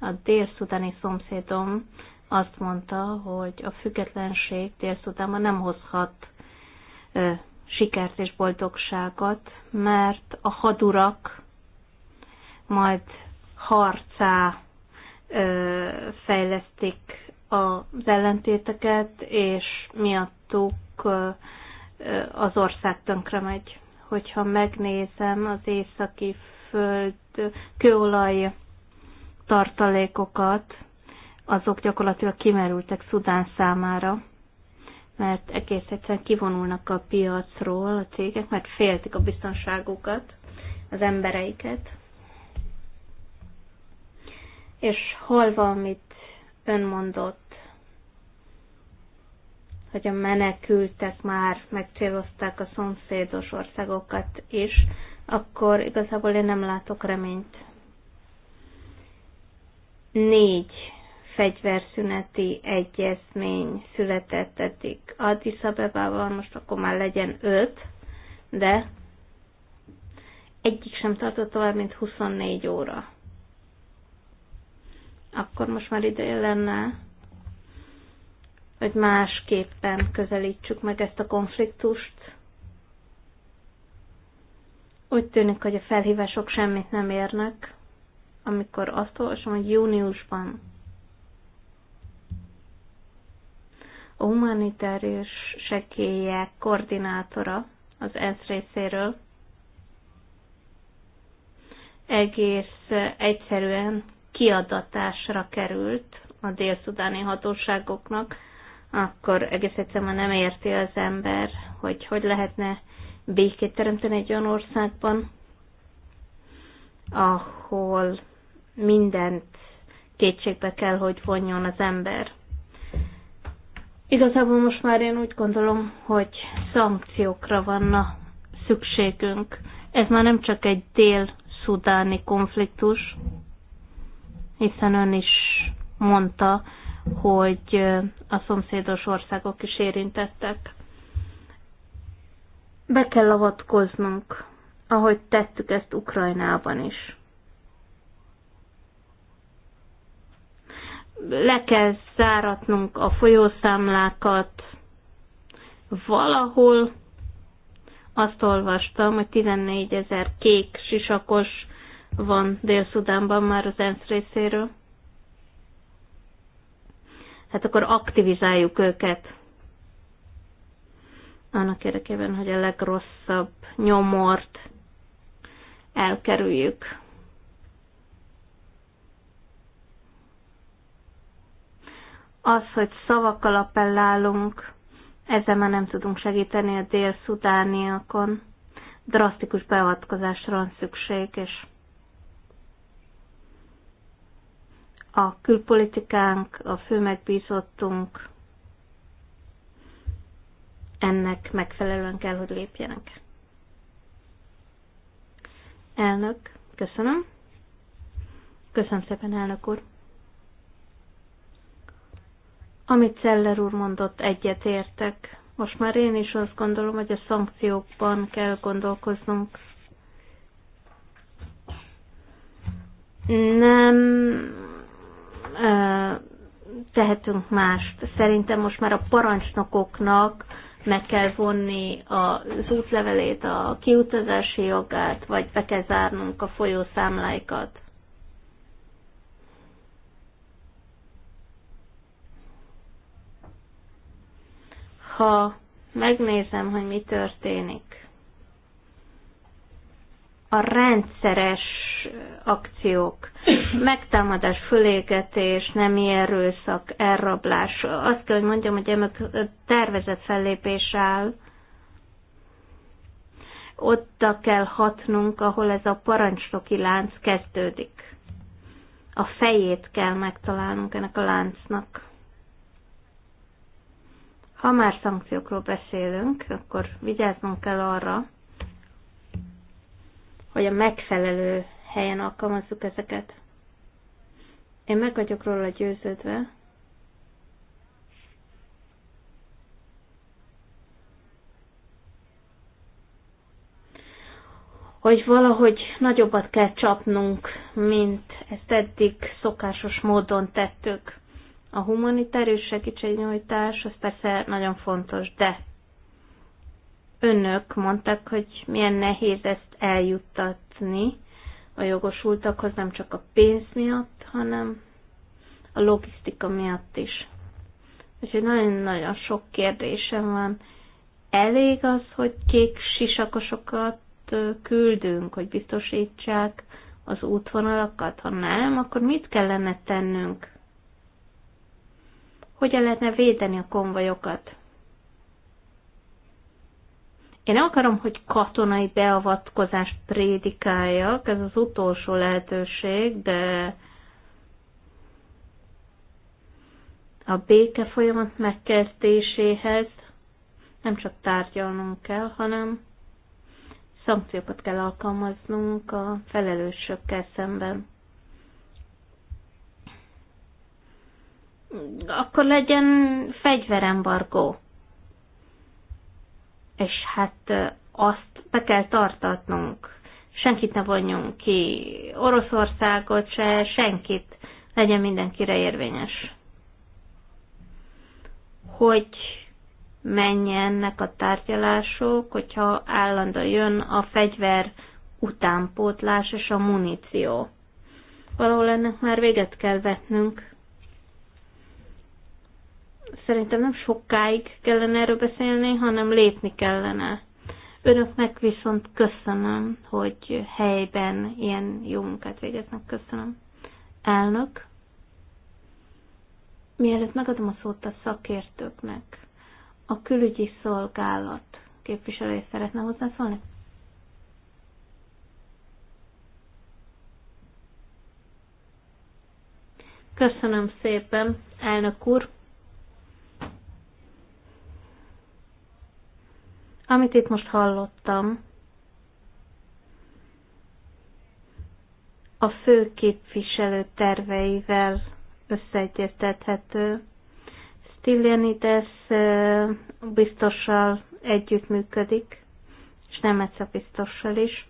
[SPEAKER 4] a dél-szudáni szomszédom azt mondta, hogy a függetlenség dél nem hozhat ö, sikert és boldogságot, mert a hadurak majd harcá ö, fejlesztik az ellentéteket, és miattuk az ország tönkre megy. Hogyha megnézem az északi föld kőolaj tartalékokat, azok gyakorlatilag kimerültek Szudán számára, mert egész egyszerűen kivonulnak a piacról a cégek, mert féltik a biztonságukat, az embereiket. És hol van mit ön mondott, hogy a menekültek már megcélozták a szomszédos országokat is, akkor igazából én nem látok reményt. Négy fegyverszüneti egyezmény született eddig Addis Abebában, most akkor már legyen öt, de egyik sem tartott tovább, mint 24 óra akkor most már ideje lenne, hogy másképpen közelítsük meg ezt a konfliktust. Úgy tűnik, hogy a felhívások semmit nem érnek, amikor azt olvasom, hogy júniusban a humanitárius segélyek koordinátora az ENSZ részéről egész egyszerűen kiadatásra került a dél-szudáni hatóságoknak, akkor egész egyszerűen nem érti az ember, hogy hogy lehetne békét teremteni egy olyan országban, ahol mindent kétségbe kell, hogy vonjon az ember. Igazából most már én úgy gondolom, hogy szankciókra vanna szükségünk. Ez már nem csak egy dél-szudáni konfliktus, hiszen ön is mondta, hogy a szomszédos országok is érintettek. Be kell avatkoznunk, ahogy tettük ezt Ukrajnában is. Le kell záratnunk a folyószámlákat, valahol azt olvastam, hogy 14 ezer kék sisakos van Dél-Szudánban már az ENSZ részéről. Hát akkor aktivizáljuk őket. Annak érdekében, hogy a legrosszabb nyomort elkerüljük. Az, hogy szavak appellálunk, ezzel már nem tudunk segíteni a dél-szudániakon. Drasztikus beavatkozásra van szükség, és a külpolitikánk, a fő megbízottunk ennek megfelelően kell, hogy lépjenek. Elnök, köszönöm. Köszönöm szépen, elnök úr. Amit szeller úr mondott, egyet értek. Most már én is azt gondolom, hogy a szankciókban kell gondolkoznunk. Nem tehetünk mást. Szerintem most már a parancsnokoknak meg kell vonni az útlevelét, a kiutazási jogát, vagy be kell zárnunk a folyószámláikat. Ha megnézem, hogy mi történik, a rendszeres akciók, megtámadás, fölégetés, nemi erőszak, elrablás. Azt kell, hogy mondjam, hogy emögött tervezett fellépés áll. Ott kell hatnunk, ahol ez a parancsnoki lánc kezdődik. A fejét kell megtalálnunk ennek a láncnak. Ha már szankciókról beszélünk, akkor vigyáznunk kell arra, hogy a megfelelő helyen alkalmazzuk ezeket. Én meg vagyok róla győződve, hogy valahogy nagyobbat kell csapnunk, mint ezt eddig szokásos módon tettük. A humanitárius segítségnyújtás az persze nagyon fontos, de önök mondták, hogy milyen nehéz ezt eljuttatni a jogosultakhoz nem csak a pénz miatt, hanem a logisztika miatt is. Úgyhogy nagyon-nagyon sok kérdésem van. Elég az, hogy kék sisakosokat küldünk, hogy biztosítsák az útvonalakat? Ha nem, akkor mit kellene tennünk? Hogyan lehetne védeni a konvajokat? Én nem akarom, hogy katonai beavatkozást prédikáljak, ez az utolsó lehetőség, de a béke folyamat megkezdéséhez nem csak tárgyalnunk kell, hanem szankciókat kell alkalmaznunk a felelősökkel szemben. Akkor legyen fegyverembargó és hát azt be kell tartatnunk. Senkit ne vonjunk ki, Oroszországot se, senkit, legyen mindenkire érvényes. Hogy menjenek a tárgyalások, hogyha állandóan jön a fegyver utánpótlás és a muníció. Valahol ennek már véget kell vetnünk, Szerintem nem sokáig kellene erről beszélni, hanem lépni kellene. Önöknek viszont köszönöm, hogy helyben ilyen jó munkát végeznek. Köszönöm. Elnök, mielőtt megadom a szót a szakértőknek, a külügyi szolgálat képviselője szeretne hozzászólni? Köszönöm szépen, elnök úr. Amit itt most hallottam, a fő képviselő terveivel összeegyeztethető. Stylianides biztossal együttműködik, és nem egyszer biztossal is.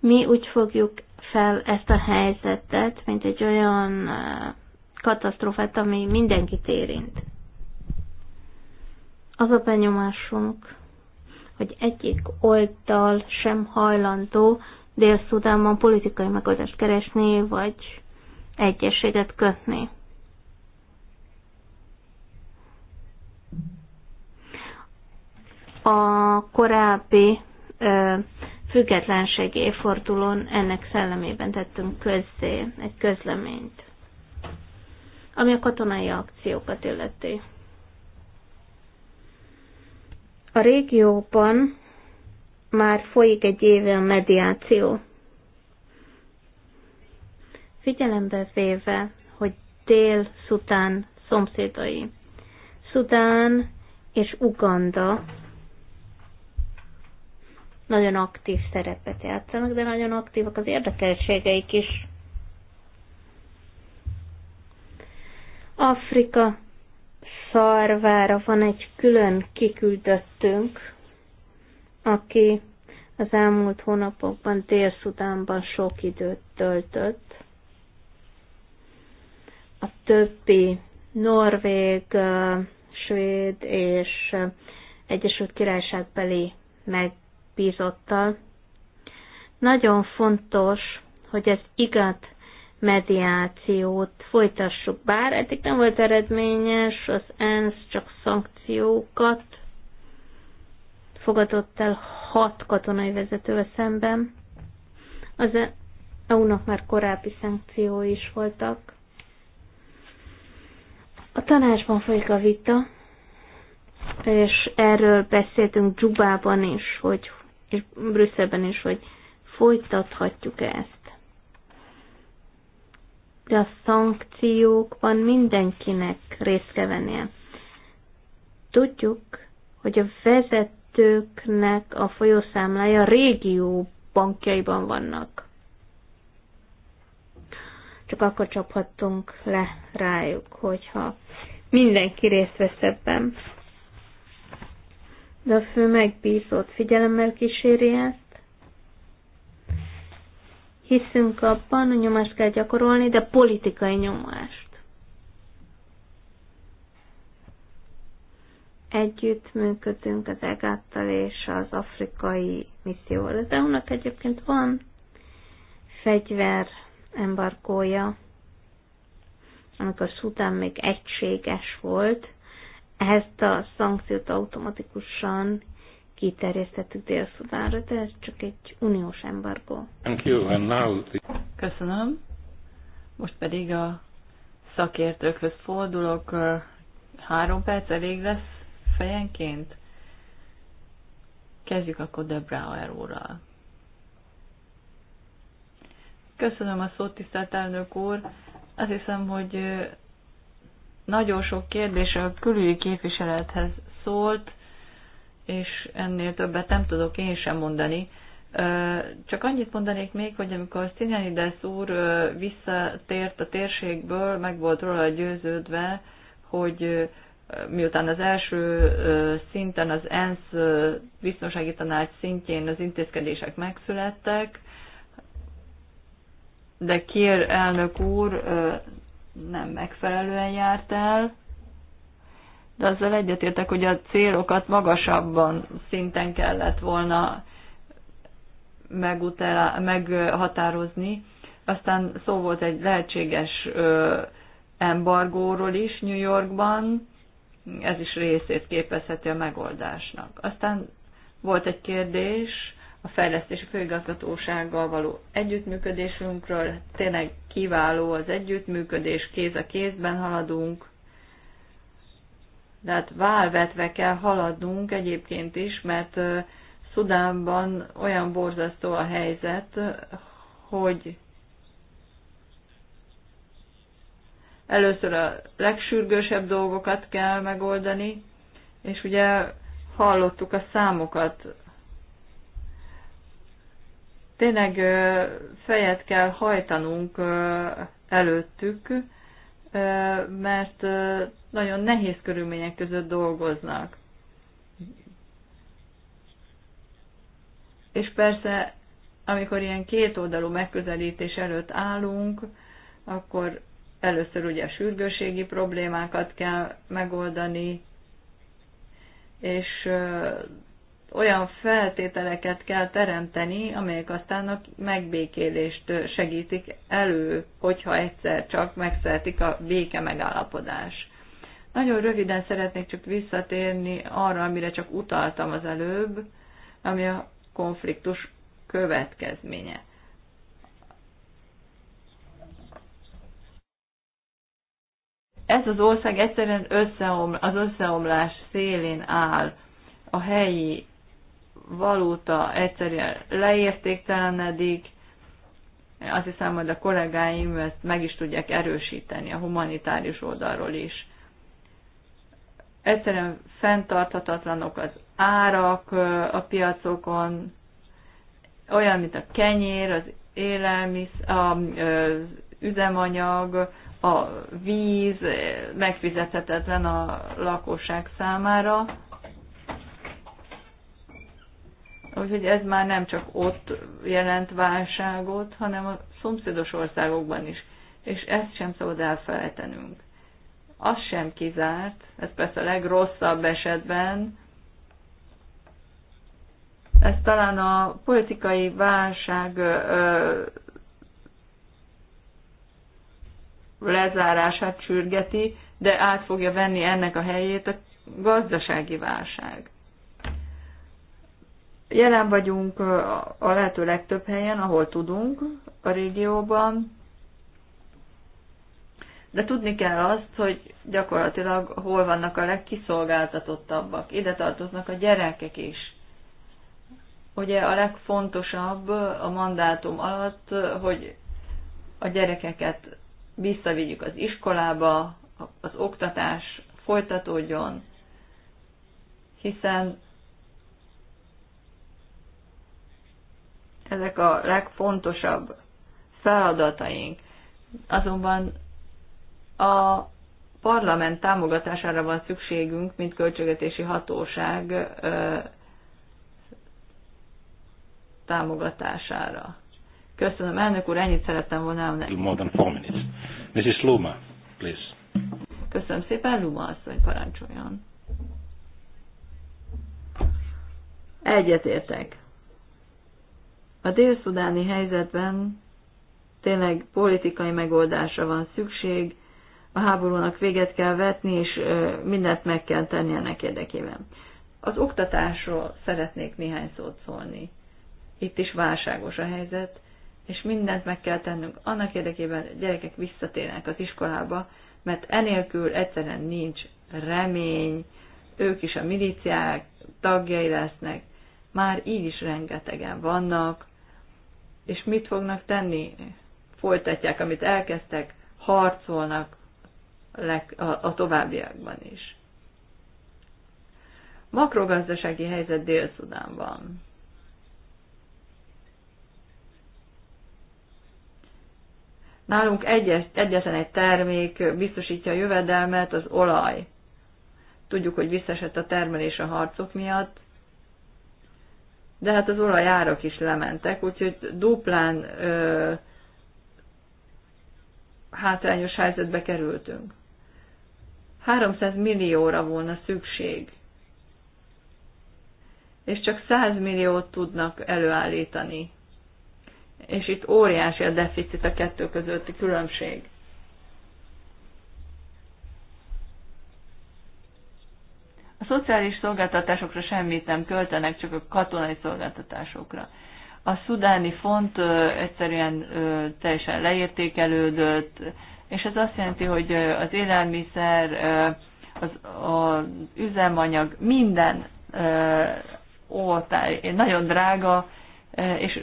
[SPEAKER 4] Mi úgy fogjuk fel ezt a helyzetet, mint egy olyan katasztrófát, ami mindenkit érint. Az a benyomásunk, hogy egyik oldal sem hajlandó Dél-Szudánban politikai megoldást keresni, vagy egyességet kötni. A korábbi ö, függetlenségi évfordulón ennek szellemében tettünk közzé egy közleményt, ami a katonai akciókat illeti. A régióban már folyik egy éve a mediáció. Figyelembe véve, hogy Dél-Szután szomszédai, Szudán és Uganda nagyon aktív szerepet játszanak, de nagyon aktívak az érdekeltségeik is. Afrika szarvára van egy külön kiküldöttünk, aki az elmúlt hónapokban Dél-Szudánban sok időt töltött. A többi norvég, svéd és Egyesült Királyságbeli megbízottal. Nagyon fontos, hogy ez igaz mediációt folytassuk. Bár eddig nem volt eredményes, az ENSZ csak szankciókat fogadott el hat katonai vezetővel szemben. Az EU-nak már korábbi szankciói is voltak. A tanácsban folyik a vita, és erről beszéltünk Dzsubában is, hogy, és Brüsszelben is, hogy folytathatjuk -e ezt de a szankciókban mindenkinek részt kell vennie. Tudjuk, hogy a vezetőknek a folyószámlája a régió bankjaiban vannak. Csak akkor csaphattunk le rájuk, hogyha mindenki részt vesz ebben. De a fő megbízott figyelemmel kíséri ezt, Hiszünk abban, hogy nyomást kell gyakorolni, de politikai nyomást. Együtt működünk az EGÁT-tal és az afrikai misszióval. Az EU-nak egyébként van fegyver embarkója, amikor Szudán még egységes volt, ezt a szankciót automatikusan kiterjesztettük
[SPEAKER 2] Dél-Szudánra, de ez csak egy uniós embargó.
[SPEAKER 1] Thank you, and now the...
[SPEAKER 2] Köszönöm. Most pedig a szakértőkhöz fordulok. Három perc elég lesz fejenként. Kezdjük akkor Debrauer úrral. Köszönöm a szót, tisztelt elnök úr. Azt hiszem, hogy nagyon sok kérdés a külügyi képviselethez szólt, és ennél többet nem tudok én sem mondani. Csak annyit mondanék még, hogy amikor Szinyanides úr visszatért a térségből, meg volt róla győződve, hogy miután az első szinten az ENSZ biztonsági tanács szintjén az intézkedések megszülettek, de Kier elnök úr nem megfelelően járt el, de azzal egyetértek, hogy a célokat magasabban szinten kellett volna megutala, meghatározni. Aztán szó volt egy lehetséges embargóról is New Yorkban, ez is részét képezheti a megoldásnak. Aztán volt egy kérdés a fejlesztési főigazgatósággal való együttműködésünkről. Tényleg kiváló az együttműködés, kéz a kézben haladunk tehát válvetve kell haladnunk egyébként is, mert Szudánban olyan borzasztó a helyzet, hogy először a legsürgősebb dolgokat kell megoldani, és ugye hallottuk a számokat. Tényleg fejet kell hajtanunk előttük, mert nagyon nehéz körülmények között dolgoznak. És persze, amikor ilyen kétoldalú megközelítés előtt állunk, akkor először ugye a sürgőségi problémákat kell megoldani, és olyan feltételeket kell teremteni, amelyek aztán a megbékélést segítik elő, hogyha egyszer csak megszertik a béke megállapodás. Nagyon röviden szeretnék csak visszatérni arra, amire csak utaltam az előbb, ami a konfliktus következménye. Ez az ország egyszerűen összeoml, az összeomlás szélén áll. A helyi valuta egyszerűen leértéktelenedik, azt hiszem, hogy a kollégáim ezt meg is tudják erősíteni a humanitárius oldalról is. Egyszerűen fenntarthatatlanok az árak a piacokon, olyan, mint a kenyér, az élelmisz, az üzemanyag, a víz megfizethetetlen a lakosság számára Úgyhogy ez már nem csak ott jelent válságot, hanem a szomszédos országokban is. És ezt sem szabad elfelejtenünk. Az sem kizárt, ez persze a legrosszabb esetben, ez talán a politikai válság ö, lezárását sürgeti, de át fogja venni ennek a helyét a gazdasági válság. Jelen vagyunk a lehető legtöbb helyen, ahol tudunk a régióban, de tudni kell azt, hogy gyakorlatilag hol vannak a legkiszolgáltatottabbak. Ide tartoznak a gyerekek is. Ugye a legfontosabb a mandátum alatt, hogy a gyerekeket visszavigyük az iskolába, az oktatás folytatódjon, hiszen ezek a legfontosabb feladataink. Azonban a parlament támogatására van szükségünk, mint költségvetési hatóság támogatására. Köszönöm, elnök úr, ennyit szerettem volna elmondani. More
[SPEAKER 1] than four minutes. Mrs. Luma, please.
[SPEAKER 2] Köszönöm szépen, Luma asszony, parancsoljon. Egyetértek. A délszudáni helyzetben tényleg politikai megoldásra van szükség, a háborúnak véget kell vetni, és mindent meg kell tenni ennek érdekében. Az oktatásról szeretnék néhány szót szólni. Itt is válságos a helyzet, és mindent meg kell tennünk annak érdekében, hogy a gyerekek visszatérnek az iskolába, mert enélkül egyszerűen nincs remény, ők is a milíciák tagjai lesznek, már így is rengetegen vannak, és mit fognak tenni? Folytatják, amit elkezdtek, harcolnak a továbbiakban is. Makrogazdasági helyzet Dél-Szudánban. Nálunk egyes, egyetlen egy termék biztosítja a jövedelmet, az olaj. Tudjuk, hogy visszaesett a termelés a harcok miatt, de hát az olajárak is lementek, úgyhogy duplán ö, hátrányos helyzetbe kerültünk. 300 millióra volna szükség, és csak 100 milliót tudnak előállítani. És itt óriási a deficit a kettő közötti különbség. A szociális szolgáltatásokra semmit nem költenek, csak a katonai szolgáltatásokra. A szudáni font egyszerűen teljesen leértékelődött, és ez azt jelenti, hogy az élelmiszer, az, az üzemanyag, minden oltár, nagyon drága, és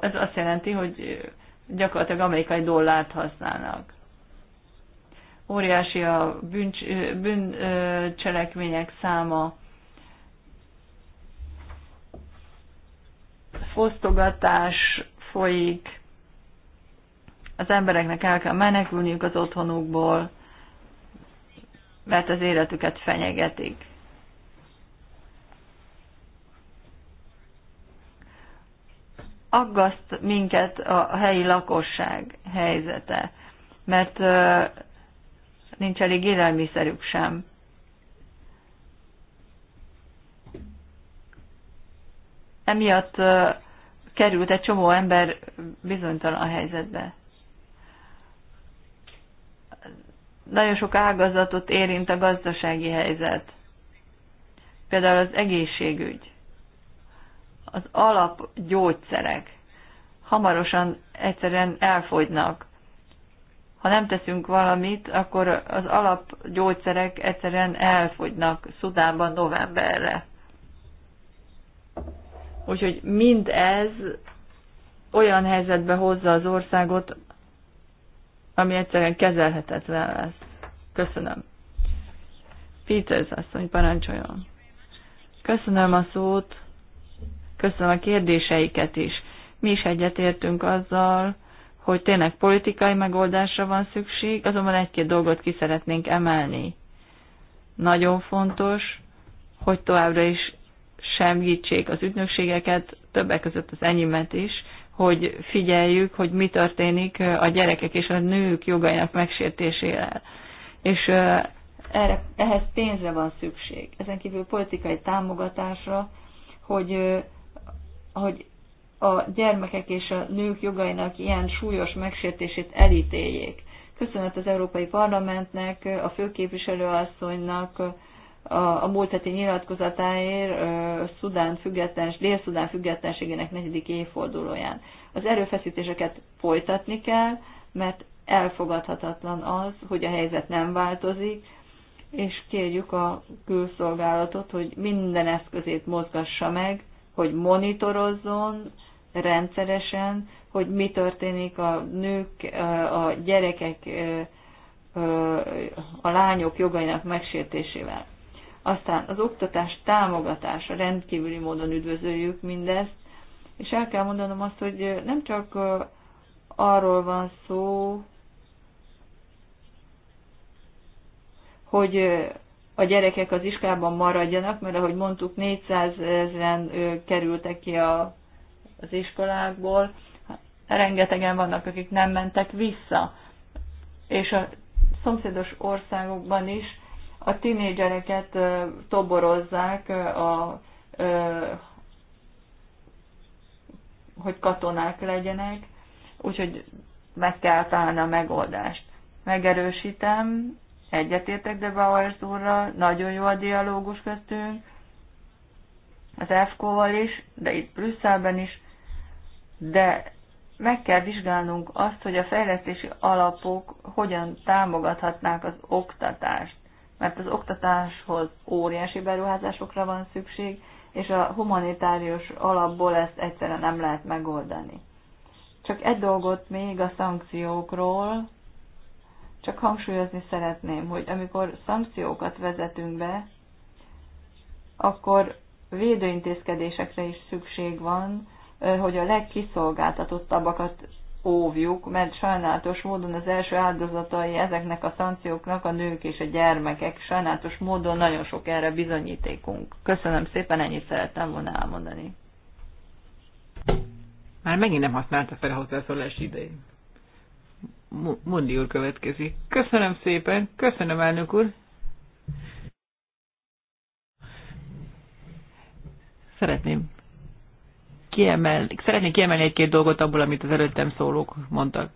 [SPEAKER 2] ez azt jelenti, hogy gyakorlatilag amerikai dollárt használnak óriási a bűncselekmények száma, fosztogatás folyik, az embereknek el kell menekülniük az otthonukból, mert az életüket fenyegetik. Aggaszt minket a helyi lakosság helyzete, mert nincs elég élelmiszerük sem. Emiatt került egy csomó ember bizonytalan helyzetbe. Nagyon sok ágazatot érint a gazdasági helyzet. Például az egészségügy, az alapgyógyszerek hamarosan egyszerűen elfogynak ha nem teszünk valamit, akkor az alapgyógyszerek egyszerűen elfogynak Szudánban novemberre. Úgyhogy mind ez olyan helyzetbe hozza az országot, ami egyszerűen kezelhetetlen lesz. Köszönöm. Peters asszony, parancsoljon. Köszönöm a szót, köszönöm a kérdéseiket is. Mi is egyetértünk azzal, hogy tényleg politikai megoldásra van szükség, azonban egy-két dolgot ki szeretnénk emelni. Nagyon fontos, hogy továbbra is segítsék az ügynökségeket, többek között az enyémet is, hogy figyeljük, hogy mi történik a gyerekek és a nők jogainak megsértésével. És erre, ehhez pénzre van szükség. Ezen kívül politikai támogatásra, hogy, hogy a gyermekek és a nők jogainak ilyen súlyos megsértését elítéljék. Köszönet az Európai Parlamentnek, a főképviselőasszonynak, a, a múlt heti nyilatkozatáért Szudán függetlens, Dél-Szudán függetlenségének negyedik évfordulóján. Az erőfeszítéseket folytatni kell, mert elfogadhatatlan az, hogy a helyzet nem változik, és kérjük a külszolgálatot, hogy minden eszközét mozgassa meg, hogy monitorozzon rendszeresen, hogy mi történik a nők, a gyerekek, a lányok jogainak megsértésével. Aztán az oktatás támogatása, rendkívüli módon üdvözöljük mindezt, és el kell mondanom azt, hogy nem csak arról van szó, hogy a gyerekek az iskában maradjanak, mert ahogy mondtuk, 400 ezeren kerültek ki a, az iskolákból, rengetegen vannak, akik nem mentek vissza. És a szomszédos országokban is a tinédzsereket toborozzák, a, hogy katonák legyenek, úgyhogy meg kell találni a megoldást. Megerősítem, Egyetértek de Bauer úrral, nagyon jó a dialógus köztünk, az EFKO-val is, de itt Brüsszelben is, de meg kell vizsgálnunk azt, hogy a fejlesztési alapok hogyan támogathatnák az oktatást. Mert az oktatáshoz óriási beruházásokra van szükség, és a humanitárius alapból ezt egyszerűen nem lehet megoldani. Csak egy dolgot még a szankciókról, csak hangsúlyozni szeretném, hogy amikor szankciókat vezetünk be, akkor védőintézkedésekre is szükség van, hogy a legkiszolgáltatottabbakat óvjuk, mert sajnálatos módon az első áldozatai ezeknek a szankcióknak a nők és a gyermekek. Sajnálatos módon nagyon sok erre bizonyítékunk. Köszönöm szépen, ennyit szerettem volna elmondani.
[SPEAKER 3] Már megint nem használta fel a hozzászólási idejét. Mondi úr következik. Köszönöm szépen, köszönöm elnök úr. Szeretném kiemel, szeretnék kiemelni egy-két dolgot abból, amit az előttem szólók mondtak.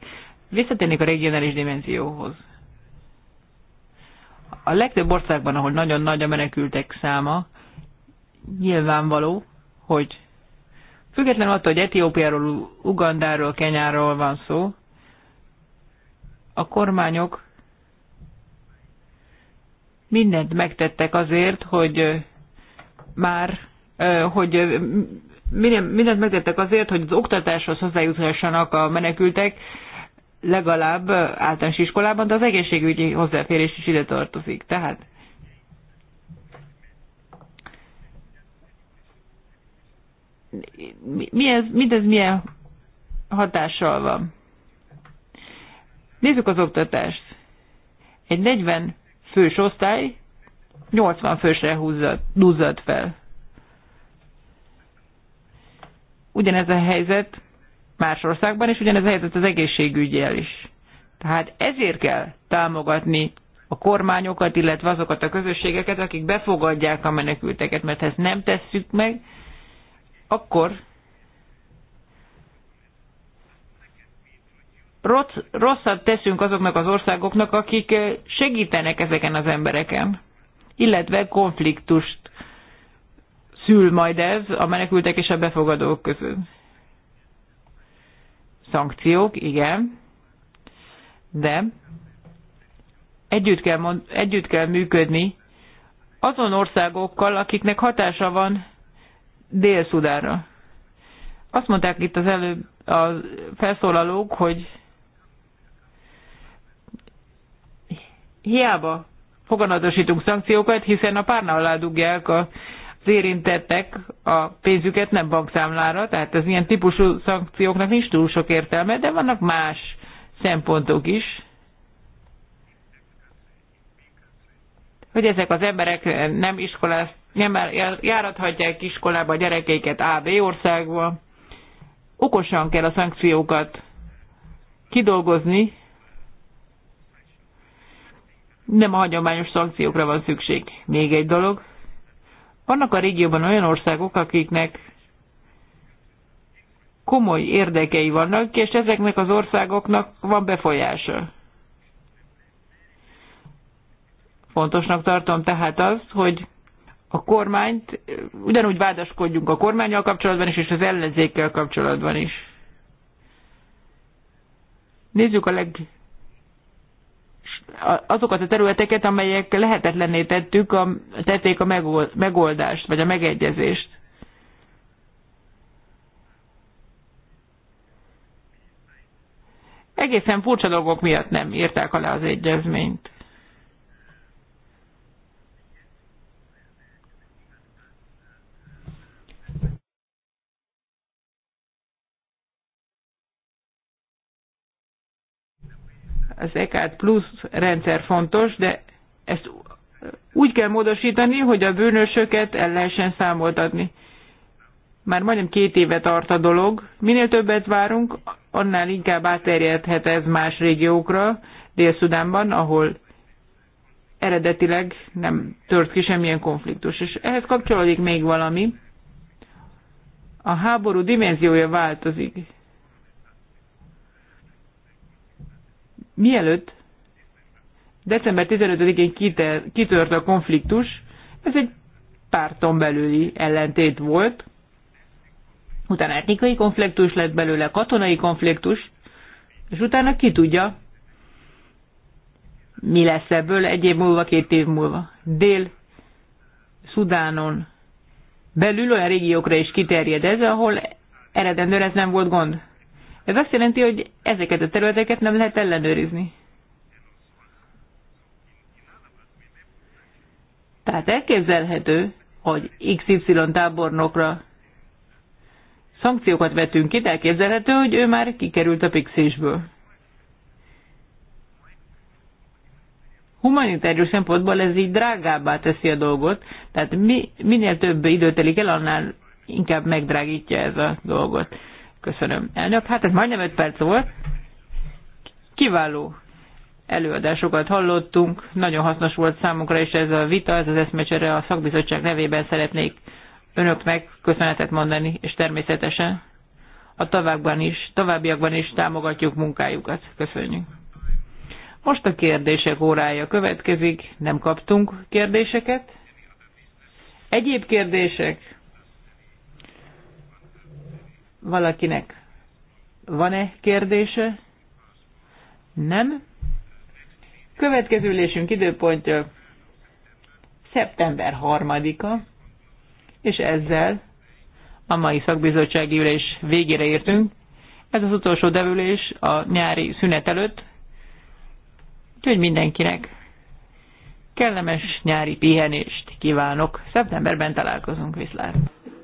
[SPEAKER 3] Visszatérnék a regionális dimenzióhoz. A legtöbb országban, ahol nagyon nagy a menekültek száma, nyilvánvaló, hogy függetlenül attól, hogy Etiópiáról, Ugandáról, Kenyáról van szó, a kormányok mindent megtettek azért, hogy már, hogy mindent megtettek azért, hogy az oktatáshoz hozzájuthassanak a menekültek, legalább általános iskolában, de az egészségügyi hozzáférés is ide tartozik. Tehát mi ez, mindez milyen hatással van? Nézzük az oktatást. Egy 40 fős osztály 80 fősre húzzad, duzzad fel. Ugyanez a helyzet más országban, és ugyanez a helyzet az egészségügyjel is. Tehát ezért kell támogatni a kormányokat, illetve azokat a közösségeket, akik befogadják a menekülteket, mert ha ezt nem tesszük meg, akkor rosszat teszünk azoknak az országoknak, akik eh, segítenek ezeken az embereken, illetve konfliktust szül majd ez a menekültek és a befogadók között. Szankciók, igen, de együtt kell, mond, együtt kell működni azon országokkal, akiknek hatása van Dél-Szudára. Azt mondták itt az előbb a felszólalók, hogy hiába foganatosítunk szankciókat, hiszen a párna alá dugják az érintettek a pénzüket nem bankszámlára, tehát az ilyen típusú szankcióknak nincs túl sok értelme, de vannak más szempontok is, hogy ezek az emberek nem iskolás, nem járathatják iskolába a gyerekeiket AB országba. Okosan kell a szankciókat kidolgozni, nem a hagyományos szankciókra van szükség. Még egy dolog. Vannak a régióban olyan országok, akiknek komoly érdekei vannak, és ezeknek az országoknak van befolyása. Fontosnak tartom tehát azt, hogy a kormányt, ugyanúgy vádaskodjunk a kormányjal kapcsolatban is, és az ellenzékkel kapcsolatban is. Nézzük a leg azokat a területeket, amelyek lehetetlenné tettük a, tették a megoldást, vagy a megegyezést. Egészen furcsa dolgok miatt nem írták alá az egyezményt. az EKT plusz rendszer fontos, de ezt úgy kell módosítani, hogy a bűnösöket el lehessen számoltatni. Már majdnem két éve tart a dolog. Minél többet várunk, annál inkább átterjedhet ez más régiókra, Dél-Szudánban, ahol eredetileg nem tört ki semmilyen konfliktus. És ehhez kapcsolódik még valami. A háború dimenziója változik. Mielőtt december 15-én kitört a konfliktus, ez egy párton belüli ellentét volt, utána etnikai konfliktus lett belőle, katonai konfliktus, és utána ki tudja, mi lesz ebből egy év múlva, két év múlva. Dél-Szudánon belül olyan régiókra is kiterjed ez, ahol eredendően ez nem volt gond. Ez azt jelenti, hogy ezeket a területeket nem lehet ellenőrizni. Tehát elképzelhető, hogy XY tábornokra szankciókat vetünk ki, elképzelhető, hogy ő már kikerült a pixisből. humanitárius szempontból ez így drágábbá teszi a dolgot, tehát mi, minél több idő telik el, annál inkább megdrágítja ez a dolgot. Köszönöm. Elnök, hát ez majdnem 5 perc volt. Kiváló előadásokat hallottunk, nagyon hasznos volt számunkra, és ez a vita, ez az eszmecsere a szakbizottság nevében szeretnék önöknek köszönetet mondani, és természetesen a továbbban is, továbbiakban is támogatjuk munkájukat. Köszönjük. Most a kérdések órája következik, nem kaptunk kérdéseket. Egyéb kérdések? Valakinek van-e kérdése? Nem. Következő ülésünk időpontja szeptember 3-a, és ezzel a mai szakbizottsági ülés végére értünk. Ez az utolsó devülés a nyári szünet előtt, úgyhogy mindenkinek kellemes nyári pihenést kívánok. Szeptemberben találkozunk, viszlát!